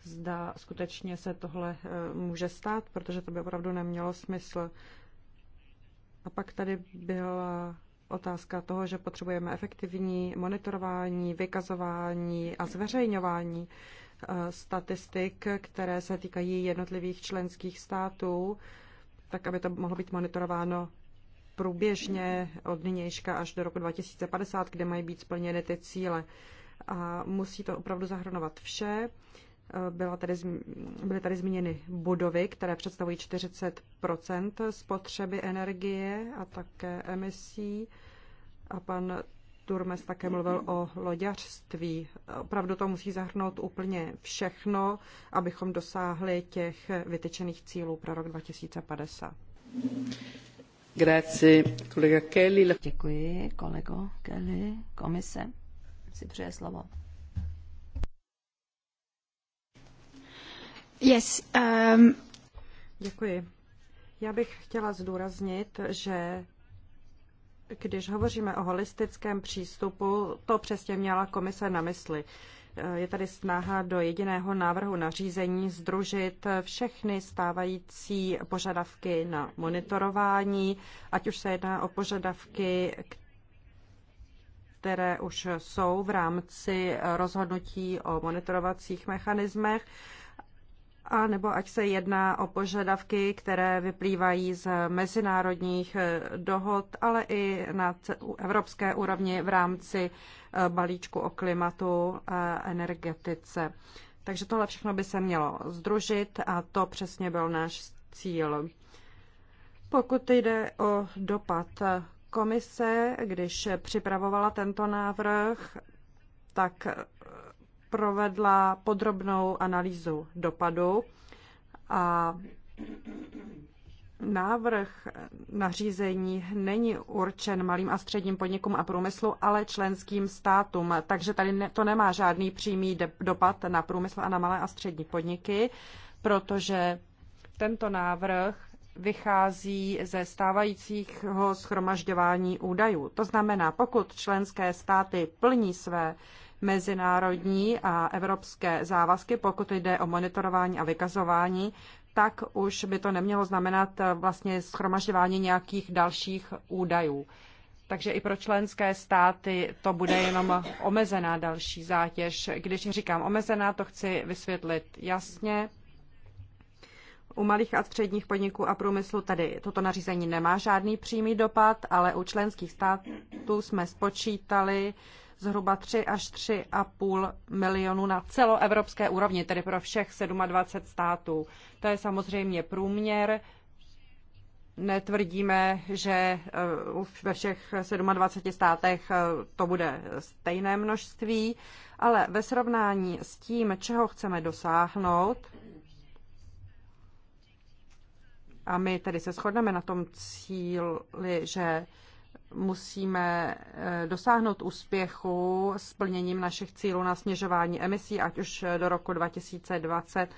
zda skutečně se tohle eh, může stát, protože to by opravdu nemělo smysl. A pak tady byla otázka toho, že potřebujeme efektivní monitorování, vykazování a zveřejňování eh, statistik, které se týkají jednotlivých členských států, tak aby to mohlo být monitorováno průběžně od nynějška až do roku 2050, kde mají být splněny ty cíle. A musí to opravdu zahrnovat vše. Eh, byla tady, byly tady zmíněny budovy, které představují 40 spotřeby energie a také emisí. A pan Turmes také mluvil o loďařství. Opravdu to musí zahrnout úplně všechno, abychom dosáhli těch vytyčených cílů pro rok 2050. kolega Kelly. Děkuji, kolego Kelly. Komise si přeje slovo. Yes, um... Děkuji. Já bych chtěla zdůraznit, že když hovoříme o holistickém přístupu, to přesně měla komise na mysli. Je tady snaha do jediného návrhu nařízení združit všechny stávající požadavky na monitorování, ať už se jedná o požadavky, které už jsou v rámci rozhodnutí o monitorovacích mechanismech, a nebo ať se jedná o požadavky, které vyplývají z mezinárodních eh, dohod, ale i na evropské úrovni v rámci eh, balíčku o klimatu a energetice. Takže tohle všechno by se mělo združit a to přesně byl náš cíl. Pokud jde o dopad komise, když připravovala tento návrh, tak provedla podrobnou analýzu dopadu a návrh nařízení není určen malým a středním podnikům a průmyslu, ale členským státům. Takže tady to nemá žádný přímý dopad na průmysl a na malé a střední podniky, protože tento návrh vychází ze stávajícího schromažďování údajů. To znamená, pokud členské státy plní své mezinárodní a evropské závazky, pokud jde o monitorování a vykazování, tak už by to nemělo znamenat eh, vlastně schromažďování nějakých dalších údajů. Takže i pro členské státy to bude jenom omezená další zátěž. Když říkám omezená, to chci vysvětlit jasně. U malých a středních podniků a průmyslu tady toto nařízení nemá žádný přímý dopad, ale u členských států jsme spočítali, zhruba 3 až 3,5 milionů na celoevropské úrovni, tedy pro všech 27 států. To je samozřejmě průměr. Netvrdíme, že eh, ve všech 27 státech eh, to bude stejné množství, ale ve srovnání s tím, čeho chceme dosáhnout, a my tedy se shodneme na tom cíli, že musíme eh, dosáhnout úspěchu s plněním našich cílů na směřování emisí, ať už do roku 2020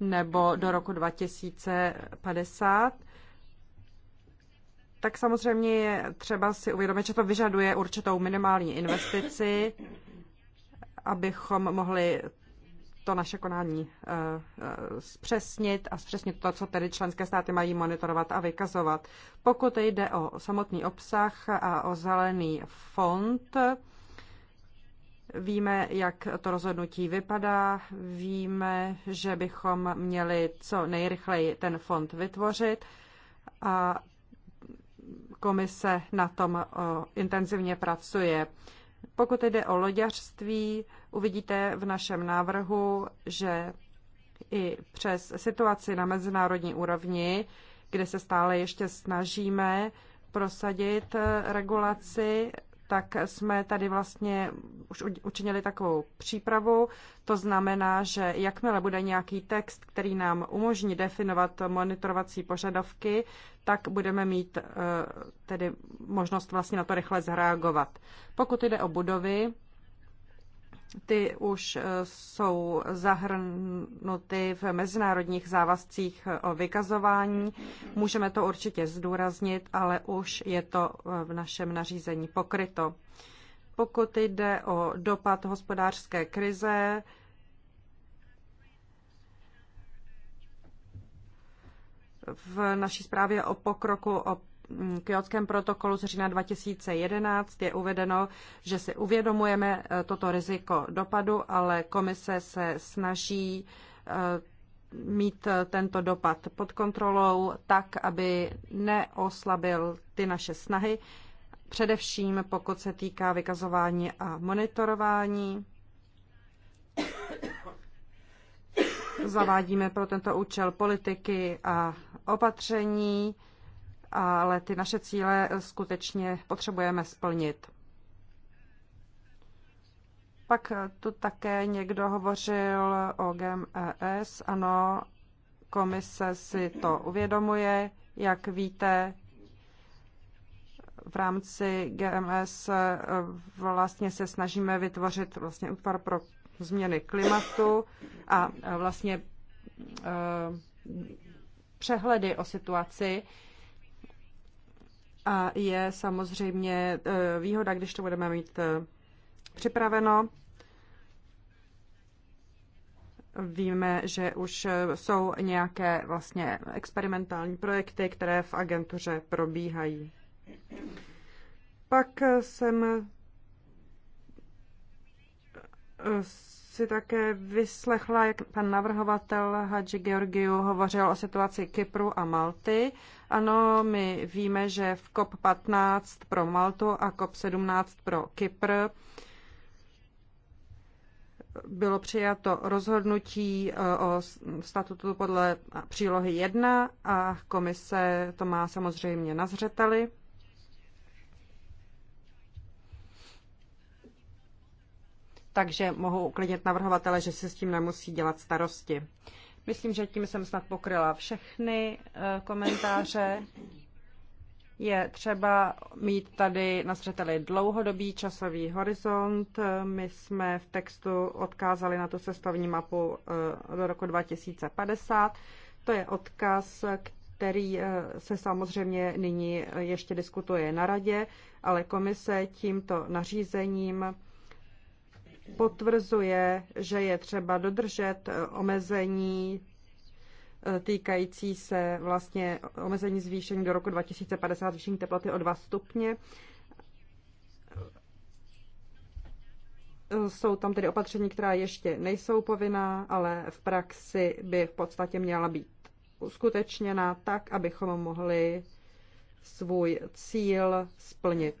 nebo do roku 2050, tak samozřejmě je třeba si uvědomit, že to vyžaduje určitou minimální investici, abychom mohli to naše konání eh, eh, zpřesnit a zpřesnit to, co tedy členské státy mají monitorovat a vykazovat. Pokud jde o samotný obsah a o zelený fond, Víme, jak to rozhodnutí vypadá, víme, že bychom měli co nejrychleji ten fond vytvořit a komise na tom eh, intenzivně pracuje. Pokud jde o loďařství, uvidíte v našem návrhu, že i přes situaci na mezinárodní úrovni, kde se stále ještě snažíme prosadit regulaci, tak jsme tady vlastně už učinili takovou přípravu. To znamená, že jakmile bude nějaký text, který nám umožní definovat monitorovací požadavky, tak budeme mít eh, tedy možnost vlastně na to rychle zreagovat. Pokud jde o budovy, ty už eh, jsou zahrnuty v mezinárodních závazcích eh, o vykazování. Můžeme to určitě zdůraznit, ale už je to eh, v našem nařízení pokryto. Pokud jde o dopad hospodářské krize, v naší zprávě o pokroku o Kyotském protokolu z října 2011 je uvedeno, že si uvědomujeme eh, toto riziko dopadu, ale komise se snaží eh, mít eh, tento dopad pod kontrolou tak, aby neoslabil ty naše snahy, především pokud se týká vykazování a monitorování. Zavádíme pro tento účel politiky a opatření ale ty naše cíle skutečně potřebujeme splnit. Pak tu také někdo hovořil o GMES. Ano, komise si to uvědomuje. Jak víte, v rámci GMS e eh, vlastně se snažíme vytvořit vlastně útvar pro změny klimatu a eh, vlastně eh, přehledy o situaci a je samozřejmě e, výhoda, když to budeme mít e, připraveno. Víme, že už e, jsou nějaké vlastně experimentální projekty, které v agentuře probíhají. Pak jsem si také vyslechla, jak pan navrhovatel Hadži Georgiu hovořil o situaci Kypru a Malty. Ano, my víme, že v COP15 pro Maltu a COP17 pro Kypr bylo přijato rozhodnutí eh, o statutu podle přílohy 1 a komise to má samozřejmě na zřeteli. takže mohu uklidnit navrhovatele, že se s tím nemusí dělat starosti. Myslím, že tím jsem snad pokryla všechny eh, komentáře. Je třeba mít tady na zřeteli dlouhodobý časový horizont. My jsme v textu odkázali na tu cestovní mapu eh, do roku 2050. To je odkaz, který eh, se samozřejmě nyní ještě diskutuje na radě, ale komise tímto nařízením potvrzuje, že je třeba dodržet eh, omezení eh, týkající se vlastně omezení zvýšení do roku 2050 zvýšení teploty o 2 stupně. Eh, jsou tam tedy opatření, která ještě nejsou povinná, ale v praxi by v podstatě měla být uskutečněna tak, abychom mohli svůj cíl splnit.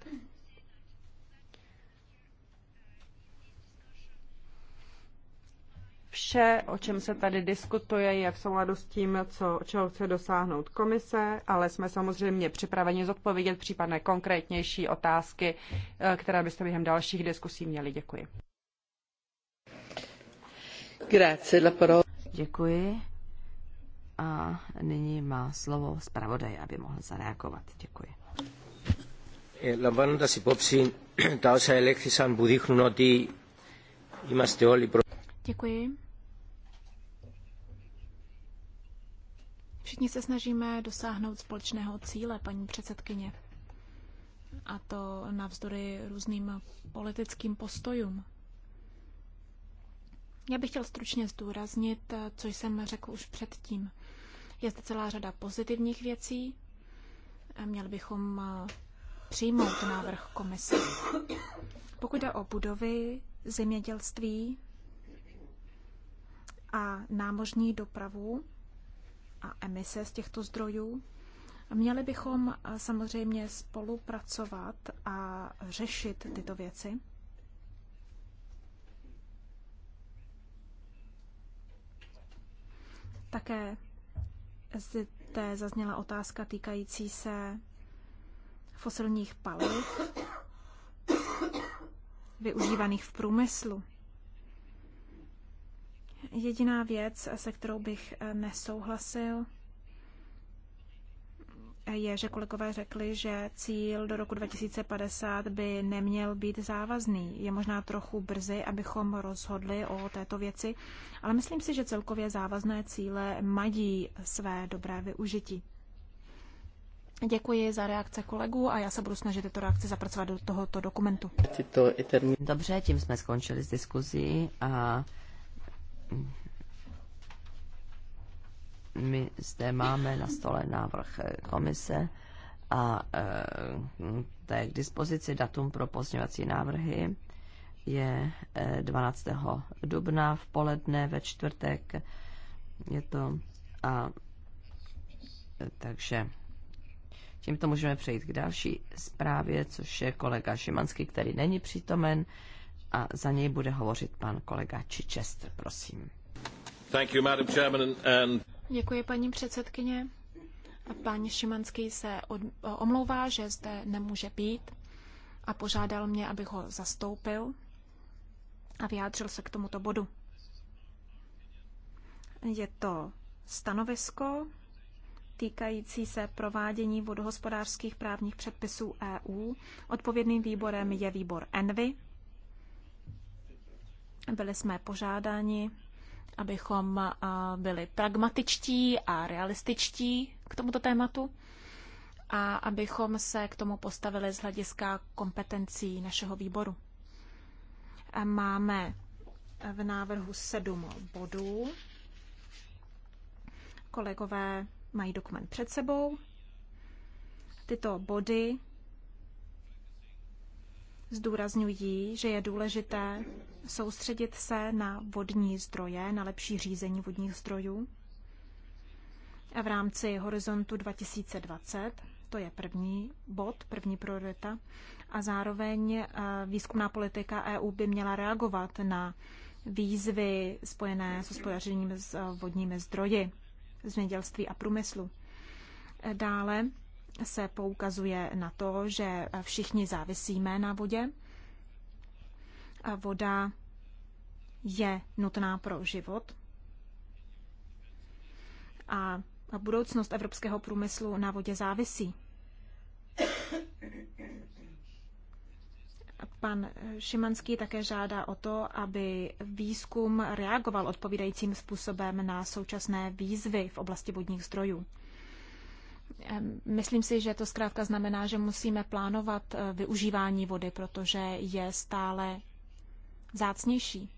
vše, o čem se tady diskutuje, je v souladu s tím, co, čeho chce dosáhnout komise, ale jsme samozřejmě připraveni zodpovědět případné konkrétnější otázky, eh, které byste během dalších diskusí měli. Děkuji. Děkuji. A nyní má slovo zpravodaj, aby mohl zareagovat. Děkuji. Děkuji. Všichni se snažíme dosáhnout společného cíle, paní předsedkyně. A to navzdory různým politickým postojům. Já bych chtěl stručně zdůraznit, co jsem řekl už předtím. Je zde celá řada pozitivních věcí. Měli bychom přijmout návrh komise. Pokud jde o budovy, zemědělství a námožní dopravu, a emise z těchto zdrojů. Měli bychom samozřejmě spolupracovat a řešit tyto věci. Také zde zazněla otázka týkající se fosilních paliv využívaných v průmyslu. Jediná věc, se kterou bych eh, nesouhlasil, je, že kolegové řekli, že cíl do roku 2050 by neměl být závazný. Je možná trochu brzy, abychom rozhodli o této věci, ale myslím si, že celkově závazné cíle mají své dobré využití. Děkuji za reakce kolegů a já se budu snažit tyto reakce zapracovat do tohoto dokumentu. Dobře, tím jsme skončili s diskuzí a my zde máme na stole návrh komise a eh, to je k dispozici datum pro pozměňovací návrhy je 12. Eh, dubna v poledne ve čtvrtek je to a eh, takže tímto můžeme přejít k další zprávě, což je kolega Šimanský, který není přítomen a za něj bude hovořit pan kolega Chichester, prosím. Thank you, Madam Chairman, and... Děkuji, paní předsedkyně. Pan Šimanský se od, omlouvá, že zde nemůže být a požádal mě, abych ho zastoupil a vyjádřil se k tomuto bodu. Je to stanovisko týkající se provádění vodohospodářských právních předpisů EU. Odpovědným výborem je výbor ENVY byli jsme požádáni, abychom byli pragmatičtí a realističtí k tomuto tématu a abychom se k tomu postavili z hlediska kompetencí našeho výboru. Máme v návrhu sedm bodů. Kolegové mají dokument před sebou. Tyto body zdůrazňují, že je důležité soustředit se na vodní zdroje, na lepší řízení vodních zdrojů. A v rámci horizontu 2020, to je první bod, první priorita, a zároveň eh, výzkumná politika EU by měla reagovat na výzvy spojené s hospodařením s eh, vodními zdroji, zemědělství a průmyslu. Dále se poukazuje na to, že všichni závisíme na vodě. A voda je nutná pro život. A budoucnost evropského průmyslu na vodě závisí. Pan Šimanský také žádá o to, aby výzkum reagoval odpovídajícím způsobem na současné výzvy v oblasti vodních zdrojů. Myslím si, že to zkrátka znamená, že musíme plánovat eh, využívání vody, protože je stále zácnější.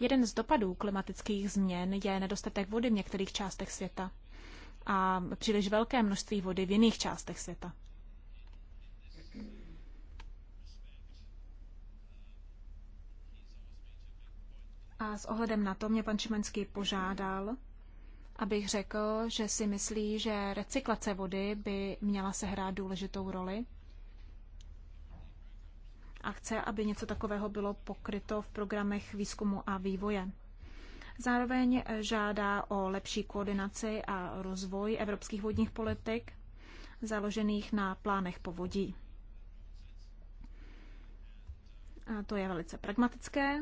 Jeden z dopadů klimatických změn je nedostatek vody v některých částech světa a příliš velké množství vody v jiných částech světa. A s ohledem na to mě pan Čimenský požádal, abych řekl, že si myslí, že recyklace vody by měla sehrát důležitou roli a chce, aby něco takového bylo pokryto v programech výzkumu a vývoje. Zároveň žádá o lepší koordinaci a rozvoj evropských vodních politik založených na plánech povodí. A to je velice pragmatické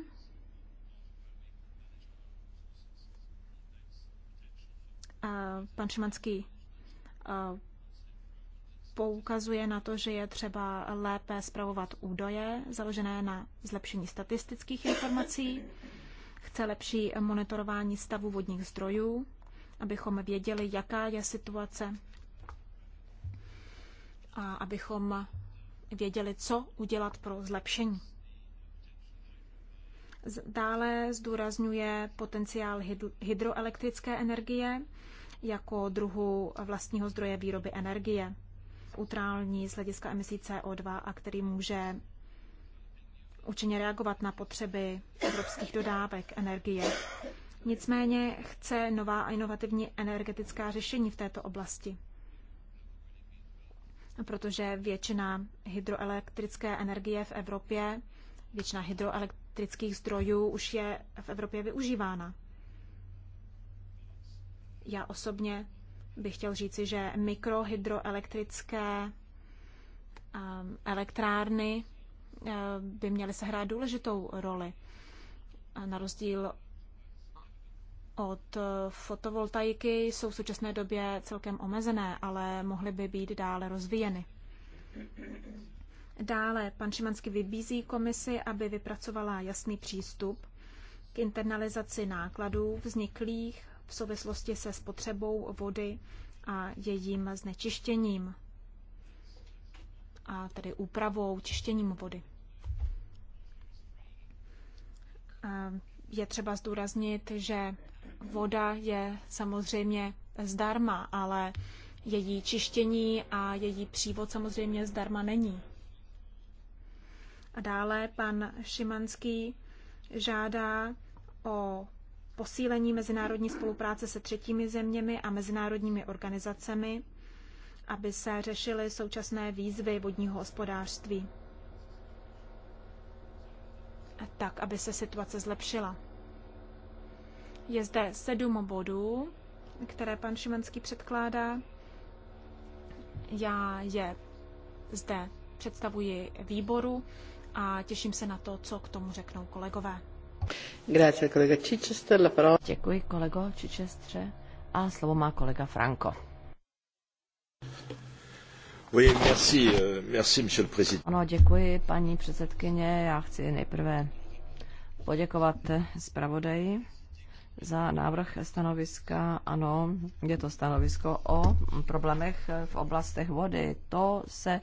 pan Šimanský poukazuje na to, že je třeba lépe zpravovat údaje založené na zlepšení statistických informací, chce lepší monitorování stavu vodních zdrojů, abychom věděli, jaká je situace a abychom věděli, co udělat pro zlepšení. Dále zdůrazňuje potenciál hydroelektrické energie jako druhu vlastního zdroje výroby energie, utrální, z hlediska emisí CO2 a který může účinně reagovat na potřeby evropských dodávek energie. Nicméně chce nová a inovativní energetická řešení v této oblasti, protože většina hydroelektrické energie v Evropě, většina hydroelektrických zdrojů už je v Evropě využívána. Já osobně bych chtěl říci, že mikrohydroelektrické ehm, elektrárny eh, by měly sehrát důležitou roli. Na rozdíl od eh, fotovoltaiky jsou v současné době celkem omezené, ale mohly by být dále rozvíjeny. Dále pan Šimanský vybízí komisi, aby vypracovala jasný přístup k internalizaci nákladů vzniklých v souvislosti se spotřebou vody a jejím znečištěním, a tedy úpravou, čištěním vody. Je třeba zdůraznit, že voda je samozřejmě zdarma, ale její čištění a její přívod samozřejmě zdarma není. A dále pan Šimanský žádá o posílení mezinárodní spolupráce se třetími zeměmi a mezinárodními organizacemi, aby se řešily současné výzvy vodního hospodářství, tak aby se situace zlepšila. Je zde sedm bodů, které pan Šimanský předkládá. Já je zde představuji výboru a těším se na to, co k tomu řeknou kolegové. Grazie, kolega Chichester. La parola. Děkuji, kolego Chichestre. A slovo má kolega Franco. Oui, merci, euh, merci, monsieur le président. Ano, děkuji, paní předsedkyně. Já chci nejprve poděkovat zpravodaji za návrh stanoviska. Ano, je to stanovisko o problémech v oblastech vody. To se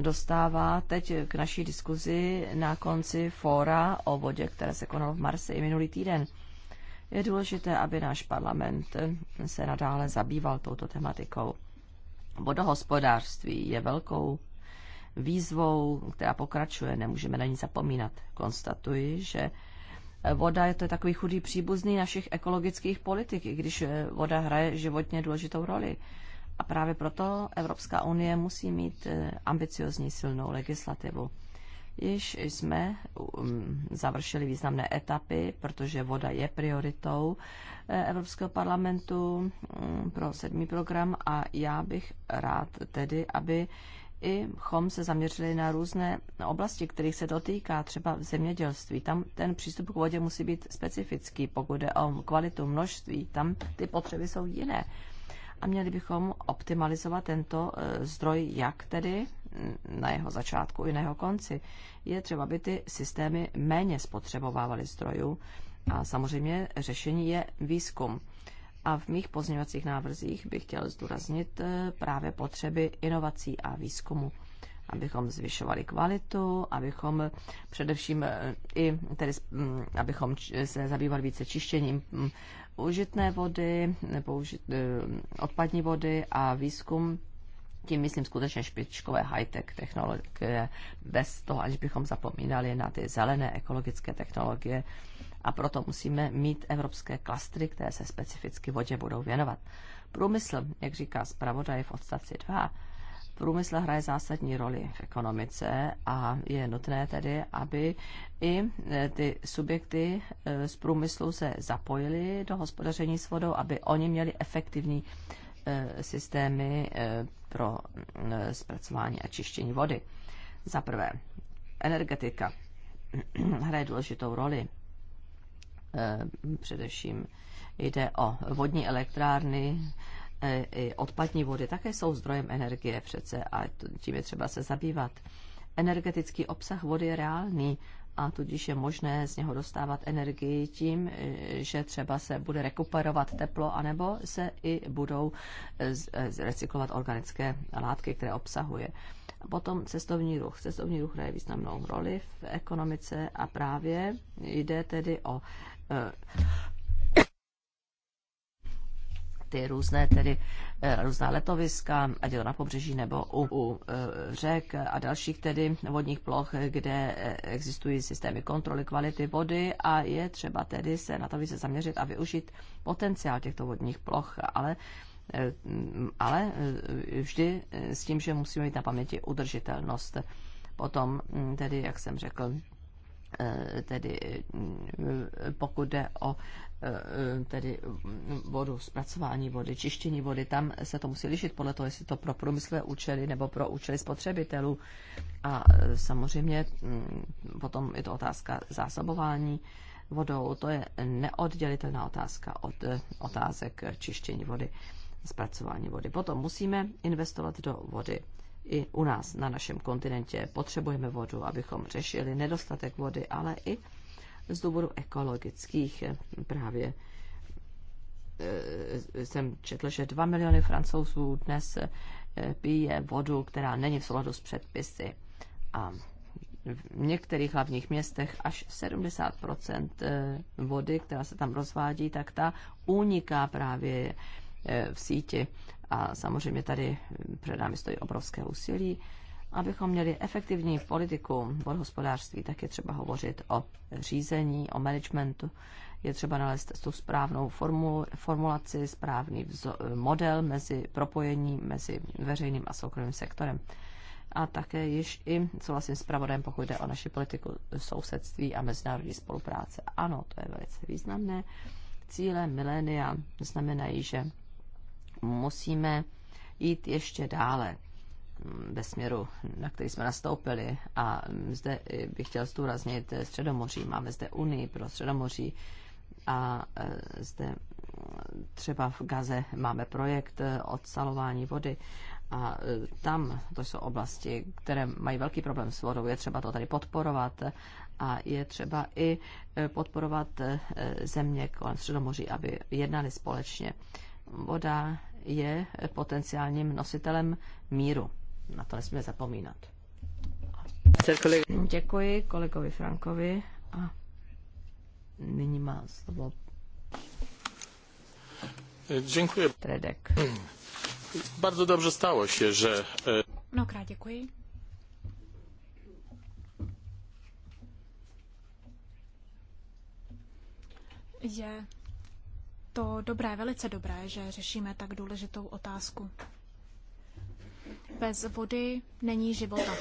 dostává teď k naší diskuzi na konci fóra o vodě, které se konalo v Marseji minulý týden. Je důležité, aby náš parlament se nadále zabýval touto tematikou. Vodohospodářství je velkou výzvou, která pokračuje, nemůžeme na ní zapomínat. Konstatuji, že voda je to takový chudý příbuzný našich ekologických politik, i když voda hraje životně důležitou roli. A právě proto Evropská unie musí mít eh, ambiciozní silnou legislativu. Již jsme um, završili významné etapy, protože voda je prioritou eh, Evropského parlamentu mm, pro sedmý program a já bych rád tedy, aby i chom se zaměřili na různé oblasti, kterých se dotýká, třeba v zemědělství. Tam ten přístup k vodě musí být specifický, pokud jde o kvalitu množství, tam ty potřeby jsou jiné a měli bychom optimalizovat tento e, zdroj jak tedy na jeho začátku i na jeho konci. Je třeba, aby ty systémy méně spotřebovávaly zdrojů a samozřejmě řešení je výzkum. A v mých pozměňovacích návrzích bych chtěl zdůraznit e, právě potřeby inovací a výzkumu abychom zvyšovali kvalitu, abychom především e, i tedy, abychom se zabývali více čištěním užitné vody, nebo užit, eh, odpadní vody a výzkum tím myslím skutečně špičkové high-tech technologie, bez toho, až bychom zapomínali na ty zelené ekologické technologie. A proto musíme mít evropské klastry, které se specificky vodě budou věnovat. Průmysl, jak říká zpravodaj v odstavci 2, Průmysl hraje zásadní roli v ekonomice a je nutné tedy, aby i e, ty subjekty e, z průmyslu se zapojily do hospodaření s vodou, aby oni měli efektivní e, systémy pro zpracování a čištění vody. Za prvé, energetika hraje důležitou roli. Především jde o vodní elektrárny, E, i odpadní vody také jsou zdrojem energie přece a tím je třeba se zabývat. Energetický obsah vody je reálný a tudíž je možné z něho dostávat energii tím, e, že třeba se bude rekuperovat teplo, anebo se i budou e, recyklovat organické látky, které obsahuje. Potom cestovní ruch. Cestovní ruch hraje významnou roli v ekonomice a právě jde tedy o ty různé tedy eh, různá letoviska, ať je to na pobřeží nebo u, u eh, řek a dalších tedy vodních ploch, kde eh, existují systémy kontroly kvality vody a je třeba tedy se na to více zaměřit a využít potenciál těchto vodních ploch, ale ale vždy s tím, že musíme mít na paměti udržitelnost. Potom hm, tedy, jak jsem řekl, Eh, tedy eh, pokud jde o eh, tedy vodu, zpracování vody, čištění vody, tam se to musí lišit podle toho, jestli to pro průmyslové účely nebo pro účely spotřebitelů. A samozřejmě hm, potom je to otázka zásobování vodou, to je neoddělitelná otázka od otázek čištění vody, zpracování vody. Potom musíme investovat do vody i u nás na našem kontinentě. Potřebujeme vodu, abychom řešili nedostatek vody, ale i z důvodu ekologických právě e, jsem četl, že 2 miliony francouzů dnes e, pije vodu, která není v souladu s předpisy. A v některých hlavních městech až 70 e, vody, která se tam rozvádí, tak ta uniká právě v síti a samozřejmě tady eh, před námi stojí obrovské úsilí. Abychom měli efektivní politiku hospodářství, tak je třeba hovořit o řízení, o managementu. Je třeba nalézt tu správnou formu, formulaci, správný vzo, eh, model mezi propojení mezi veřejným a soukromým sektorem. A také již i souhlasím s pravodem, pokud jde o naši politiku sousedství a mezinárodní spolupráce. Ano, to je velice významné. Cíle milénia znamenají, že musíme jít ještě dále mm, ve směru, na který jsme nastoupili. A zde eh, bych chtěl zdůraznit eh, Středomoří. Máme zde Unii pro Středomoří a eh, zde mm, třeba v Gaze máme projekt odsalování vody a tam to jsou oblasti, které mají velký problém s vodou. Je třeba to tady podporovat a je třeba i podporovat země kolem Středomoří, aby jednali společně voda je potenciálním nositelem míru. Na to nesmíme zapomínat. Děkuji kolegovi Frankovi a nyní má slovo Dziękuję. Tredek. Bardzo dobrze stało się, że... E, Mnohokrát děkuji. Je to dobré, velice dobré, že řešíme tak důležitou otázku. Bez vody není života.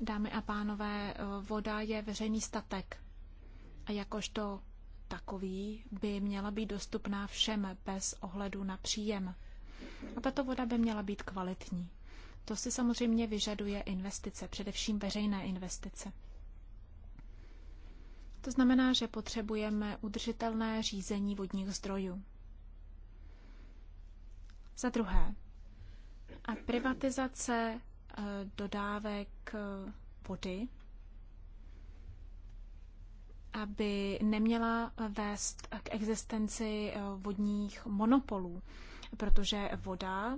Dámy a pánové, voda je veřejný statek a jakožto takový by měla být dostupná všem bez ohledu na příjem. A tato voda by měla být kvalitní. To si samozřejmě vyžaduje investice, především veřejné investice. To znamená, že potřebujeme udržitelné řízení vodních zdrojů. Za druhé, a privatizace e, dodávek e, vody aby neměla vést k existenci e, vodních monopolů, protože voda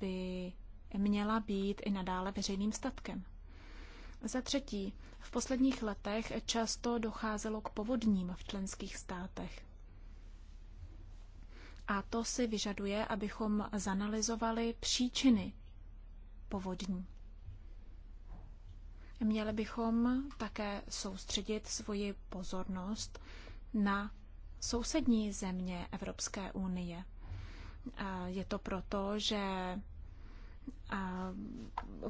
by měla být i nadále veřejným statkem. Za třetí, v posledních letech často docházelo k povodním v členských státech. A to si vyžaduje, abychom zanalizovali příčiny povodní. Měli bychom také soustředit svoji pozornost na sousední země Evropské unie. Je to proto, že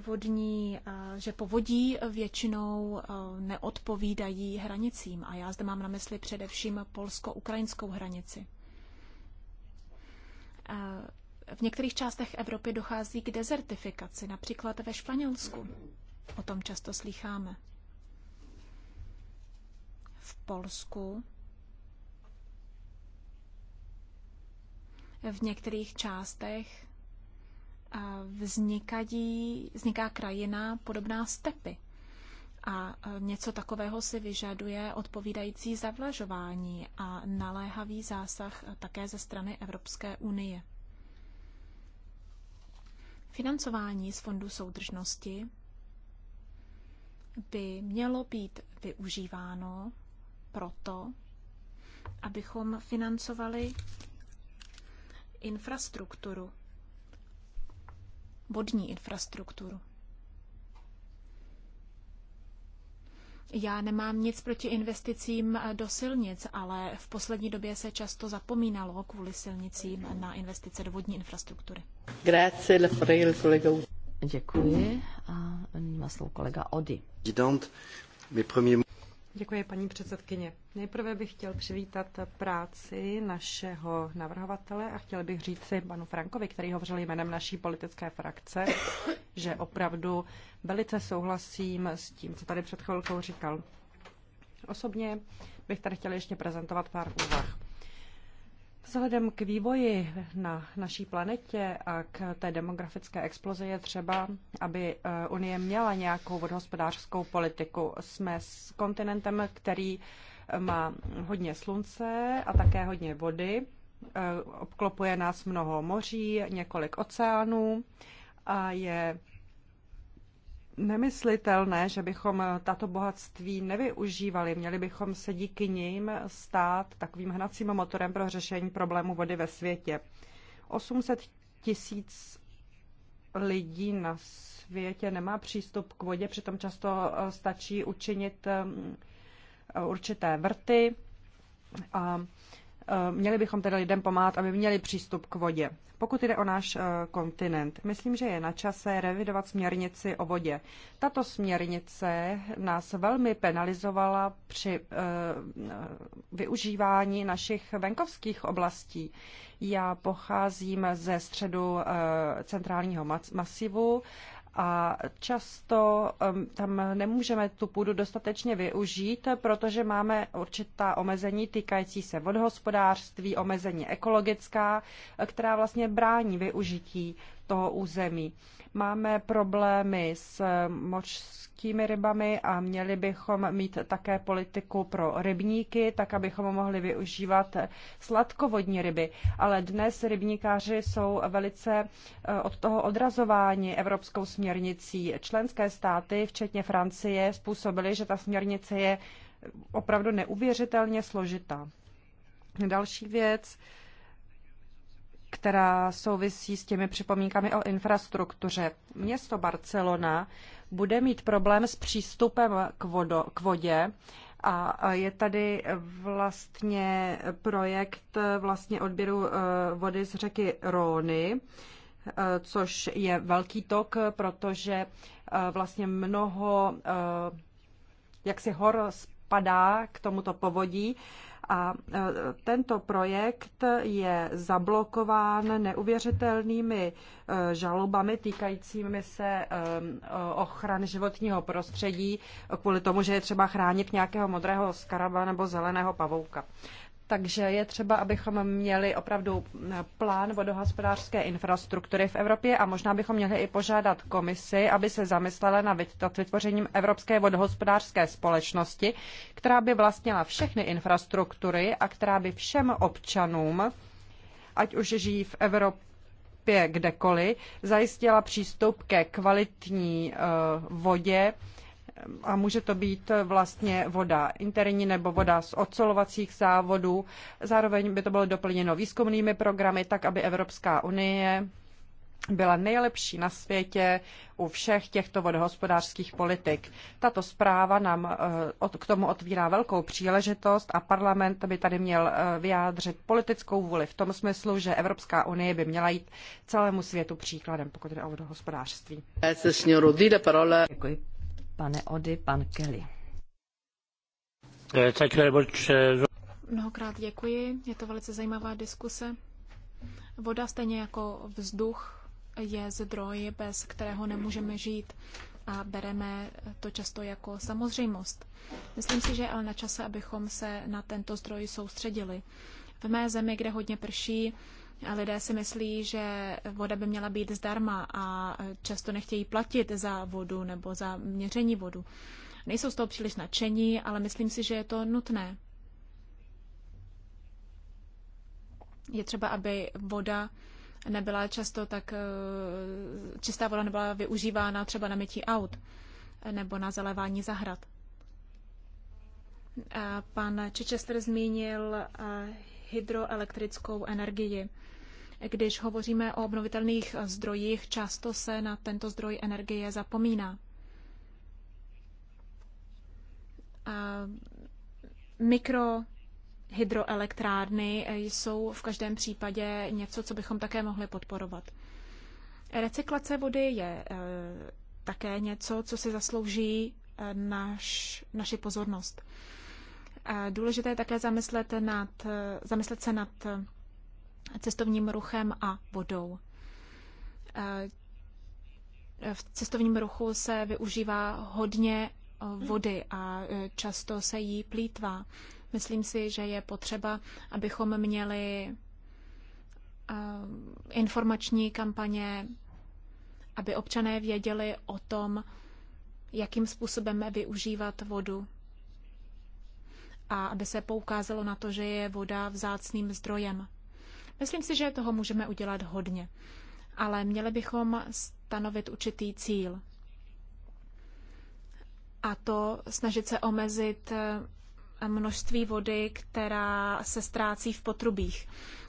vodní, že povodí většinou neodpovídají hranicím. A já zde mám na mysli především polsko-ukrajinskou hranici. V některých částech Evropy dochází k dezertifikaci, například ve Španělsku. O tom často slýcháme. V Polsku v některých částech vznikají, vzniká krajina podobná stepy. A e, něco takového si vyžaduje odpovídající zavlažování a naléhavý zásah e, také ze strany Evropské unie. Financování z Fondu soudržnosti by mělo být využíváno proto, abychom financovali infrastrukturu vodní infrastrukturu. Já nemám nic proti investicím do silnic, ale v poslední době se často zapomínalo kvůli silnicím na investice do vodní infrastruktury. Děkuji. A nyní má slovo kolega Ody. Děkuji, paní předsedkyně. Nejprve bych chtěl přivítat práci našeho navrhovatele a chtěl bych říct si panu Frankovi, který hovořil jménem naší politické frakce, že opravdu velice souhlasím s tím, co tady před chvilkou říkal. Osobně bych tady chtěl ještě prezentovat pár úvah. Vzhledem k vývoji na naší planetě a k té demografické explozi je třeba, aby eh, Unie měla nějakou vodohospodářskou politiku. Jsme s kontinentem, který eh, má hodně slunce a také hodně vody. Eh, obklopuje nás mnoho moří, několik oceánů a je nemyslitelné, že bychom eh, tato bohatství nevyužívali. Měli bychom se díky nim stát takovým hnacím motorem pro řešení problému vody ve světě. 800 tisíc lidí na světě nemá přístup k vodě, přitom často eh, stačí učinit eh, určité vrty a Eh, měli bychom tedy lidem pomáhat, aby měli přístup k vodě. Pokud jde o náš eh, kontinent, myslím, že je na čase revidovat směrnici o vodě. Tato směrnice nás velmi penalizovala při eh, využívání našich venkovských oblastí. Já pocházím ze středu centrálního masivu a často tam nemůžeme tu půdu dostatečně využít, protože máme určitá omezení týkající se vodohospodářství, omezení ekologická, která vlastně brání využití toho území. Máme problémy s mořskými rybami a měli bychom mít také politiku pro rybníky, tak abychom mohli využívat sladkovodní ryby. Ale dnes rybníkáři jsou velice eh, od toho odrazováni evropskou směrnicí. Členské státy, včetně Francie, způsobily, že ta směrnice je opravdu neuvěřitelně složitá. Další věc, která souvisí s těmi připomínkami o infrastruktuře. Město Barcelona bude mít problém s přístupem k, vodo, k vodě a je tady vlastně projekt vlastně odběru e, vody z řeky Róny, e, což je velký tok, protože e, vlastně mnoho jaksi hor spadá k tomuto povodí a e, tento projekt je zablokován neuvěřitelnými e, žalobami týkajícími se e, ochrany životního prostředí kvůli tomu, že je třeba chránit nějakého modrého skaraba nebo zeleného pavouka. Takže je třeba, abychom měli opravdu eh, plán vodohospodářské infrastruktury v Evropě a možná bychom měli i požádat komisi, aby se zamyslela nad vytvořením Evropské vodohospodářské společnosti, která by vlastnila všechny infrastruktury a která by všem občanům, ať už žijí v Evropě kdekoliv, zajistila přístup ke kvalitní eh, vodě, a může to být vlastně voda interní nebo voda z ocelovacích závodů. Zároveň by to bylo doplněno výzkumnými programy, tak aby Evropská unie byla nejlepší na světě u všech těchto vodohospodářských politik. Tato zpráva nám eh, k tomu otvírá velkou příležitost a parlament by tady měl eh, vyjádřit politickou vůli v tom smyslu, že Evropská unie by měla jít celému světu příkladem, pokud jde o vodohospodářství. Děkuji pane Ody, pan Kelly. Eh, eh, Mnohokrát děkuji, je to velice zajímavá diskuse. Voda stejně jako vzduch je zdroj, bez kterého nemůžeme žít a bereme to často jako samozřejmost. Myslím si, že je ale na čase, abychom se na tento zdroj soustředili. V mé zemi, kde hodně prší, Lidé si myslí, že voda by měla být zdarma a často nechtějí platit za vodu nebo za měření vodu. Nejsou z toho příliš nadšení, ale myslím si, že je to nutné. Je třeba, aby voda nebyla často tak, eh, čistá voda nebyla využívána třeba na mytí aut nebo na zalévání zahrad. Pan Čečester zmínil eh, hydroelektrickou energii. Když hovoříme o obnovitelných zdrojích, často se na tento zdroj energie zapomíná. A mikro hydroelektrárny jsou v každém případě něco, co bychom také mohli podporovat. Recyklace vody je eh, také něco, co si zaslouží eh, naš, naši pozornost. Důležité je také zamyslet, nad, zamyslet se nad cestovním ruchem a vodou. V cestovním ruchu se využívá hodně vody a často se jí plítvá. Myslím si, že je potřeba, abychom měli informační kampaně, aby občané věděli o tom, jakým způsobem využívat vodu a aby se poukázalo na to, že je voda vzácným zdrojem. Myslím si, že toho můžeme udělat hodně, ale měli bychom stanovit určitý cíl. A to snažit se omezit eh, množství vody, která se ztrácí v potrubích.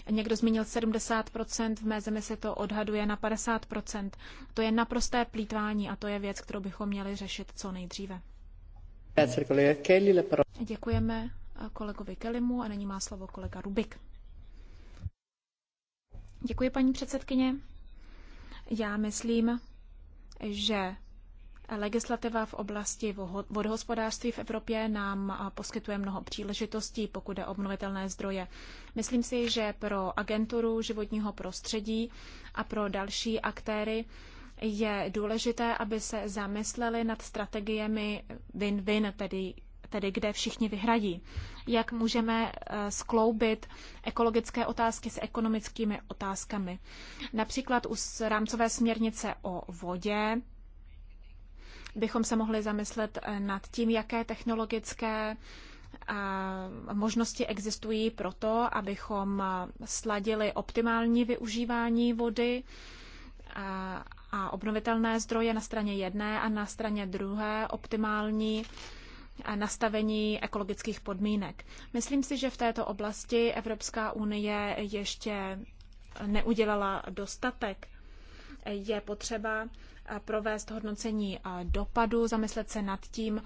Někdo zmínil 70%, v mé zemi se to odhaduje na 50%. To je naprosté plítvání a to je věc, kterou bychom měli řešit co nejdříve. Děkujeme kolegovi Kellymu a nyní má slovo kolega Rubik. Děkuji, paní předsedkyně. Já myslím, že legislativa v oblasti vodohospodářství v Evropě nám poskytuje mnoho příležitostí, pokud je obnovitelné zdroje. Myslím si, že pro agenturu životního prostředí a pro další aktéry je důležité, aby se zamysleli nad strategiemi win-win, tedy, tedy kde všichni vyhradí. Jak můžeme eh, skloubit ekologické otázky s ekonomickými otázkami. Například u rámcové směrnice o vodě bychom se mohli zamyslet eh, nad tím, jaké technologické eh, možnosti existují pro to, abychom sladili optimální využívání vody a obnovitelné zdroje na straně jedné a na straně druhé optimální nastavení ekologických podmínek. Myslím si, že v této oblasti Evropská unie ještě neudělala dostatek. Je potřeba provést hodnocení dopadu, zamyslet se nad tím,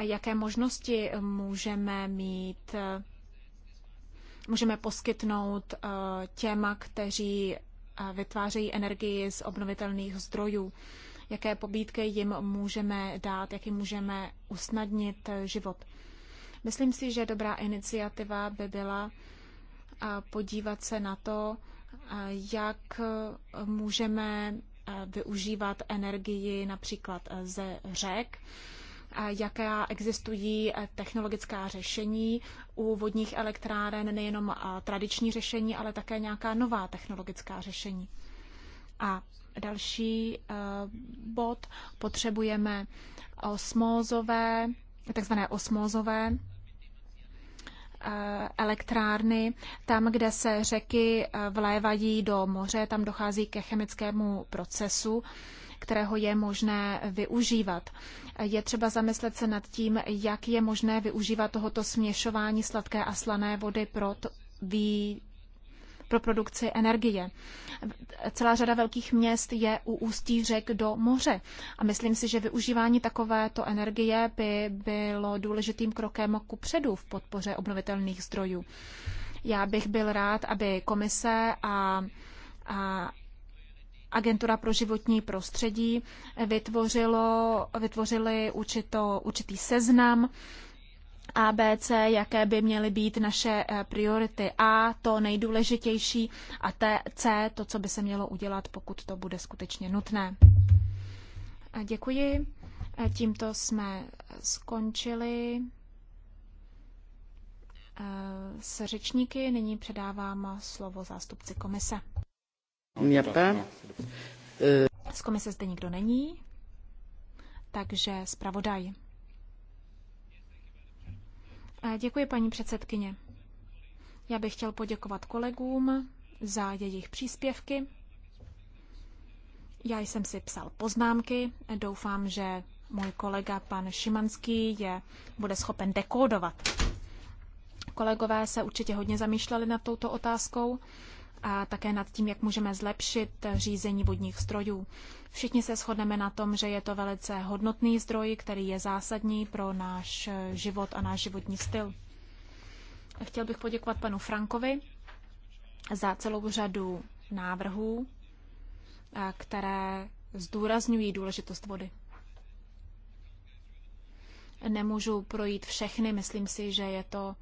jaké možnosti můžeme mít, můžeme poskytnout eh, těm, kteří vytvářejí energii z obnovitelných zdrojů, jaké pobídky jim můžeme dát, jak jim můžeme usnadnit život. Myslím si, že dobrá iniciativa by byla podívat se na to, jak můžeme využívat energii například ze řek, jaká existují eh, technologická řešení u vodních elektráren, nejenom eh, tradiční řešení, ale také nějaká nová technologická řešení. A další eh, bod potřebujeme osmózové, takzvané osmózové elektrárny. Tam, kde se řeky vlévají do moře, tam dochází ke chemickému procesu kterého je možné využívat. Je třeba zamyslet se nad tím, jak je možné využívat tohoto směšování sladké a slané vody pro t- vý pro produkci energie. Celá řada velkých měst je u ústí řek do moře a myslím si, že využívání takovéto energie by bylo důležitým krokem ku předu v podpoře obnovitelných zdrojů. Já bych byl rád, aby komise a, a Agentura pro životní prostředí vytvořilo, vytvořili určito, určitý seznam a B, C, jaké by měly být naše eh, priority. A to nejdůležitější a T, C, to, co by se mělo udělat, pokud to bude skutečně nutné. děkuji. Eh, tímto jsme eh, skončili s řečníky. Nyní předávám slovo zástupci komise. No. Eh. Z komise zde nikdo není, takže zpravodaj. Děkuji, paní předsedkyně. Já bych chtěl poděkovat kolegům za jejich příspěvky. Já jsem si psal poznámky. Doufám, že můj kolega pan Šimanský je, bude schopen dekódovat. Kolegové se určitě hodně zamýšleli nad touto otázkou a také nad tím, jak můžeme zlepšit řízení vodních strojů. Všichni se shodneme na tom, že je to velice hodnotný zdroj, který je zásadní pro náš život a náš životní styl. Chtěl bych poděkovat panu Frankovi za celou řadu návrhů, eh, které zdůrazňují důležitost vody. Nemůžu projít všechny, myslím si, že je to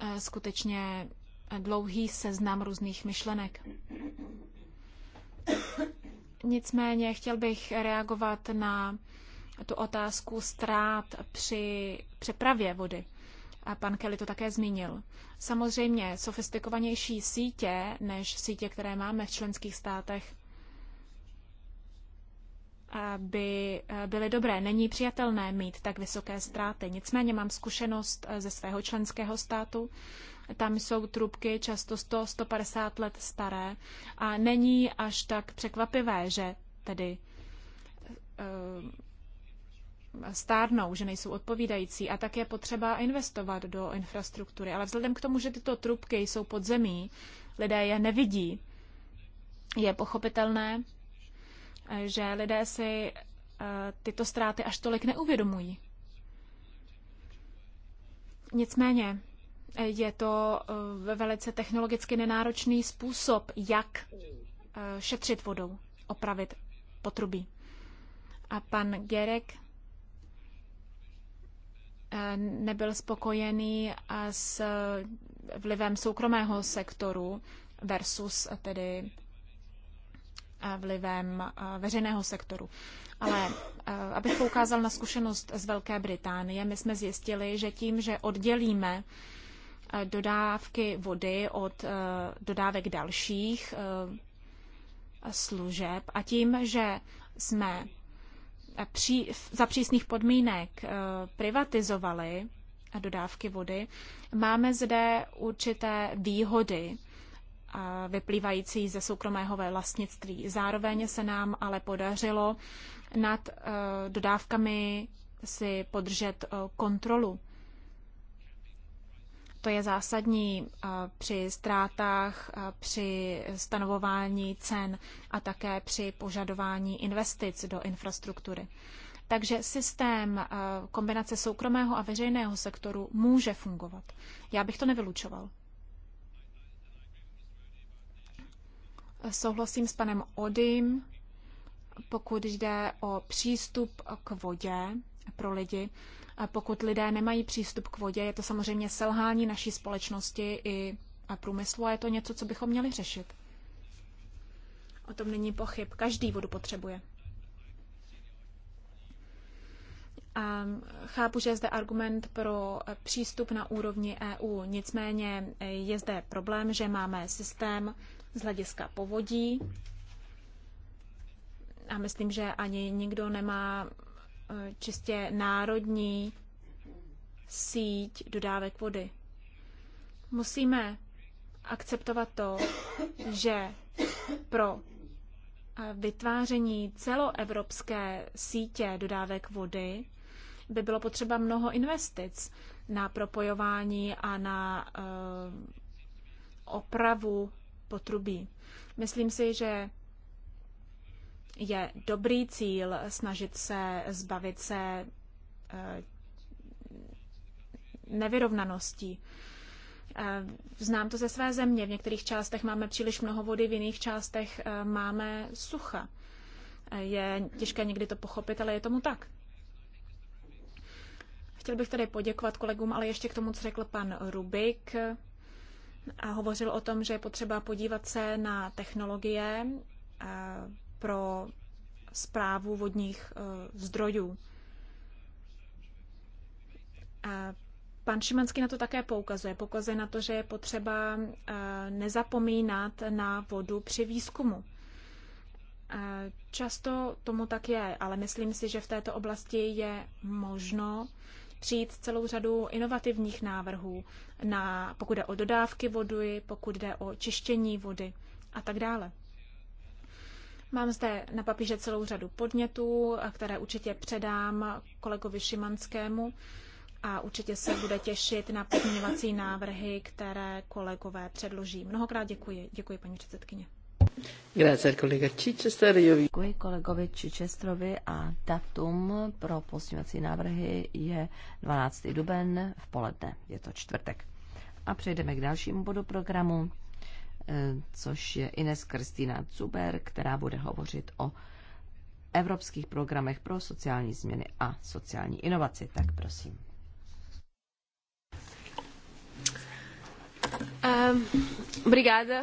eh, skutečně dlouhý seznam různých myšlenek. Nicméně chtěl bych reagovat na tu otázku ztrát při přepravě vody. A pan Kelly to také zmínil. Samozřejmě sofistikovanější sítě než sítě, které máme v členských státech, by byly dobré. Není přijatelné mít tak vysoké ztráty. Nicméně mám zkušenost ze svého členského státu, tam jsou trubky často 100-150 let staré a není až tak překvapivé, že tedy eh, stárnou, že nejsou odpovídající a tak je potřeba investovat do infrastruktury. Ale vzhledem k tomu, že tyto trubky jsou pod zemí, lidé je nevidí, je pochopitelné, eh, že lidé si eh, tyto ztráty až tolik neuvědomují. Nicméně je to eh, velice technologicky nenáročný způsob, jak eh, šetřit vodou, opravit potrubí. A pan Gerek eh, nebyl spokojený s vlivem soukromého sektoru versus tedy vlivem veřejného sektoru. Ale abych poukázal na zkušenost z Velké Británie, my jsme zjistili, že tím, že oddělíme dodávky vody od eh, dodávek dalších eh, služeb a tím, že jsme eh, za přísných podmínek privatizovali dodávky vody, máme zde určité výhody vyplývající ze soukromého vlastnictví. Zároveň se nám ale podařilo nad dodávkami si podržet kontrolu. To je zásadní eh, při ztrátách, eh, při stanovování cen a také při požadování investic do infrastruktury. Takže systém eh, kombinace soukromého a veřejného sektoru může fungovat. Já bych to nevylučoval. Souhlasím s panem Odym, pokud jde o přístup k vodě pro lidi. A pokud lidé nemají přístup k vodě, je to samozřejmě selhání naší společnosti i a průmyslu a je to něco, co bychom měli řešit. O tom není pochyb. Každý vodu potřebuje. A chápu, že je zde argument pro přístup na úrovni EU. Nicméně je zde problém, že máme systém z hlediska povodí a myslím, že ani nikdo nemá Eh, čistě národní síť dodávek vody. Musíme akceptovat to, že pro eh, vytváření celoevropské sítě dodávek vody by bylo potřeba mnoho investic na propojování a na uh, opravu potrubí. Myslím si, že je dobrý cíl snažit se zbavit se eh, nevyrovnaností. Eh, znám to ze své země. V některých částech máme příliš mnoho vody, v jiných částech eh, máme sucha. Je těžké někdy to pochopit, ale je tomu tak. Chtěl bych tady poděkovat kolegům, ale ještě k tomu, co řekl pan Rubik. A hovořil o tom, že je potřeba podívat se na technologie, pro zprávu vodních eh, zdrojů. A pan Šimanský na to také poukazuje. Poukazuje na to, že je potřeba eh, nezapomínat na vodu při výzkumu. Eh, často tomu tak je, ale myslím si, že v této oblasti je možno přijít celou řadu inovativních návrhů, na, pokud jde o dodávky vody, pokud jde o čištění vody a tak dále. Mám zde na papíře celou řadu podnětů, které určitě předám kolegovi Šimanskému a určitě se bude těšit na pozměňovací návrhy, které kolegové předloží. Mnohokrát děkuji. Děkuji, paní předsedkyně. Děkuji kolegovi Čičestrovi a datum pro pozměňovací návrhy je 12. duben v poledne, je to čtvrtek. A přejdeme k dalšímu bodu programu Eh, což je Ines Kristýna Zuber, která bude hovořit o evropských programech pro sociální změny a sociální inovaci. Tak prosím. Um, obrigada,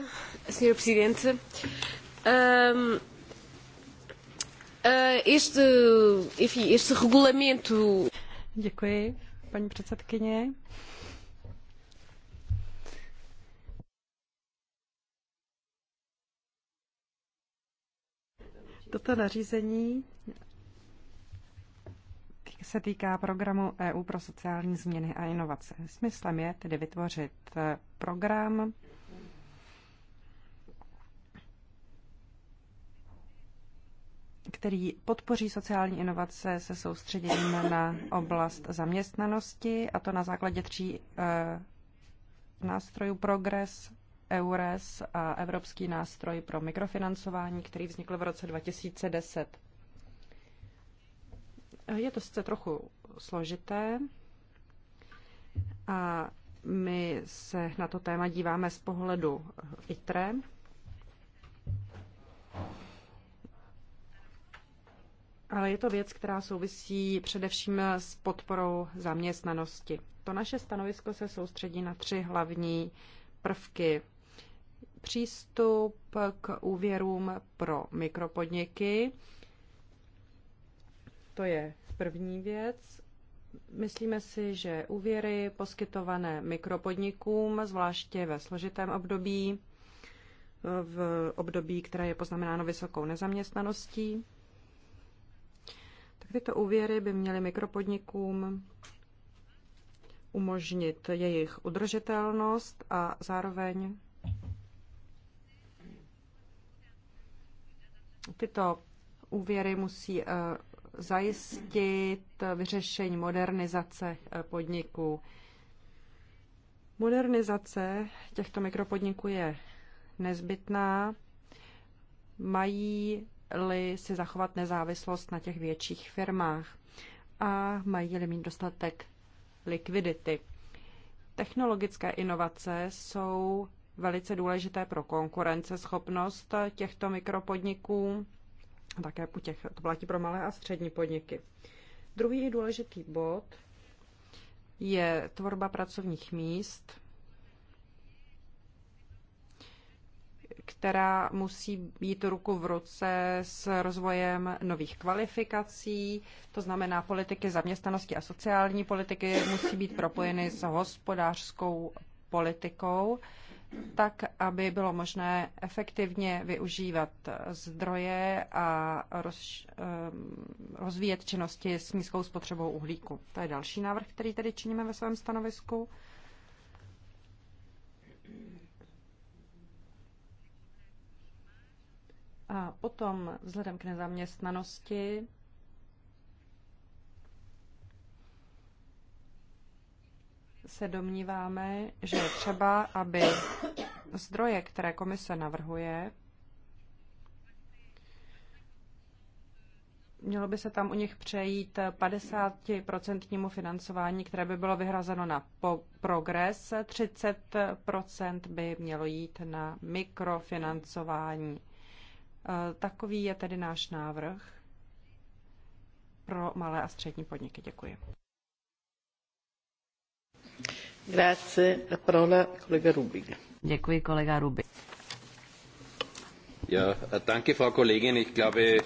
senhor presidente. Um, uh, este, enfim, este regulamento. Děkuji, paní předsedkyně. Toto nařízení se týká programu EU pro sociální změny a inovace. Smyslem je tedy vytvořit eh, program který podpoří sociální inovace se soustředěním na oblast zaměstnanosti, a to na základě tří e, nástrojů Progress, EURES a Evropský nástroj pro mikrofinancování, který vznikl v roce 2010. Je to sice trochu složité a my se na to téma díváme z pohledu ITRE. Ale je to věc, která souvisí především s podporou zaměstnanosti. To naše stanovisko se soustředí na tři hlavní prvky přístup k úvěrům pro mikropodniky. To je první věc. Myslíme si, že úvěry poskytované mikropodnikům, zvláště ve složitém období, v období, které je poznamenáno vysokou nezaměstnaností, tak tyto úvěry by měly mikropodnikům umožnit jejich udržitelnost a zároveň Tyto úvěry musí eh, zajistit vyřešení modernizace eh, podniků. Modernizace těchto mikropodniků je nezbytná. Mají-li si zachovat nezávislost na těch větších firmách a mají-li mít dostatek likvidity. Technologické inovace jsou velice důležité pro konkurenceschopnost těchto mikropodniků. Také u těch, to platí pro malé a střední podniky. Druhý důležitý bod je tvorba pracovních míst, která musí být ruku v ruce s rozvojem nových kvalifikací, to znamená politiky zaměstnanosti a sociální politiky musí být propojeny s hospodářskou politikou tak, aby bylo možné efektivně využívat zdroje a roz, ehm, rozvíjet činnosti s nízkou spotřebou uhlíku. To je další návrh, který tedy činíme ve svém stanovisku. A potom vzhledem k nezaměstnanosti se domníváme, že je třeba, aby zdroje, které komise navrhuje, mělo by se tam u nich přejít 50% financování, které by bylo vyhrazeno na po- progres, 30% by mělo jít na mikrofinancování. E, takový je tedy náš návrh pro malé a střední podniky. Děkuji kolega Děkuji, kolega äh, danke, Frau Kollegin. Ich glaube, äh,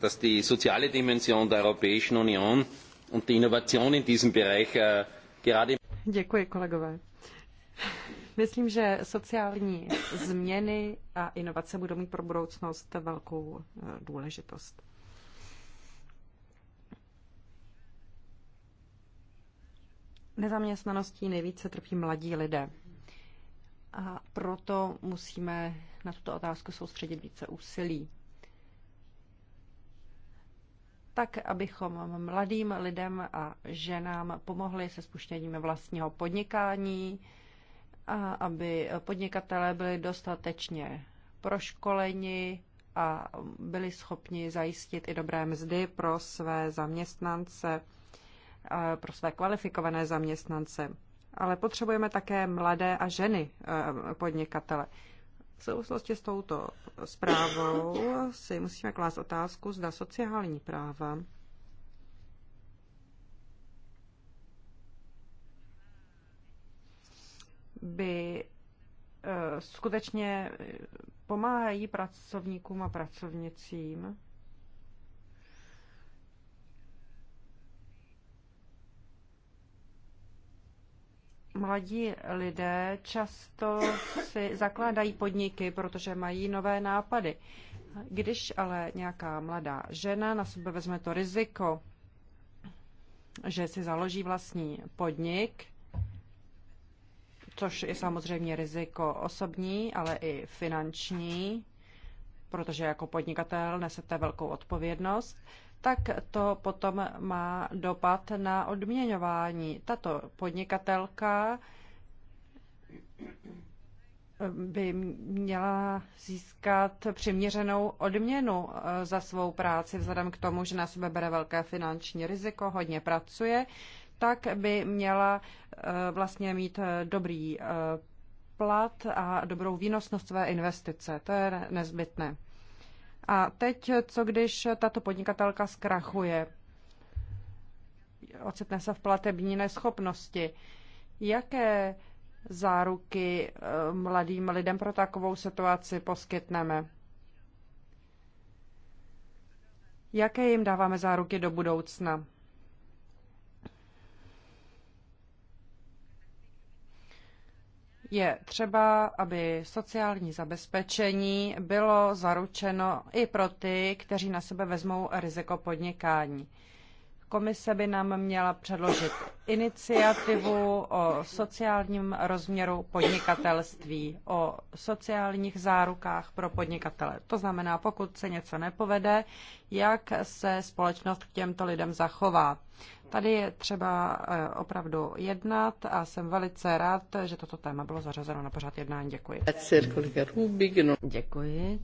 dass die soziale Dimension der Europäischen Union und die Innovation in diesem Bereich äh, gerade. Děkuji, kolegové. Myslím, že sociální změny a inovace budou mít pro budoucnost velkou eh, důležitost. Nezaměstnaností nejvíce trpí mladí lidé. A proto musíme na tuto otázku soustředit více úsilí. Tak, abychom mladým lidem a ženám pomohli se spuštěním vlastního podnikání, a aby podnikatelé byli dostatečně proškoleni a byli schopni zajistit i dobré mzdy pro své zaměstnance pro své kvalifikované zaměstnance. Ale potřebujeme také mladé a ženy podnikatele. V souvislosti s touto zprávou si musíme klást otázku, zda sociální práva by e, skutečně pomáhají pracovníkům a pracovnicím mladí lidé často si zakládají podniky, protože mají nové nápady. Když ale nějaká mladá žena na sebe vezme to riziko, že si založí vlastní podnik, což je samozřejmě riziko osobní, ale i finanční, protože jako podnikatel nesete velkou odpovědnost, tak to potom má dopad na odměňování. Tato podnikatelka by měla získat přiměřenou odměnu eh, za svou práci, vzhledem k tomu, že na sebe bere velké finanční riziko, hodně pracuje, tak by měla eh, vlastně mít eh, dobrý plat a dobrou výnosnost své investice. To je nezbytné. A teď, co když tato podnikatelka zkrachuje? Ocitne se v platební neschopnosti. Jaké záruky eh, mladým lidem pro takovou situaci poskytneme? Jaké jim dáváme záruky do budoucna? Je třeba, aby sociální zabezpečení bylo zaručeno i pro ty, kteří na sebe vezmou riziko podnikání. Komise by nám měla předložit iniciativu o sociálním rozměru podnikatelství, o sociálních zárukách pro podnikatele. To znamená, pokud se něco nepovede, jak se společnost k těmto lidem zachová. Tady je třeba eh, opravdu jednat a jsem velice rád, že toto téma bylo zařazeno na pořád jednání. Děkuji. No. Děkuji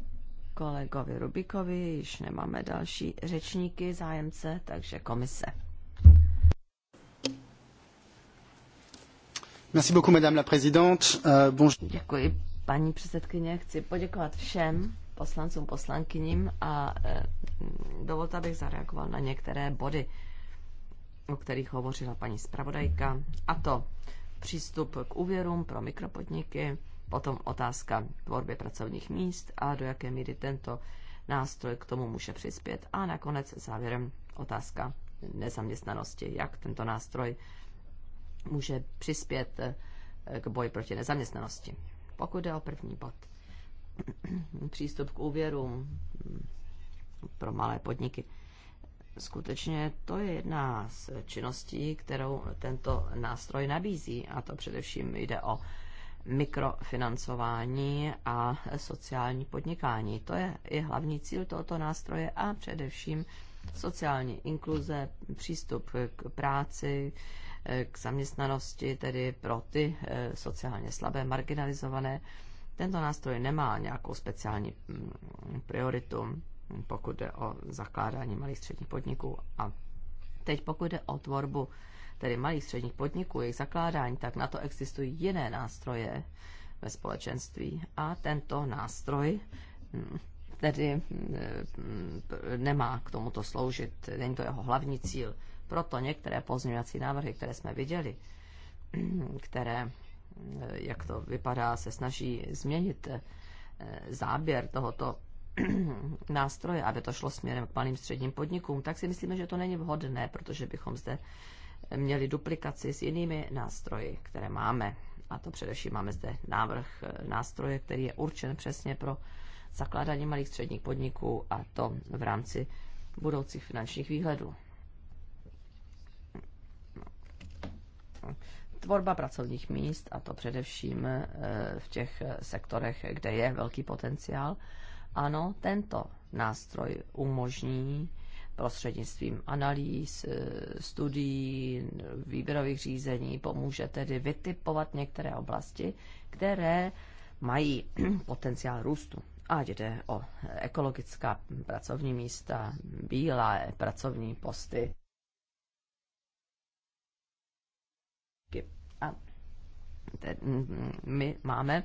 kolegovi Rubikovi, již nemáme další řečníky, zájemce, takže komise. Merci beaucoup, madame la présidente. Uh, bon... Děkuji, paní předsedkyně. Chci poděkovat všem poslancům, poslankyním a uh, dovolte, abych zareagoval na některé body o kterých hovořila paní zpravodajka, a to přístup k úvěrům pro mikropodniky, potom otázka tvorby pracovních míst a do jaké míry tento nástroj k tomu může přispět a nakonec závěrem otázka nezaměstnanosti, jak tento nástroj může přispět eh, k boji proti nezaměstnanosti. Pokud jde o první bod, přístup k úvěrům mm, pro malé podniky skutečně to je jedna z činností, kterou tento nástroj nabízí, a to především jde o mikrofinancování a sociální podnikání. To je, je hlavní cíl tohoto nástroje a především sociální inkluze, přístup k práci, k zaměstnanosti, tedy pro ty eh, sociálně slabé, marginalizované. Tento nástroj nemá nějakou speciální mm, prioritu pokud jde o zakládání malých středních podniků. A teď pokud jde o tvorbu tedy malých středních podniků, jejich zakládání, tak na to existují jiné nástroje ve společenství. A tento nástroj hm, tedy hm, hm, nemá k tomuto sloužit, není to jeho hlavní cíl. Proto některé pozměňovací návrhy, které jsme viděli, které, eh, jak to vypadá, se snaží změnit eh, záběr tohoto nástroje, aby to šlo směrem k malým středním podnikům, tak si myslíme, že to není vhodné, protože bychom zde měli duplikaci s jinými nástroji, které máme. A to především máme zde návrh eh, nástroje, který je určen přesně pro zakládání malých středních podniků a to v rámci budoucích finančních výhledů. Tvorba pracovních míst, a to především eh, v těch eh, sektorech, kde je velký potenciál. Ano, tento nástroj umožní prostřednictvím analýz, eh, studií, výběrových řízení, pomůže tedy vytipovat některé oblasti, které mají potenciál růstu. Ať jde o ekologická pracovní místa, bílá pracovní posty. A my máme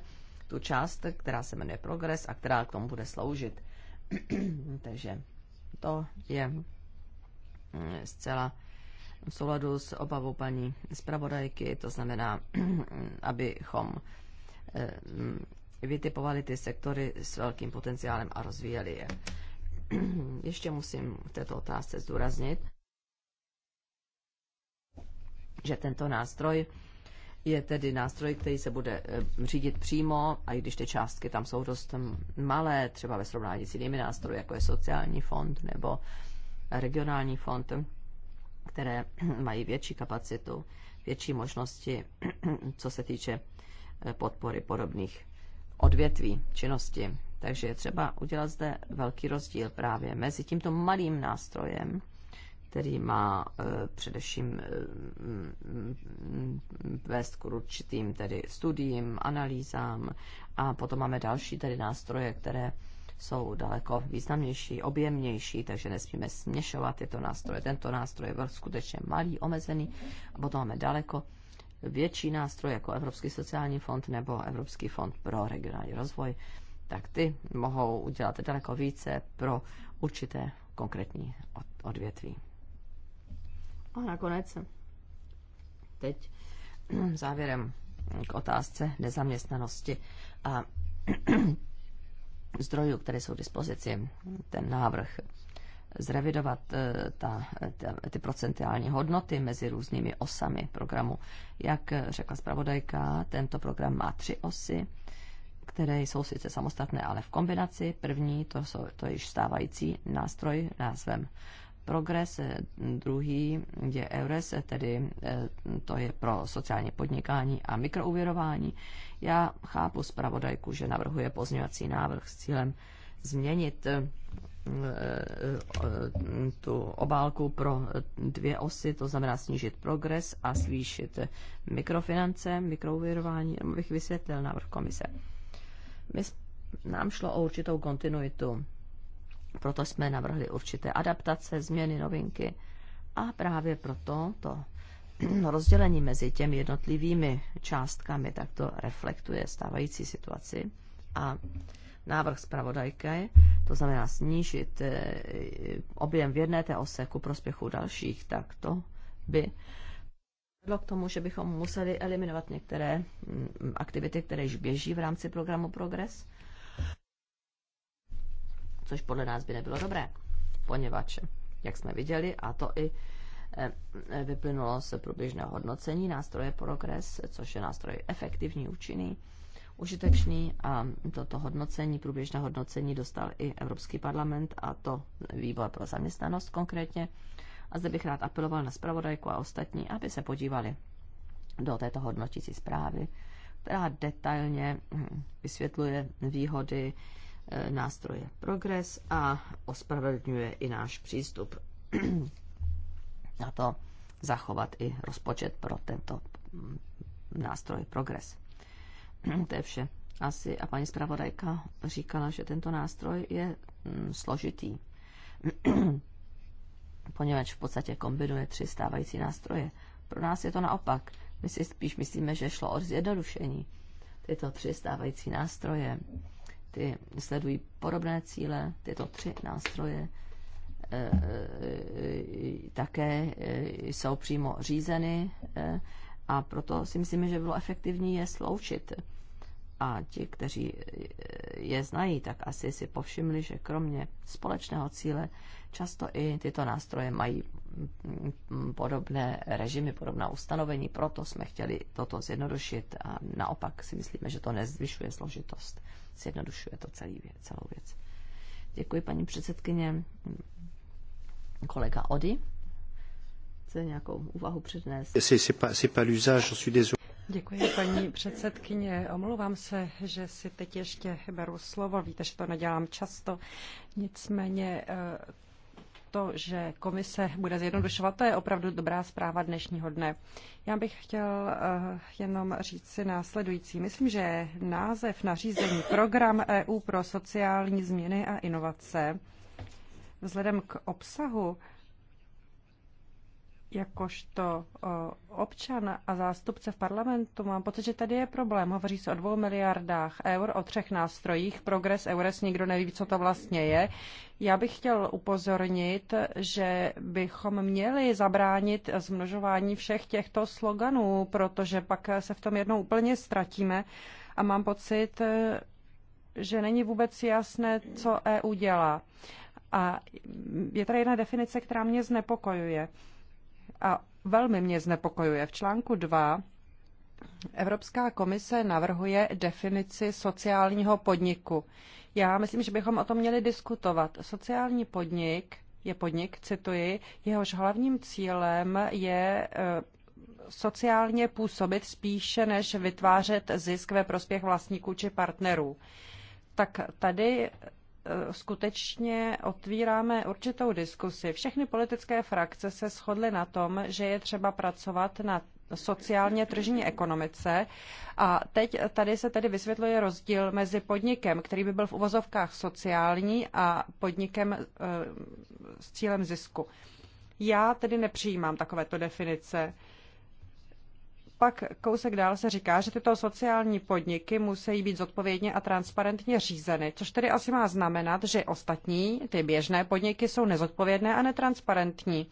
tu část, která se jmenuje progres a která k tomu bude sloužit. Takže to je mm, zcela v souladu s obavou paní zpravodajky, to znamená, abychom eh, vytipovali ty sektory s velkým potenciálem a rozvíjeli je. Ještě musím v této otázce zdůraznit, že tento nástroj je tedy nástroj, který se bude eh, řídit přímo, a i když ty částky tam jsou dost malé, třeba ve srovnání s jinými nástroji, jako je sociální fond nebo regionální fond, které mají větší kapacitu, větší možnosti, co se týče eh, podpory podobných odvětví činnosti. Takže je třeba udělat zde velký rozdíl právě mezi tímto malým nástrojem, který má eh, především eh, vést k určitým tedy studiím, analýzám a potom máme další tedy nástroje, které jsou daleko významnější, objemnější, takže nesmíme směšovat tyto nástroje. Tento nástroj je skutečně malý, omezený a potom máme daleko větší nástroj jako Evropský sociální fond nebo Evropský fond pro regionální rozvoj, tak ty mohou udělat daleko více pro určité konkrétní odvětví. A nakonec teď závěrem k otázce nezaměstnanosti a zdrojů, které jsou k dispozici, ten návrh zrevidovat eh, ta, ta, ty procentuální hodnoty mezi různými osami programu. Jak řekla zpravodajka, tento program má tři osy, které jsou sice samostatné, ale v kombinaci. První, to, jsou, to je již stávající nástroj názvem Progres, eh, druhý je EURES, eh, tedy eh, to je pro sociální podnikání a mikrouvěrování. Já chápu zpravodajku, že navrhuje pozměňovací návrh s cílem změnit tu obálku pro dvě osy, to znamená snížit progres a zvýšit mikrofinance, mikrouvěrování, bych vysvětlil návrh komise. My, nám šlo o určitou kontinuitu proto jsme navrhli určité adaptace, změny, novinky. A právě proto to rozdělení mezi těmi jednotlivými částkami takto reflektuje stávající situaci. A návrh zpravodajky, to znamená snížit eh, objem v jedné té ose ku prospěchu dalších, tak to by vedlo k tomu, že bychom museli eliminovat některé mm, aktivity, které již běží v rámci programu Progress což podle nás by nebylo dobré, poněvadž, jak jsme viděli, a to i eh, eh, vyplynulo se průběžného hodnocení nástroje Progress, což je nástroj efektivní, účinný, užitečný a toto hodnocení, průběžné hodnocení dostal i Evropský parlament a to výbor pro zaměstnanost konkrétně. A zde bych rád apeloval na zpravodajku a ostatní, aby se podívali do této hodnotící zprávy, která detailně hm, vysvětluje výhody, Eh, nástroje progres a ospravedlňuje i náš přístup na to zachovat i rozpočet pro tento mm, nástroj progres. to je vše. Asi a paní zpravodajka říkala, že tento nástroj je mm, složitý, poněvadž v podstatě kombinuje tři stávající nástroje. Pro nás je to naopak. My si spíš myslíme, že šlo o zjednodušení. Tyto tři stávající nástroje ty sledují podobné cíle, tyto tři nástroje e, e, e, také jsou přímo řízeny a proto si myslíme, že bylo efektivní je sloučit. A ti, kteří je znají, tak asi si povšimli, že kromě společného cíle často i tyto nástroje mají podobné režimy, podobná ustanovení, proto jsme chtěli toto zjednodušit a naopak si myslíme, že to nezvyšuje složitost, zjednodušuje to celý věc, celou věc. Děkuji, paní předsedkyně. Kolega Ody chce nějakou úvahu přednést. Děkuji, paní předsedkyně. Omlouvám se, že si teď ještě beru slovo. Víte, že to nedělám často. Nicméně eh, to, že komise bude zjednodušovat, to je opravdu dobrá zpráva dnešního dne. Já bych chtěl eh, jenom říct si následující. Myslím, že název nařízení Program EU pro sociální změny a inovace vzhledem k obsahu jakožto občan a zástupce v parlamentu mám pocit, že tady je problém. Hovoří se o dvou miliardách eur, o třech nástrojích, progres, eures, nikdo neví, co to vlastně je. Já bych chtěl upozornit, že bychom měli zabránit zmnožování všech těchto sloganů, protože pak se v tom jednou úplně ztratíme a mám pocit, že není vůbec jasné, co EU dělá. A je tady jedna definice, která mě znepokojuje a velmi mě znepokojuje. V článku 2 Evropská komise navrhuje definici sociálního podniku. Já myslím, že bychom o tom měli diskutovat. Sociální podnik je podnik, cituji, jehož hlavním cílem je eh, sociálně působit spíše než vytvářet zisk ve prospěch vlastníků či partnerů. Tak tady E, skutečně otvíráme určitou diskusi. Všechny politické frakce se shodly na tom, že je třeba pracovat na sociálně tržní ekonomice. A teď tady se tedy vysvětluje rozdíl mezi podnikem, který by byl v uvozovkách sociální a podnikem e, s cílem zisku. Já tedy nepřijímám takovéto definice pak kousek dál se říká, že tyto sociální podniky musí být zodpovědně a transparentně řízeny, což tedy asi má znamenat, že ostatní, ty běžné podniky, jsou nezodpovědné a netransparentní.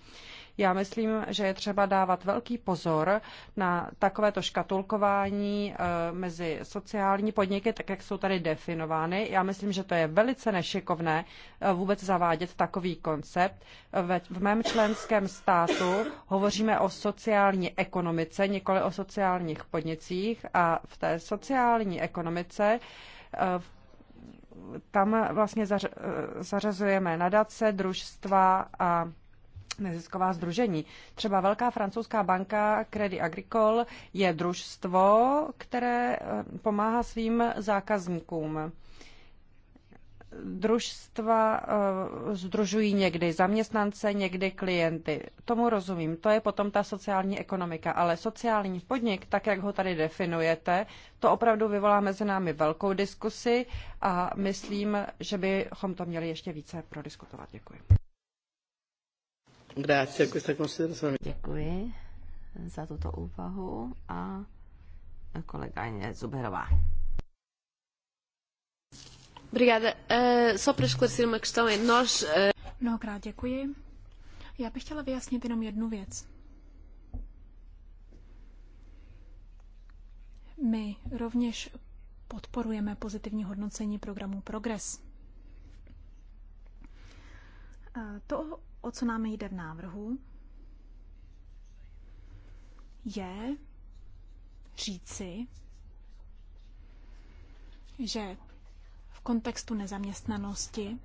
Já myslím, že je třeba dávat velký pozor na takovéto škatulkování eh, mezi sociální podniky, tak jak jsou tady definovány. Já myslím, že to je velice nešikovné eh, vůbec zavádět takový koncept. Eh, v mém členském státu hovoříme o sociální ekonomice, nikoli o sociálních podnicích a v té sociální ekonomice tam vlastně zařazujeme nadace, družstva a nezisková združení. Třeba velká francouzská banka Credit Agricole je družstvo, které eh, pomáhá svým zákazníkům družstva uh, eh, združují někdy zaměstnance, někdy klienty. Tomu rozumím. To je potom ta sociální ekonomika. Ale sociální podnik, tak jak ho tady definujete, to opravdu vyvolá mezi námi velkou diskusi a myslím, že bychom to měli ještě více prodiskutovat. Děkuji. Grazie, questa considerazione. Děkuji za tuto úvahu a kolega Zuberová. Obrigada. Uh, só para esclarecer uma questão é nós. Uh... Mnohokrát děkuji. Já bych chtěla vyjasnit jenom jednu věc. My rovněž podporujeme pozitivní hodnocení programu Progress. To o co nám jde v návrhu, je říci, že v kontextu nezaměstnanosti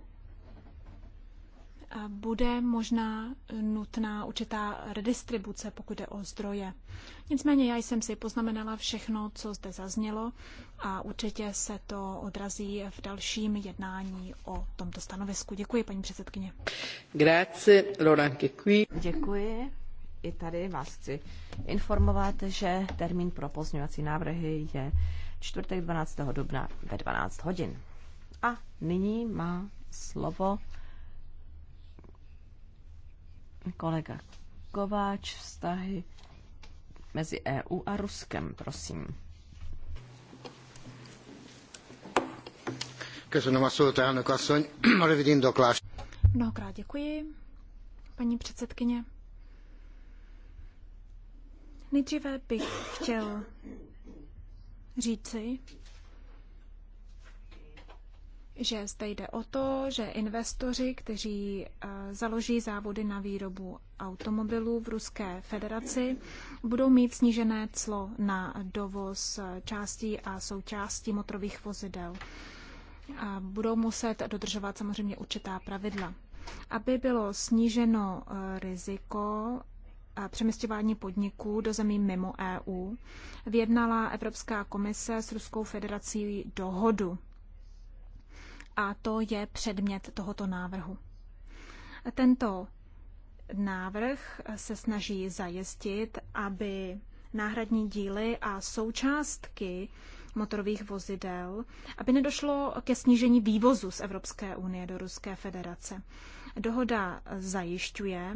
bude možná nutná určitá redistribuce, pokud jde o zdroje. Nicméně já jsem si poznamenala všechno, co zde zaznělo a určitě se to odrazí v dalším jednání o tomto stanovisku. Děkuji, paní předsedkyně. Grazie, Laurent, děkuji. Děkuji. I tady vás chci informovat, že termín pro pozměňovací návrhy je čtvrtek 12. dubna ve 12 hodin. A nyní má slovo Kolega Kováč, vztahy mezi EU a Ruskem, prosím. Köszönöm a szót, elnök asszony. A rövid indoklás. Mnohokrát děkuji, paní předsedkyně. Nejdříve bych chtěl říci, že zde jde o to, že investoři, kteří eh, založí závody na výrobu automobilů v Ruské federaci, budou mít snížené clo na dovoz eh, částí a součástí motorových vozidel. A budou muset dodržovat samozřejmě určitá pravidla. Aby bylo sníženo eh, riziko přemysťování podniků do zemí mimo EU, vyjednala Evropská komise s Ruskou federací dohodu a to je předmět tohoto návrhu. Tento návrh se snaží zajistit, aby náhradní díly a součástky motorových vozidel, aby nedošlo ke snížení vývozu z Evropské unie do Ruské federace. Dohoda zajišťuje,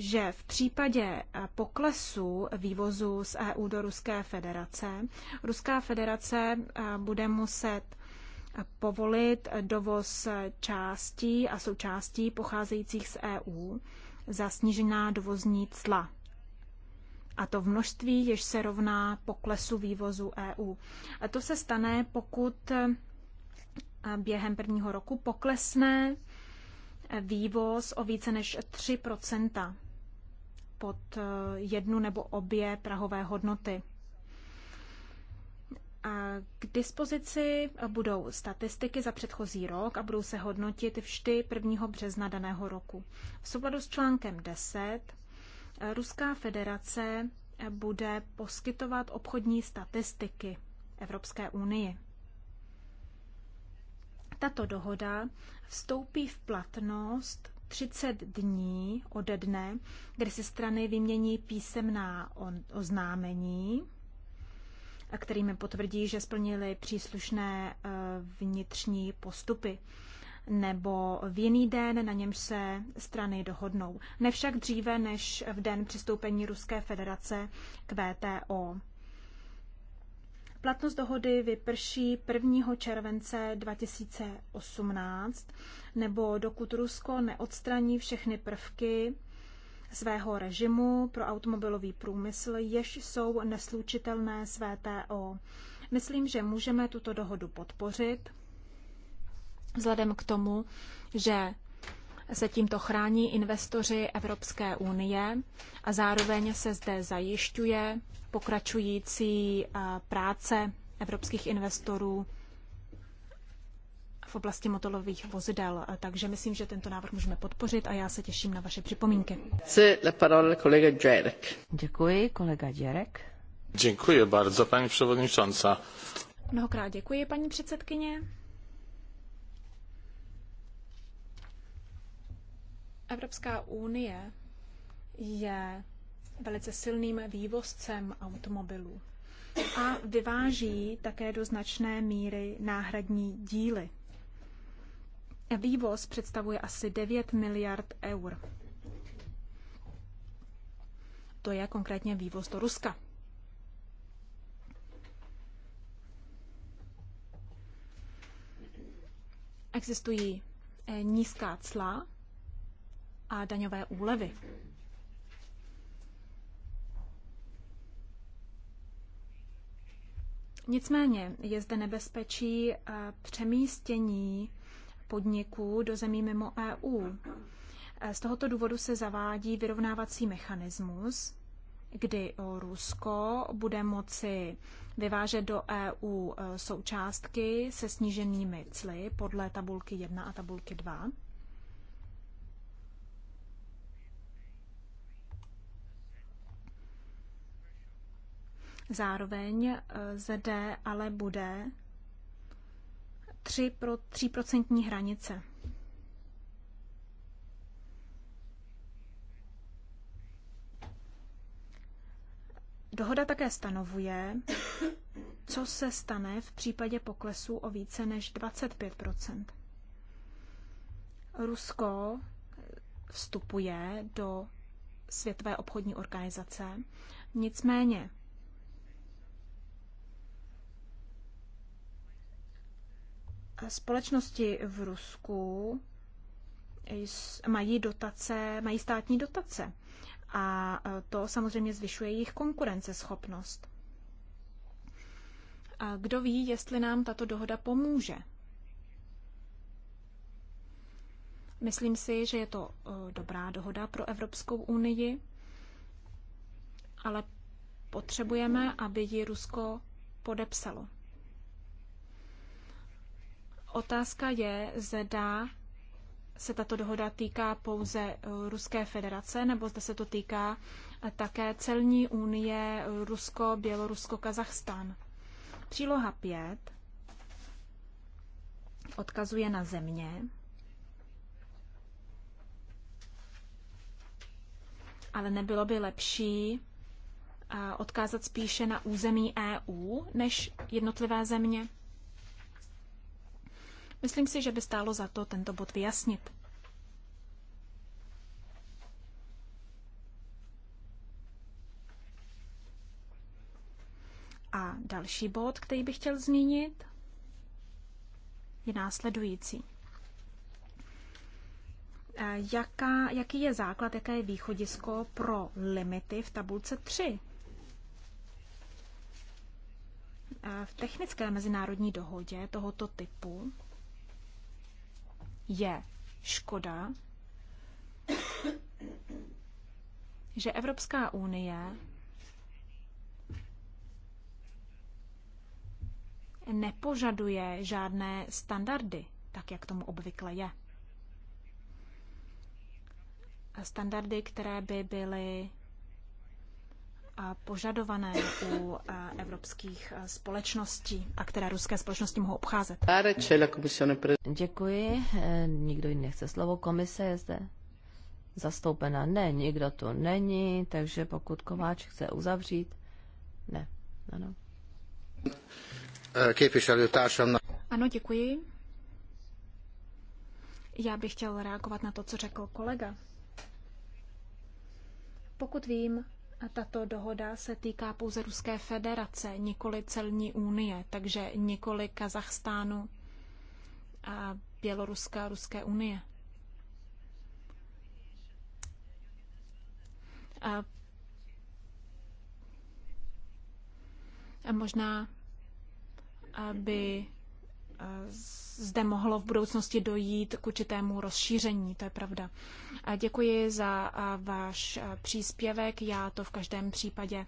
že v případě eh, poklesu vývozu z EU do Ruské federace, Ruská federace eh, bude muset eh, povolit dovoz částí a součástí pocházejících z EU za snížená dovozní cla. A to v množství, jež se rovná poklesu vývozu EU. A to se stane, pokud během prvního roku poklesne vývoz o více než 3 pod eh, jednu nebo obě prahové hodnoty. A k dispozici budou statistiky za předchozí rok a budou se hodnotit vždy 1. března daného roku. V souladu s článkem 10 eh, Ruská federace eh, bude poskytovat obchodní statistiky Evropské unii. Tato dohoda vstoupí v platnost 30 dní ode dne, kdy se strany vymění písemná oznámení, kterými potvrdí, že splnili příslušné eh, vnitřní postupy nebo v jiný den, na němž se strany dohodnou. Nevšak dříve než v den přistoupení Ruské federace k VTO. Platnost dohody vyprší 1. července 2018, nebo dokud Rusko neodstraní všechny prvky svého režimu pro automobilový průmysl, jež jsou neslučitelné s VTO. Myslím, že můžeme tuto dohodu podpořit, vzhledem k tomu, že se tímto chrání investoři Evropské unie a zároveň se zde zajišťuje pokračující eh, práce evropských investorů v oblasti motorových vozidel. Eh, takže myslím, že tento návrh můžeme podpořit a já se těším na vaše připomínky. Děkuji, kolega Děrek. Děkuji bardzo, paní předsedající. Mnohokrát děkuji, paní předsedkyně. Evropská unie je velice silným vývozcem automobilů a vyváží také do značné míry náhradní díly. Vývoz představuje asi 9 miliard eur. To je konkrétně vývoz do Ruska. Existují eh, nízká cla a daňové úlevy. Nicméně je zde nebezpečí eh, přemístění podniků do zemí mimo EU. Eh, z tohoto důvodu se zavádí vyrovnávací mechanismus, kdy Rusko bude moci vyvážet do EU eh, součástky se sníženými cly podle tabulky 1 a tabulky 2. Zároveň eh, zde ale bude 3 pro 3% hranice. Dohoda také stanovuje, co se stane v případě poklesu o více než 25 Rusko eh, vstupuje do Světové obchodní organizace, nicméně společnosti v Rusku mají dotace, mají státní dotace. A e, to samozřejmě zvyšuje jejich konkurenceschopnost. A kdo ví, jestli nám tato dohoda pomůže? Myslím si, že je to e, dobrá dohoda pro Evropskou unii, ale potřebujeme, aby ji Rusko podepsalo. Otázka je, zda se tato dohoda týká pouze eh, Ruské federace, nebo zda se to týká eh, také celní unie eh, Rusko, Bělorusko, Kazachstán. Příloha 5 odkazuje na země, ale nebylo by lepší odkázat spíše na území EU než jednotlivé země? Myslím si, že by stálo za to tento bod vyjasnit. A další bod, který bych chtěl zmínit, je následující. Eh, jaká, jaký je základ, jaké je východisko pro limity v tabulce 3? Eh, v technické mezinárodní dohodě tohoto typu je škoda, že Evropská unie nepožaduje žádné standardy, tak jak tomu obvykle je. A standardy, které by byly požadované u eh, evropských eh, společností a které ruské společnosti mohou obcházet. Děkuji. Eh, nikdo jiný nechce slovo. Komise je zde zastoupena. Ne, nikdo tu není, takže pokud Kováč chce uzavřít, ne. Ano. Ano, děkuji. Já bych chtěl reagovat na to, co řekl kolega. Pokud vím, tato dohoda se týká pouze Ruské federace, nikoli celní unie, takže nikoli Kazachstánu a Běloruska a Ruské unie. A a možná aby Eh, zde mohlo v budoucnosti dojít k určitému rozšíření, to je pravda. Děkuji za eh, váš eh, příspěvek, já to v každém případě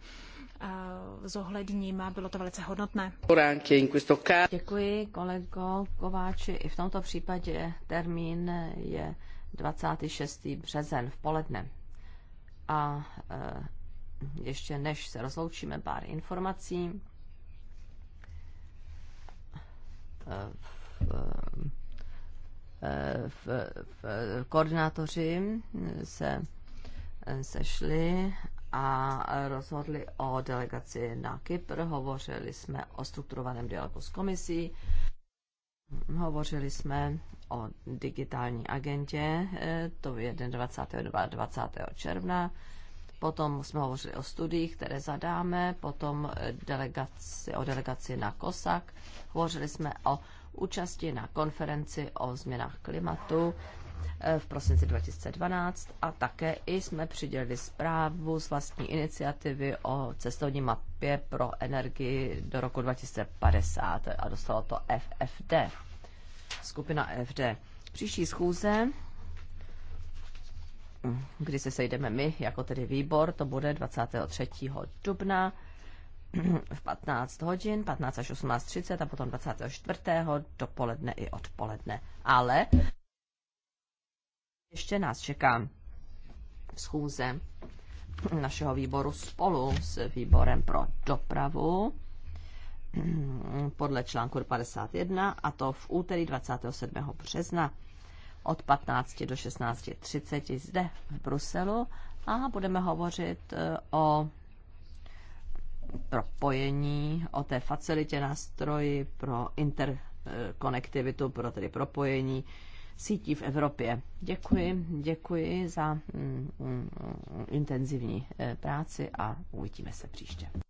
zohledním a bylo to velice hodnotné. Děkuji kolego Kováči, i v tomto případě termín je 26. březen v poledne. A ještě než se rozloučíme, pár informací. v, eh, v, v eh, koordinátoři se eh, sešli a rozhodli o delegaci na Kypr. Hovořili jsme o strukturovaném dialogu s komisí, hovořili jsme o digitální agentě, to je 21. 20. června Potom jsme hovořili o studiích, které zadáme, potom delegaci, o delegaci na COSAC, hovořili jsme o účasti na konferenci o změnách klimatu eh, v prosinci 2012 a také i jsme přidělili zprávu z vlastní iniciativy o cestovní mapě pro energii do roku 2050 a dostalo to FFD, skupina FD. Příští schůze kdy se sejdeme my, jako tedy výbor, to bude 23. dubna v 15 hodin, 15 až 18.30 a potom 24. dopoledne i odpoledne. Ale ještě nás čeká schůze našeho výboru spolu s výborem pro dopravu podle článku 51 a to v úterý 27. března od 15 do 16.30 zde v Bruselu a budeme hovořit e, o propojení, o té facilitě nástroji pro interkonektivitu, pro tedy propojení sítí v Evropě. Děkuji, děkuji za mm, mm, mm, intenzivní e, práci a uvidíme se příště.